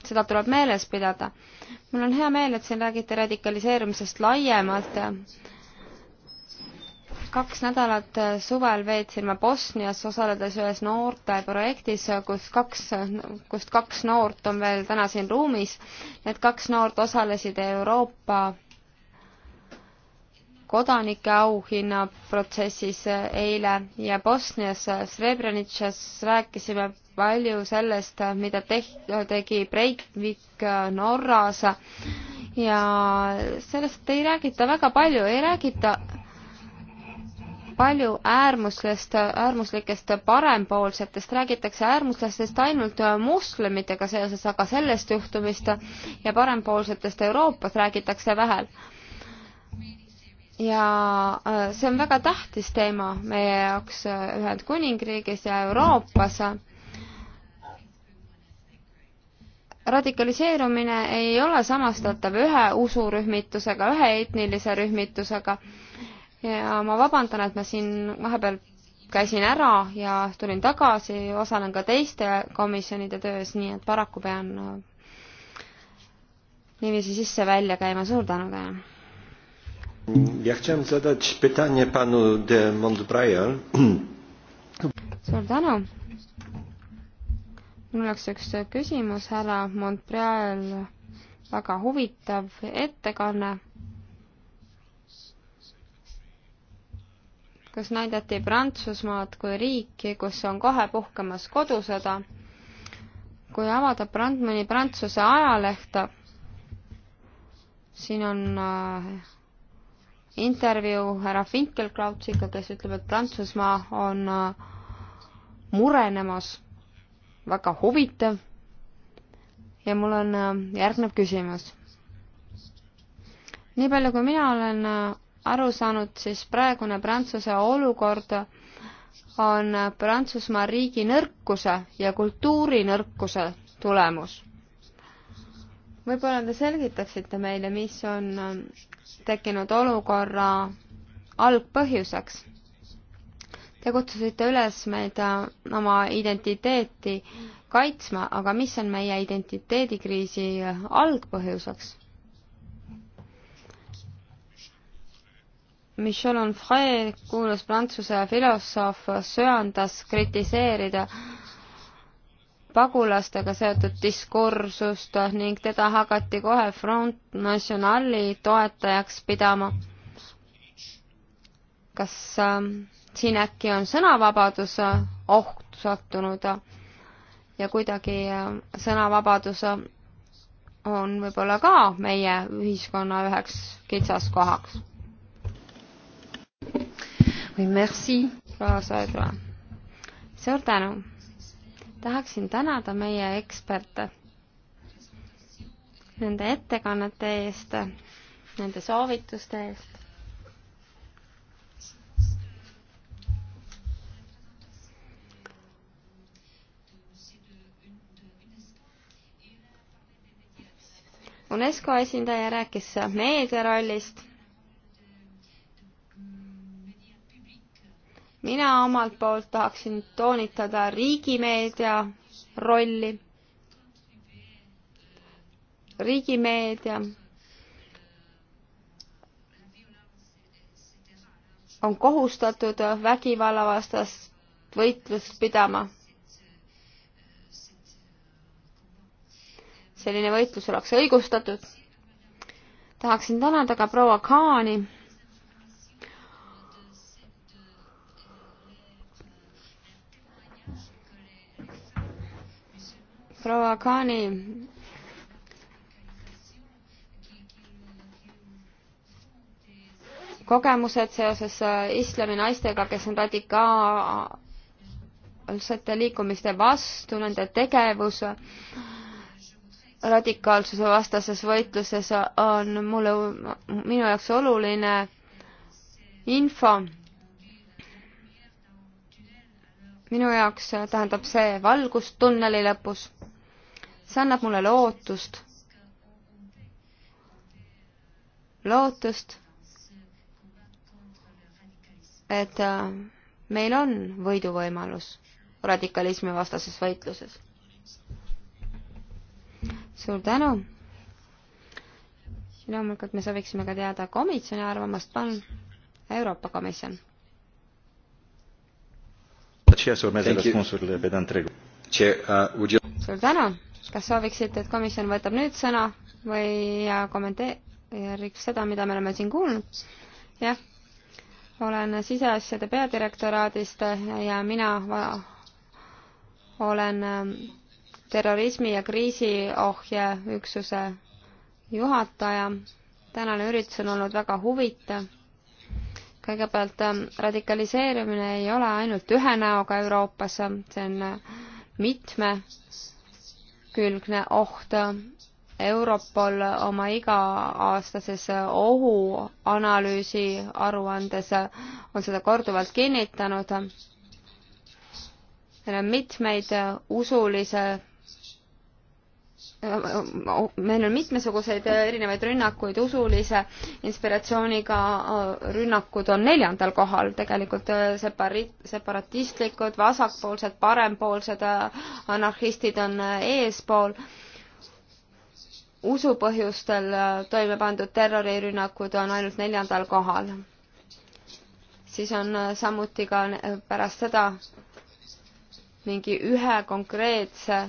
seda tuleb meeles pidada. mul on hea meel, et siin räägite radikaliseerumisest laiemalt kaks nädalat äh, suvel veetsin ma Bosnias, osaledes ühes noorteprojektis, kus kaks, kust kaks noort on veel täna siin ruumis. Need kaks noort osalesid Euroopa kodanike auhinna protsessis äh, eile ja Bosnias Srebrenitšas rääkisime palju sellest, äh, mida teh-, tegi Breivik Norras ja sellest ei räägita väga palju, ei räägita palju äärmuslast, äärmuslikest parempoolsetest, räägitakse äärmuslastest ainult moslemitega seoses, aga sellest juhtumist ja parempoolsetest Euroopas räägitakse vähe. ja äh, see on väga tähtis teema meie jaoks äh, Ühendkuningriigis ja Euroopas radikaliseerumine ei ole samastatav ühe usurühmitusega, ühe etnilise rühmitusega ja ma vabandan, et ma siin vahepeal käisin ära ja tulin tagasi, osalen ka teiste komisjonide töös, nii et paraku pean äh, niiviisi sisse-välja käima, suur tänu teile. Ja chciałem zadać pytanie panu de Montbrial. suur tänu. mul oleks üks küsimus härra Montbrial, väga huvitav ettekanne kus näidati Prantsusmaad kui riiki, kus on kohe puhkemas kodusõda. kui avada Brand-, mõni Prantsuse ajaleht, siin on äh, intervjuu härra Finkelkrautsiga, kes ütleb, et Prantsusmaa on äh, murenemas, väga huvitav. ja mul on äh, järgnev küsimus. nii palju, kui mina olen äh, aru saanud, siis praegune Prantsuse olukord on Prantsusmaa riigi nõrkuse ja kultuuri nõrkuse tulemus. võib-olla te selgitaksite meile, mis on ähm, tekkinud olukorra algpõhjuseks? Te kutsusite üles meid äh, oma identiteeti kaitsma, aga mis on meie identiteedikriisi äh, algpõhjuseks? Michel Onfray, kuulus prantsuse filosoof, söandas kritiseerida pagulastega seotud diskursust ning teda hakati kohe Front Nationali toetajaks pidama. kas äh, siin äkki on sõnavabaduse äh, oht sattunud ja kuidagi äh, sõnavabadus äh, on võib-olla ka meie ühiskonna üheks kitsaskohaks? suur tänu. tahaksin tänada meie eksperte nende ettekannete eest, nende soovituste eest. UNESCO esindaja rääkis meedia rollist mina omalt poolt tahaksin toonitada riigimeedia rolli. riigimeedia on kohustatud vägivallavastast võitlust pidama. selline võitlus oleks õigustatud. tahaksin tänada ka proua Kaani proua Kaani kogemused seoses äh, islami naistega, kes on radikaalsete liikumiste vastu, nende tegevus radikaalsuse vastases võitluses on mulle, minu jaoks oluline info minu jaoks äh, tähendab see valgust tunneli lõpus. see annab mulle lootust. lootust, et äh, meil on võiduvõimalus radikalismi vastases võitluses. suur tänu. loomulikult me sooviksime ka teada komisjoni arvamust, palun. Euroopa Komisjon și urmează răspunsurile pe întregul. suur tänu, kas sooviksite, et komisjon võtab nüüd sõna või kommenteeriks seda, mida me oleme siin kuulnud? jah, olen siseasjade peadirektoraadist ja mina olen ähm, terrorismi ja kriisiohje üksuse juhataja. tänane üritus on olnud väga huvitav kõigepealt ähm, radikaliseerumine ei ole ainult ühe näoga Euroopas, ähm, see on äh, mitmekülgne oht. Europol oma iga-aastases äh, ohuanalüüsi aruandes äh, on seda korduvalt kinnitanud. meil on mitmeid usulise meil on mitmesuguseid erinevaid rünnakuid, usulise inspiratsiooniga rünnakud on neljandal kohal, tegelikult äh, separi-, separatistlikud, vasakpoolsed, parempoolsed äh, anarhistid on äh, eespool. usupõhjustel toime pandud terrorirünnakud on ainult neljandal kohal. siis on samuti ka pärast seda mingi ühe konkreetse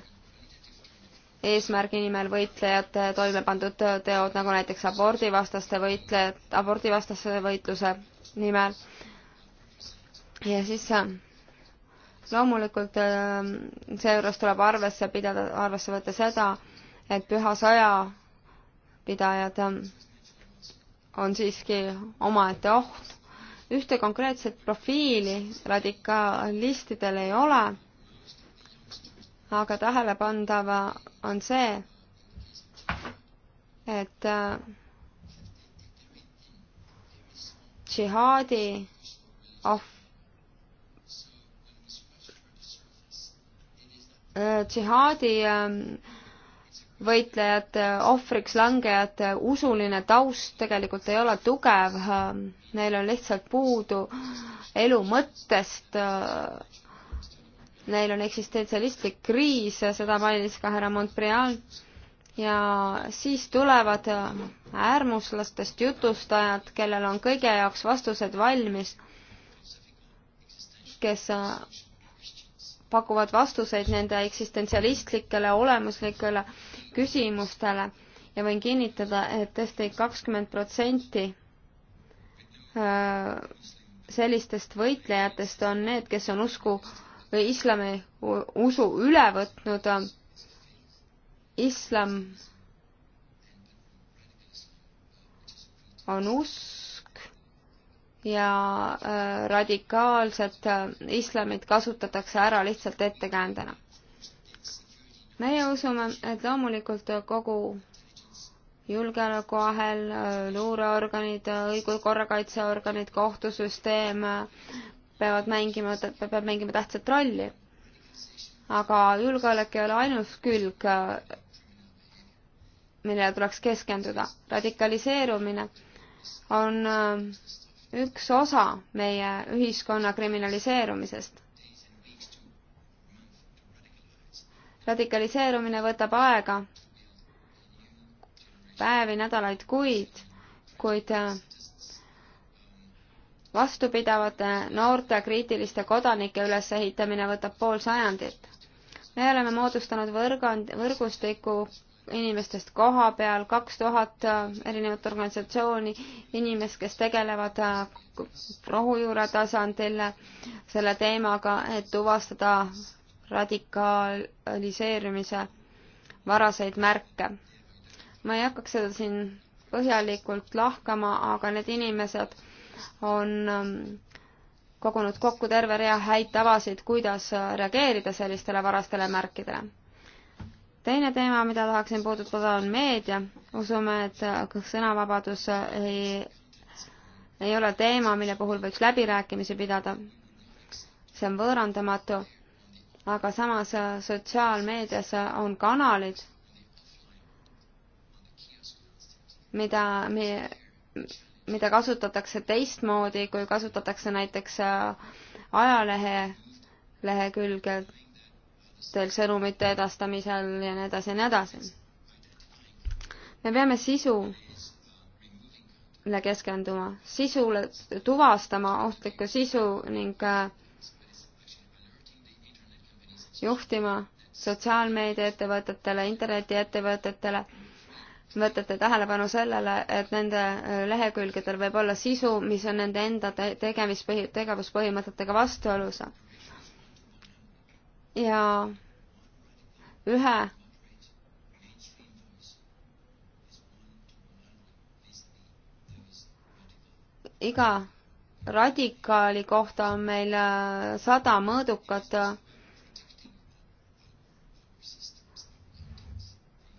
eesmärgi nimel võitlejate eh, toime pandud teod, nagu näiteks abordivastaste võitlejad, abordivastase võitluse nimel. ja siis eh, loomulikult eh, seejuures tuleb arvesse pidada, arvesse võtta seda, et püha saja pidajad on siiski omaette oht. ühte konkreetset profiili radikalistidel ei ole aga tähelepandav on see, et äh, džihaadi ohv-, äh, džihaadi ähm, võitlejate, ohvriks langejate usuline taust tegelikult ei ole tugev, ähm, neil on lihtsalt puudu elu mõttest, äh, neil on eksistentsialistlik kriis, seda mainis ka härra Montreal, ja siis tulevad äärmuslastest jutustajad, kellel on kõige jaoks vastused valmis, kes äh, pakuvad vastuseid nende eksistentsialistlikele olemuslikele küsimustele ja võin kinnitada, et tõesti kakskümmend protsenti äh, sellistest võitlejatest on need, kes on usku või islami usu üle võtnud. islam on usk ja äh, radikaalset äh, islamit kasutatakse ära lihtsalt ettekäändena. meie usume, et loomulikult kogu julgeolekuahel, äh, luureorganid, õiguskorrakaitseorganid, kohtusüsteem, peavad mängima, peab mängima tähtsat rolli. aga julgeolek ei ole ainus külg, millele tuleks keskenduda. radikaliseerumine on äh, üks osa meie ühiskonna kriminaliseerumisest. radikaliseerumine võtab aega, päevi, nädalaid, kuid, kuid äh, vastupidavate noorte kriitiliste kodanike ülesehitamine võtab pool sajandit. me oleme moodustanud võrgand, võrgustiku inimestest koha peal, kaks tuhat erinevat organisatsiooni, inimest, kes tegelevad äh, rohujuure tasandil selle teemaga, et tuvastada radikaliseerumise varaseid märke. ma ei hakkaks seda siin põhjalikult lahkama, aga need inimesed on ähm, kogunud kokku terve rea häid tavasid, kuidas äh, reageerida sellistele varastele märkidele. teine teema, mida tahaksin puudutada, on meedia. usume, et äh, sõnavabadus äh, ei, ei ole teema, mille puhul võiks läbirääkimisi pidada. see on võõrandamatu. aga samas sotsiaalmeedias on kanalid, mida me mida kasutatakse teistmoodi, kui kasutatakse näiteks äh, ajalehe lehekülgedel sõnumite edastamisel ja nii edasi ja nii edasi. me peame sisule keskenduma, sisule tuvastama ohtlikku sisu ning äh, juhtima sotsiaalmeediaettevõtetele, internetiettevõtetele, interneti võtate tähelepanu sellele, et nende äh, lehekülgedel võib olla sisu, mis on nende enda te tegemispõhi, tegevuspõhimõtetega vastuolus. ja ühe iga radikaali kohta on meil äh, sada mõõdukat äh,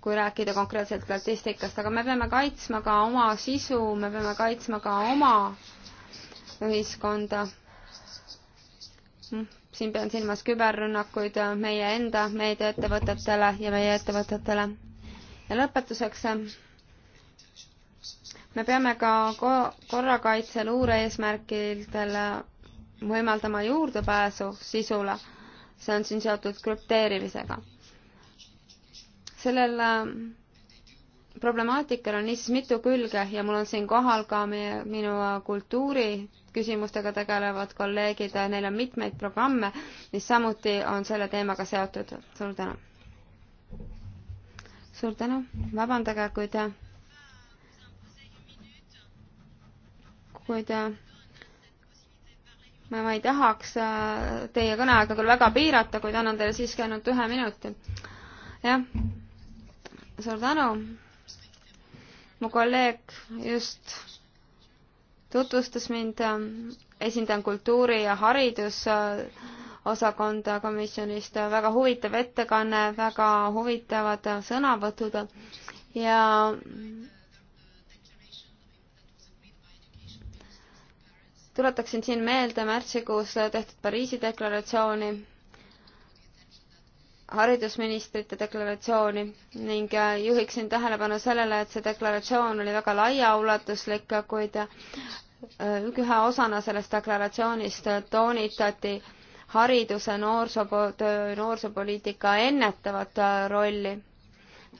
kui rääkida konkreetselt statistikast, aga me peame kaitsma ka oma sisu, me peame kaitsma ka oma ühiskonda. Hm, siin pean silmas küberrünnakuid äh, meie enda meediaettevõtetele ja meie ettevõtetele. ja lõpetuseks äh, me peame ka korrakaitse luure eesmärkidel äh, võimaldama juurdepääsu sisule, see on siin seotud krüpteerimisega sellel äh, problemaatikal on niisiis mitu külge ja mul on siin kohal ka meie, minu äh, kultuuri küsimustega tegelevad kolleegid, neil on mitmeid programme, mis samuti on selle teemaga seotud. suur tänu! suur tänu, vabandage, kui te, kui te ma, ma ei tahaks äh, teie kõneaega küll väga piirata, kuid annan teile siiski ainult ühe minuti. jah suur tänu. mu kolleeg just tutvustas mind, ähm, esindan kultuuri ja haridus osakonda komisjonist, väga huvitav ettekanne, väga huvitavad sõnavõtud ja tuletaksin siin meelde märtsikuus tehtud Pariisi deklaratsiooni haridusministrite deklaratsiooni ning äh, juhiksin tähelepanu sellele, et see deklaratsioon oli väga laiaulatuslik, kuid äh, ühe osana sellest deklaratsioonist toonitati hariduse noorsootöö, noorsoopoliitika ennetavat äh, rolli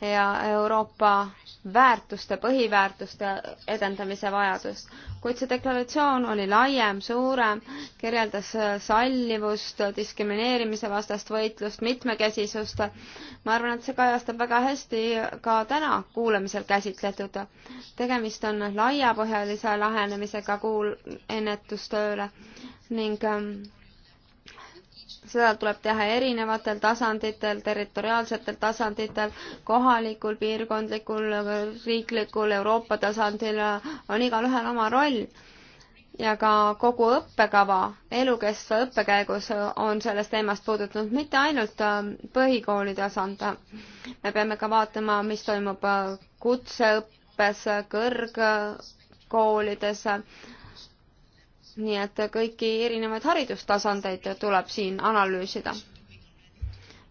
ja Euroopa väärtuste, põhiväärtuste edendamise vajadust kuid see deklaratsioon oli laiem, suurem, kirjeldas äh, sallivust, diskrimineerimise vastast võitlust, mitmekesisust. ma arvan, et see kajastab väga hästi ka täna kuulamisel käsitletud. tegemist on laiapõhjalise lähenemisega kuul-, ennetustööle ning ähm, seda tuleb teha erinevatel tasanditel, territoriaalsetel tasanditel, kohalikul, piirkondlikul, riiklikul, Euroopa tasandil, on igalühel oma roll. ja ka kogu õppekava elukestva õppe käigus on sellest teemast puudutanud mitte ainult ähm, põhikooli tasand, me peame ka vaatama, mis toimub äh, kutseõppes, kõrgkoolides nii et kõiki erinevaid haridustasandeid tuleb siin analüüsida.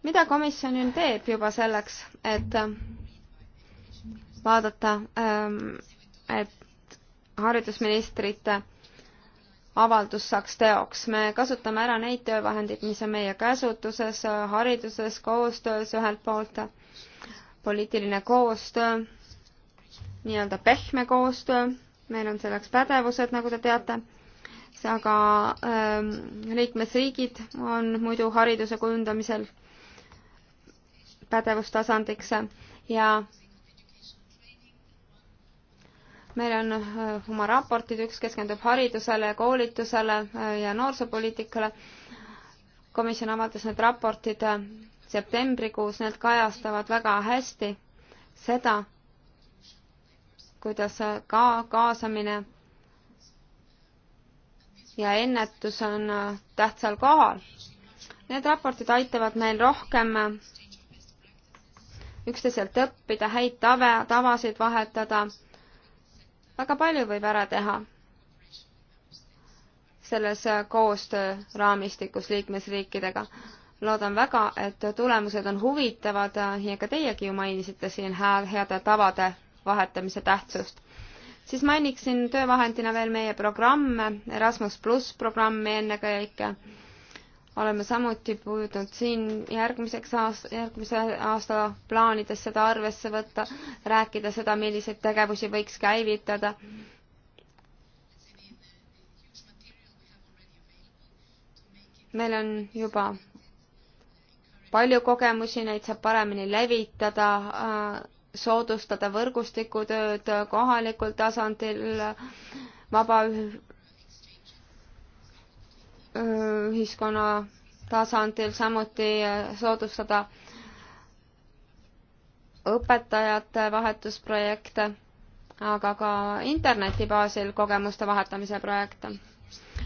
mida komisjon nüüd teeb juba selleks, et vaadata, ähm, et haridusministrite avaldus saaks teoks. me kasutame ära neid töövahendeid, mis on meie käsutuses, hariduses, koostöös ühelt poolt, poliitiline koostöö, nii-öelda pehme koostöö, meil on selleks pädevused, nagu te teate aga ähm, liikmesriigid on muidu hariduse kujundamisel pädevustasandiks ja meil on äh, oma raportid, üks keskendub haridusele, koolitusele äh, ja noorsoopoliitikale. komisjon avaldas need raportid äh, septembrikuus, need kajastavad väga hästi seda, kuidas ka kaasamine ja ennetus on äh, tähtsal kohal. Need raportid aitavad meil rohkem äh, üksteiselt õppida, häid tave, tavasid vahetada. väga palju võib ära teha selles äh, koostööraamistikus liikmesriikidega. loodan väga, et tulemused on huvitavad ja ka teiegi ju mainisite siin heade tavade vahetamise tähtsust siis mainiksin töövahendina veel meie programme, Erasmus pluss programmi ennekõike. oleme samuti püüdnud siin järgmiseks aasta, järgmise aasta plaanides seda arvesse võtta, rääkida seda, milliseid tegevusi võiks käivitada. meil on juba palju kogemusi, neid saab paremini levitada äh, soodustada võrgustikutööd kohalikul tasandil, vaba ühiskonna tasandil, samuti soodustada õpetajate vahetusprojekte, aga ka interneti baasil kogemuste vahetamise projekte.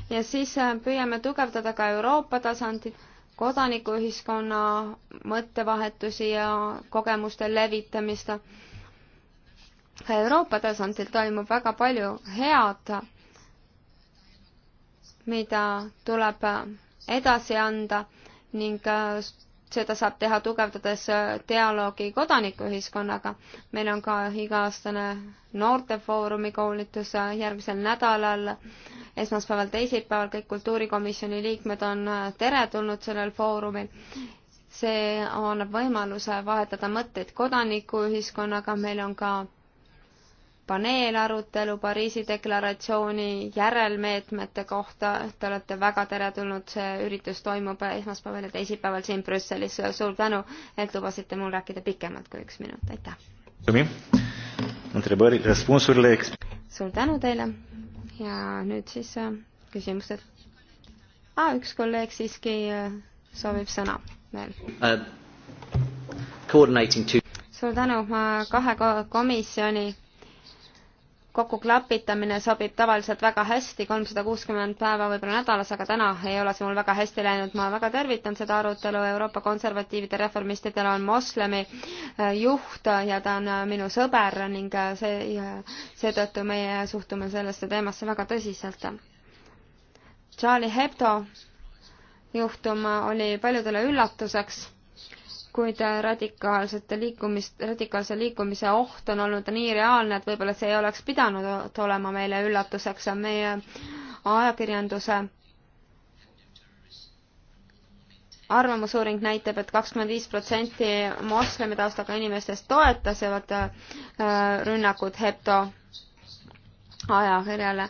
ja siis püüame tugevdada ka Euroopa tasandit kodanikuühiskonna mõttevahetusi ja kogemuste levitamist. Euroopa tasandil toimub väga palju head, mida tuleb edasi anda ning äh, seda saab teha tugevdades äh, dialoogi kodanikuühiskonnaga. meil on ka iga-aastane noortefoorumi koolitus äh, järgmisel nädalal esmaspäeval, teisipäeval, kõik kultuurikomisjoni liikmed on äh, teretulnud sellel foorumil. see annab võimaluse vahetada mõtteid kodanikuühiskonnaga, meil on ka paneelarutelu Pariisi deklaratsiooni järelmeetmete kohta, te olete väga teretulnud, see üritus toimub esmaspäeval ja teisipäeval siin Brüsselis, suur tänu, et lubasite mul rääkida pikemalt kui üks minut, aitäh! suur tänu teile! ja nüüd siis äh, küsimused. Ah, üks kolleeg siiski äh, soovib sõna veel uh,. Suur tänu, ma kahe komisjoni kokkuklapitamine sobib tavaliselt väga hästi, kolmsada kuuskümmend päeva võib-olla nädalas, aga täna ei ole see mul väga hästi läinud. ma väga tervitan seda arutelu, Euroopa konservatiivide reformistidel on moslemi äh, juht ja ta on äh, minu sõber ning äh, see, seetõttu meie suhtume sellesse teemasse väga tõsiselt. Charlie Hebdo juhtum oli paljudele üllatuseks kuid äh, radikaalsete liikumist, radikaalse liikumise oht on olnud nii reaalne, et võib-olla see ei oleks pidanud olema meile üllatuseks, on meie ajakirjanduse arvamusuuring näitab et, et kakskümmend viis protsenti moslemi taustaga inimestest toetasivad äh, rünnakut Hepto ajakirjale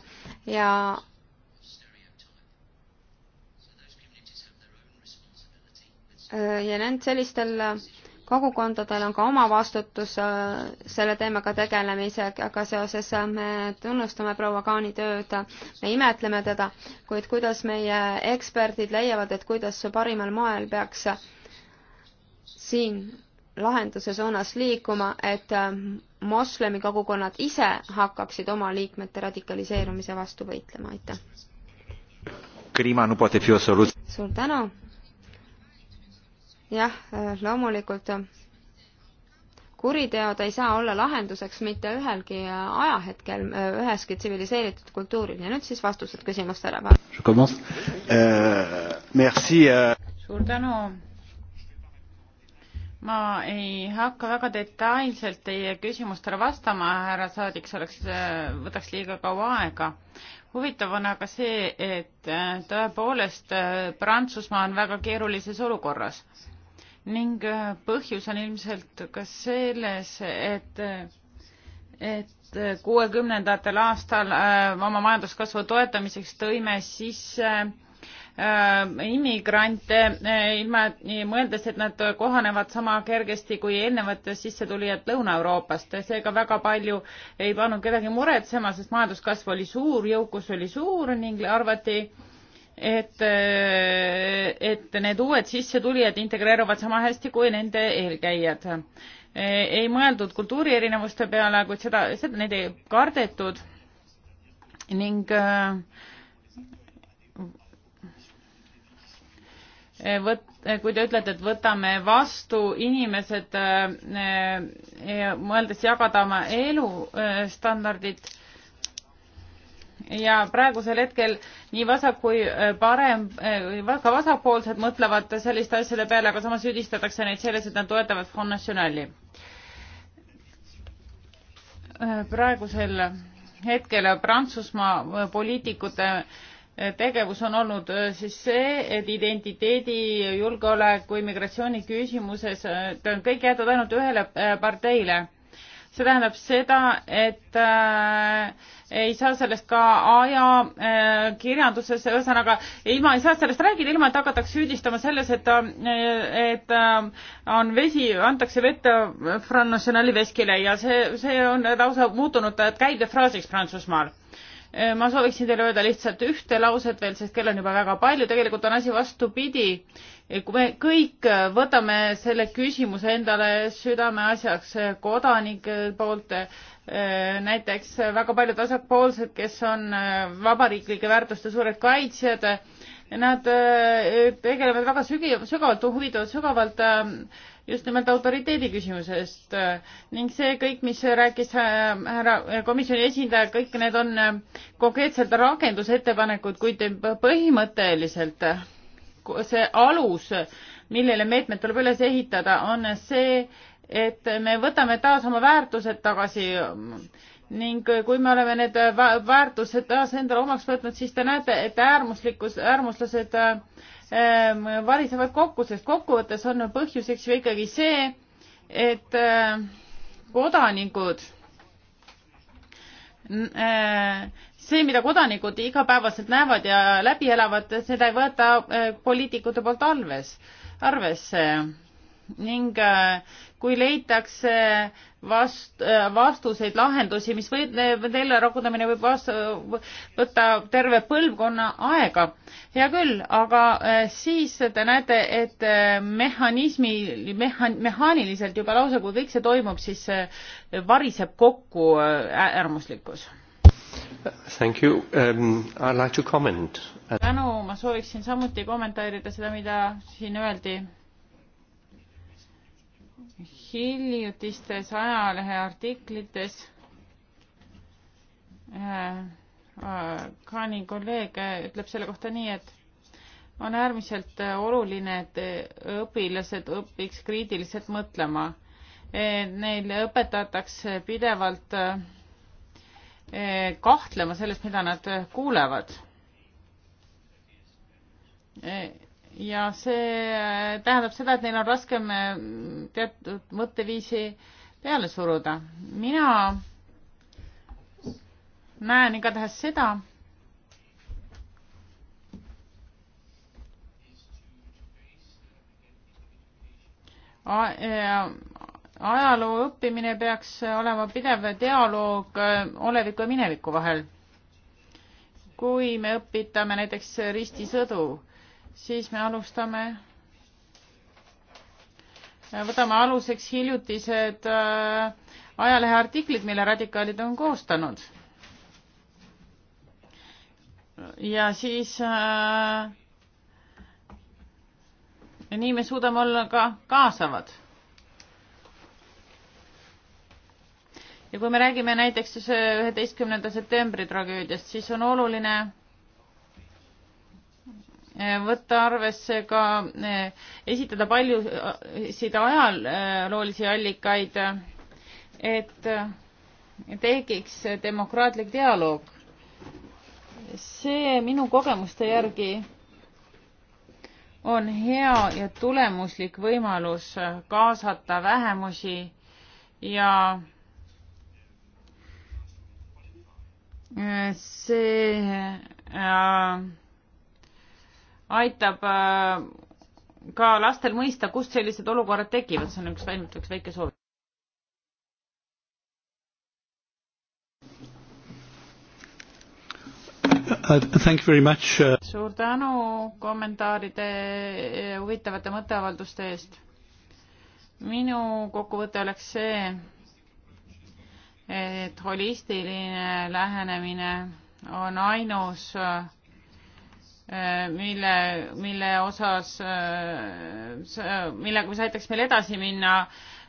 ja Äh, ja nend sellistel äh, kogukondadel on ka oma vastutus äh, selle teemaga tegelemisega seoses, me tunnustame proua Kaani tööd, me imetleme teda, kuid kuidas meie eksperdid leiavad, et kuidas parimal moel peaks siin lahenduse suunas liikuma, et moslemi kogukonnad ise hakkaksid oma liikmete radikaliseerumise vastu võitlema, aitäh! suur tänu! jah, äh, loomulikult äh, kuriteod ei saa olla lahenduseks mitte ühelgi äh, ajahetkel üheski tsiviliseeritud kultuuril ja nüüd siis vastused küsimustele. Euh, euh. suur tänu. ma ei hakka väga detailselt teie küsimustele vastama, härra saadik, see oleks, võtaks liiga kaua aega. huvitav on aga see, et tõepoolest Prantsusmaa on väga keerulises olukorras ning äh, põhjus on ilmselt ka selles, et, et kuuekümnendatel aastal äh, oma majanduskasvu toetamiseks tõime sisse äh, immigrante ilma mõeldes, et nad kohanevad sama kergesti kui eelnevad sissetulijad Lõuna-Euroopast. seega väga palju ei pannud kedagi muretsema, sest majanduskasv oli suur, jõukus oli suur ning arvati, et, äh, et need uued sissetulijad integreeruvad sama hästi kui nende eelkäijad. Äh, ei mõeldud kultuurierinevuste peale, kuid seda, seda neid ei kardetud ning äh, võt-, kui te ütlete, et võtame vastu inimesed, mõeldes jagada oma elustandardit ja praegusel hetkel nii vasak kui äh, parem, äh, ka vasakpoolsed mõtlevad selliste asjade peale, aga samas süüdistatakse neid selles, et nad toetavad Front Nationali. Äh, praegusel hetkel Prantsusmaa poliitikute tegevus on olnud siis see, et identiteedi, julgeoleku, immigratsiooni küsimuses on kõik jäetud ainult ühele parteile see tähendab seda, et äh, ei saa sellest ka ajakirjanduses äh,, ühesõnaga ilma, ei saa sellest rääkida, ilma et hakatakse süüdistama selles, et äh,, et äh, on vesi, antakse vett äh, Front Nationali veskile ja see, see on lausa muutunud äh, käibefraasiks Prantsusmaal äh, ma sooviksin teile öelda lihtsalt ühte lauset veel, sest kell on juba väga palju, tegelikult on asi vastupidi äh, kui me kõik äh, võtame selle küsimuse endale südameasjaks äh, kodanike poolt, äh, näiteks väga paljud vasakpoolsed, kes on vabariiklike väärtuste suured kaitsjad, nad tegelevad väga sügi-, sügavalt, huvitavad sügavalt just nimelt autoriteedi küsimusest ning see kõik, mis rääkis härra komisjoni esindaja, kõik need on konkreetselt rakendusettepanekud, kuid põhimõtteliselt see alus, millele meetmed tuleb üles ehitada, on see, et me võtame taas oma väärtused tagasi ning kui me oleme need väärtused taas endale omaks võtnud, siis te näete, et äärmuslikkus, äärmuslased ähm, varisevad kokku, sest kokkuvõttes on põhjuseks ju ikkagi see, et äh, kodanikud äh, see, mida kodanikud igapäevaselt näevad ja läbi elavad, seda ei võeta äh, poliitikute poolt alves, arvesse. ning äh, kui leitakse vast-, äh, vastuseid, lahendusi, mis võib, nende rakundamine võib vastu, võtta terve põlvkonna aega, hea küll, aga siis te näete, et mehhanismi, mehan-, mehaaniliselt juba lausa, kui kõik see toimub, siis variseb kokku äärmuslikkus Thank you um,. I like to comment. tänu, ma sooviksin samuti kommenteerida seda, mida siin öeldi. hiljutistes ajalehe artiklites äh, Kaani kolleeg ütleb selle kohta nii, et on äärmiselt oluline, et õpilased õpiks kriitiliselt mõtlema. Neil õpetatakse pidevalt äh, Eh, kahtlema selles, mida nad kuulevad. Eh, ja see eh, tähendab seda, et neil on raskem teatud mõtteviisi peale suruda. mina näen igatahes seda, ajaloo õppimine peaks olema pidev dialoog äh, oleviku ja mineviku vahel. kui me õpitame näiteks ristisõdu, siis me alustame, võtame aluseks hiljutised äh, ajaleheartiklid, mille radikaalid on koostanud. ja siis ja äh, nii me suudame olla ka kaasavad ja kui me räägime näiteks siis äh, üheteistkümnenda septembri tragöödiast, siis on oluline äh, võtta arvesse ka, äh, esitada paljusid ajaloolisi allikaid, et tekiks demokraatlik dialoog. see minu kogemuste järgi on hea ja tulemuslik võimalus kaasata vähemusi ja see äh, aitab äh, ka lastel mõista, kust sellised olukorrad tekivad, see on üks ainult üks väike soov. Uh, uh, suur tänu kommentaaride ja huvitavate mõtteavalduste eest. minu kokkuvõte oleks see, et holistiline lähenemine on ainus, äh, mille, mille osas, äh, millega, mis aitaks meil edasi minna,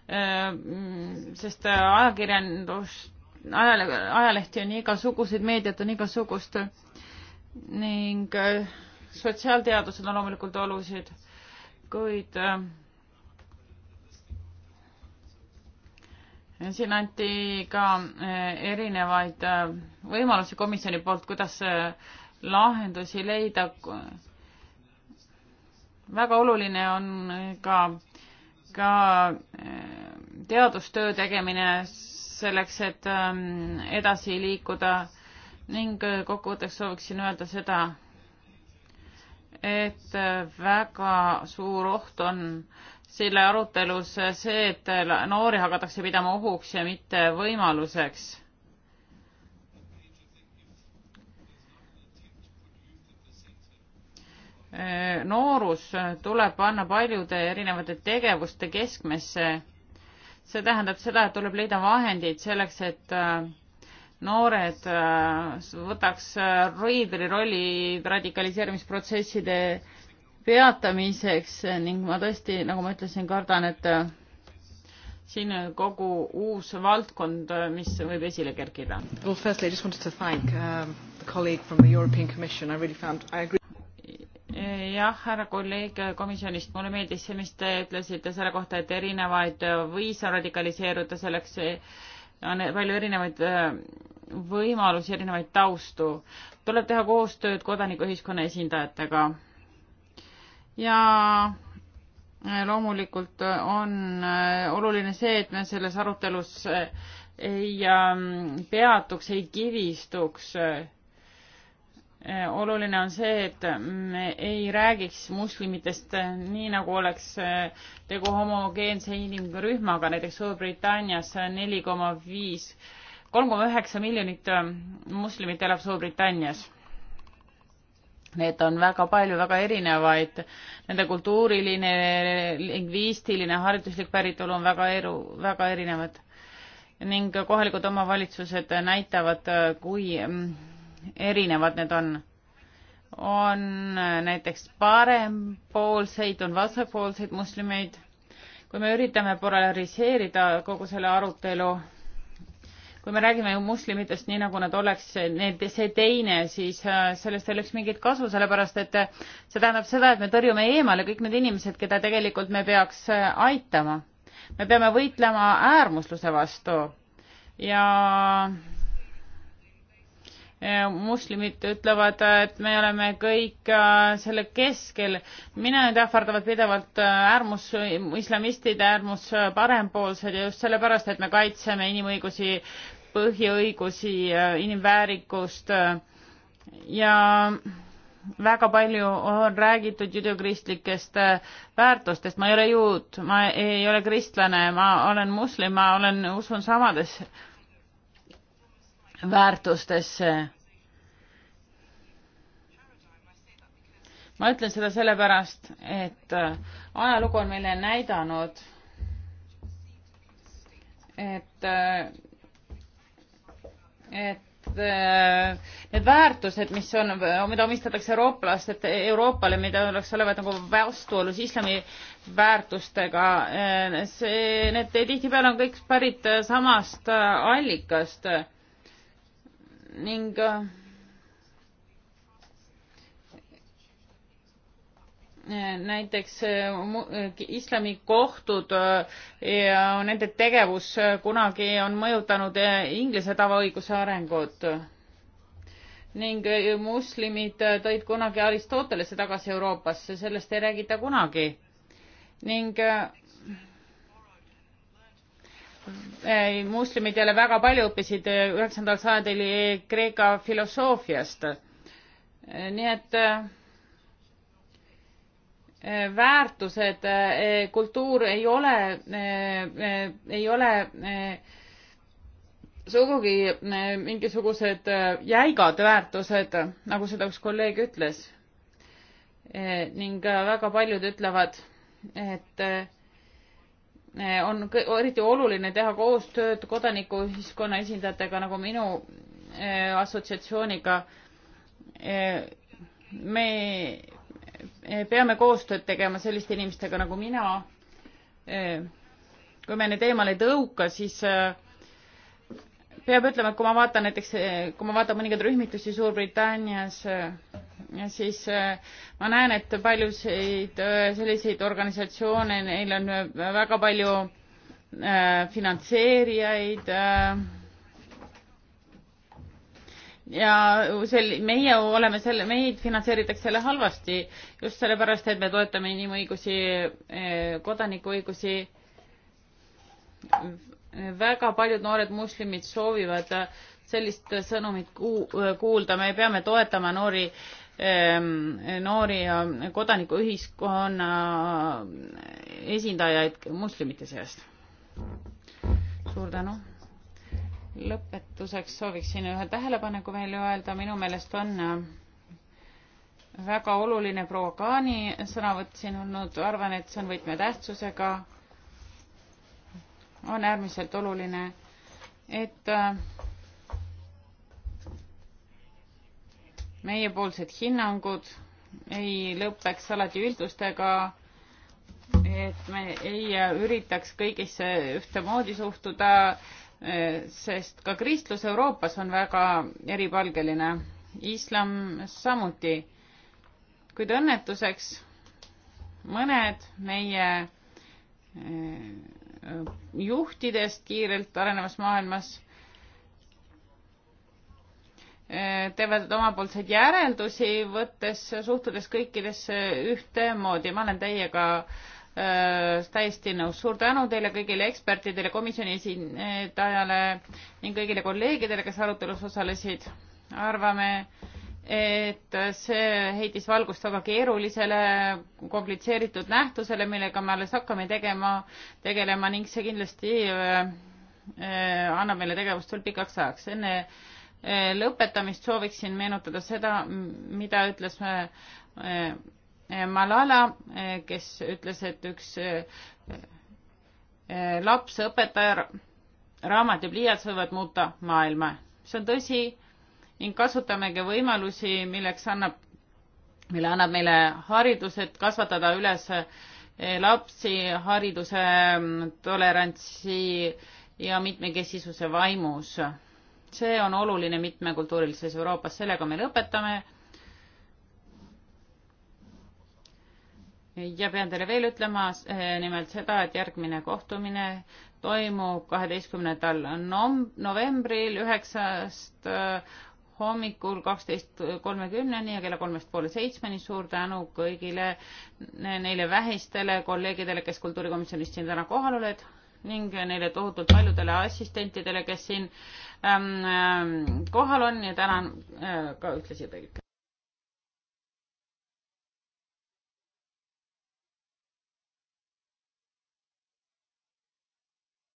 äh, sest ajakirjandus, ajale, ajalehti on igasuguseid, meediat on igasugust ning sotsiaalteadused on loomulikult olulised, kuid siin anti ka eh, erinevaid eh, võimalusi komisjoni poolt, kuidas eh, lahendusi leida. väga oluline on ka, ka teadustöö tegemine selleks, et edasi liikuda ning kokkuvõtteks sooviksin öelda seda, et väga suur oht on äh, selle arutelus see, et noori hakatakse pidama ohuks ja mitte võimaluseks. noorus tuleb panna paljude erinevate tegevuste keskmesse. see tähendab seda, et tuleb leida vahendid selleks, et äh, noored äh, võtaks äh, riidri rolli radikaliseerimisprotsesside peatamiseks ning ma tõesti, nagu ma ütlesin, kardan, et äh, siin on kogu uus valdkond, äh, mis võib esile kerkida well,. Firstly, I just wanted to thank um, the colleague from the European Commission, I really found, I agree jah, härra kolleeg äh, komisjonist, mulle meeldis see, mis te ütlesite selle kohta, et erinevaid viise radikaliseeruda, selleks on palju erinevaid võimalusi, erinevaid taustu. tuleb teha koostööd kodanikuühiskonna esindajatega ja äh, loomulikult äh, on äh, oluline see, et me selles arutelus ei ähm, peatuks, ei kivistuks. oluline on see, et me ei räägiks moslemitest nii, nagu oleks tegu homogeense inimrühmaga, näiteks Suurbritannias neli koma viis, kolm koma üheksa miljonit moslemit elab Suurbritannias Need on väga palju väga erinevaid, nende kultuuriline, lingvistiline, hariduslik päritolu on väga eru, väga erinevad. ning kohalikud omavalitsused näitavad, kui mm, erinevad need on. on näiteks parempoolseid, on vasakpoolseid moslemeid. kui me üritame polariseerida kogu selle arutelu kui me räägime ju moslemitest nii, nagu nad oleks need, see teine, siis äh, sellest ei oleks mingit kasu, sellepärast et äh, see tähendab seda, et me tõrjume eemale kõik need inimesed, keda tegelikult me peaks äh, aitama. me peame võitlema äärmusluse vastu ja moslemid ütlevad, et me oleme kõik selle keskel. mina nüüd ähvardavad pidevalt äärmus, islamistid, äärmus parempoolsed ja just sellepärast, et me kaitseme inimõigusi põhiõigusi, äh, inimväärikust äh, ja väga palju on räägitud judeokristlikest äh, väärtustest, ma ei ole juut, ma ei ole kristlane, ma olen moslem, ma olen, usun samadesse väärtustesse. ma ütlen seda sellepärast, et ajalugu on meile näidanud, et et äh, need väärtused, mis on, mida omistatakse eurooplastele, Euroopale, mida oleks olevat nagu vastuolus islami väärtustega, äh, see, need tihtipeale on kõik pärit samast äh, allikast ning äh, näiteks äh, äh, islamikohtud äh, ja nende tegevus kunagi on mõjutanud Inglise tavaõiguse arengut ning moslemid tõid kunagi Aristotelese tagasi Euroopasse, sellest ei räägita kunagi ning moslemid jälle väga palju õppisid üheksandal sajandil Kreeka filosoofiast. nii et väärtused, eh, kultuur ei ole, eh, eh, ei ole sugugi mingisugused jäigad väärtused, nagu seda üks kolleeg ütles. ning väga paljud ütlevad, et on eriti oluline teha koostööd kodanikuühiskonna esindajatega nagu minu assotsiatsiooniga. me peame koostööd tegema selliste inimestega nagu mina. kui me need eemale ei tõuka, siis äh, peab ütlema, et kui ma vaatan näiteks, äh, kui ma vaatan mõningaid rühmitusi Suurbritannias, äh, siis ma näen, et paljusid selliseid organisatsioone, neil on väga palju finantseerijaid äh, ja sel-, meie oleme selle, meid finantseeritakse selle halvasti just sellepärast, et me toetame inimõigusi, eh, kodanikuõigusi. väga paljud noored moslemid soovivad sellist sõnumit ku-, kuulda, me peame toetama noori, ehm, noori ja kodanikuühiskonna esindajaid moslemite seast. suur tänu lõpetuseks sooviksin ühe tähelepaneku veel öelda, minu meelest on äh, väga oluline proua Kaani sõnavõtt siin olnud, arvan, et see on võtmetähtsusega. on äärmiselt oluline, et äh, meiepoolsed hinnangud ei lõpeks alati üldustega, et me ei äh, üritaks kõigisse ühtemoodi suhtuda sest ka kristlus Euroopas on väga eripalgeline, islam samuti. kuid õnnetuseks mõned meie eh, juhtidest kiirelt arenevas maailmas eh, teevad omapoolseid järeldusi, võttes, suhtudes kõikidesse ühtemoodi. ma olen teiega äh, Äh, täiesti nõus. suur tänu teile kõigile ekspertidele, komisjoni esindajale ning kõigile kolleegidele, kes arutelus osalesid. arvame, et see heitis valgust väga keerulisele, komplitseeritud nähtusele, millega me alles hakkame tegema, tegelema ning see kindlasti äh, äh, annab meile tegevust veel pikaks ajaks. enne lõpetamist sooviksin meenutada seda, mida ütles me Eh, Malala, eh, kes ütles, et üks eh, laps, õpetaja, raamat ja pliiats võivad muuta maailma. see on tõsi ning kasutamegi võimalusi, milleks annab, mille annab meile haridus, et kasvatada üles lapsi hariduse, mm, tolerantsi ja mitmekesisuse vaimus. see on oluline mitmekultuurilises Euroopas, sellega me lõpetame ja pean teile veel ütlema eh, nimelt seda, et järgmine kohtumine toimub kaheteistkümnendal novembril üheksast eh, hommikul kaksteist kolmekümneni ja kella kolmest poole seitsmeni. suur tänu kõigile neile vähistele kolleegidele, kes kultuurikomisjonist siin täna kohal olid ning neile tohutult paljudele assistentidele, kes siin ähm, kohal on ja tänan äh, ka ühtlasi teid.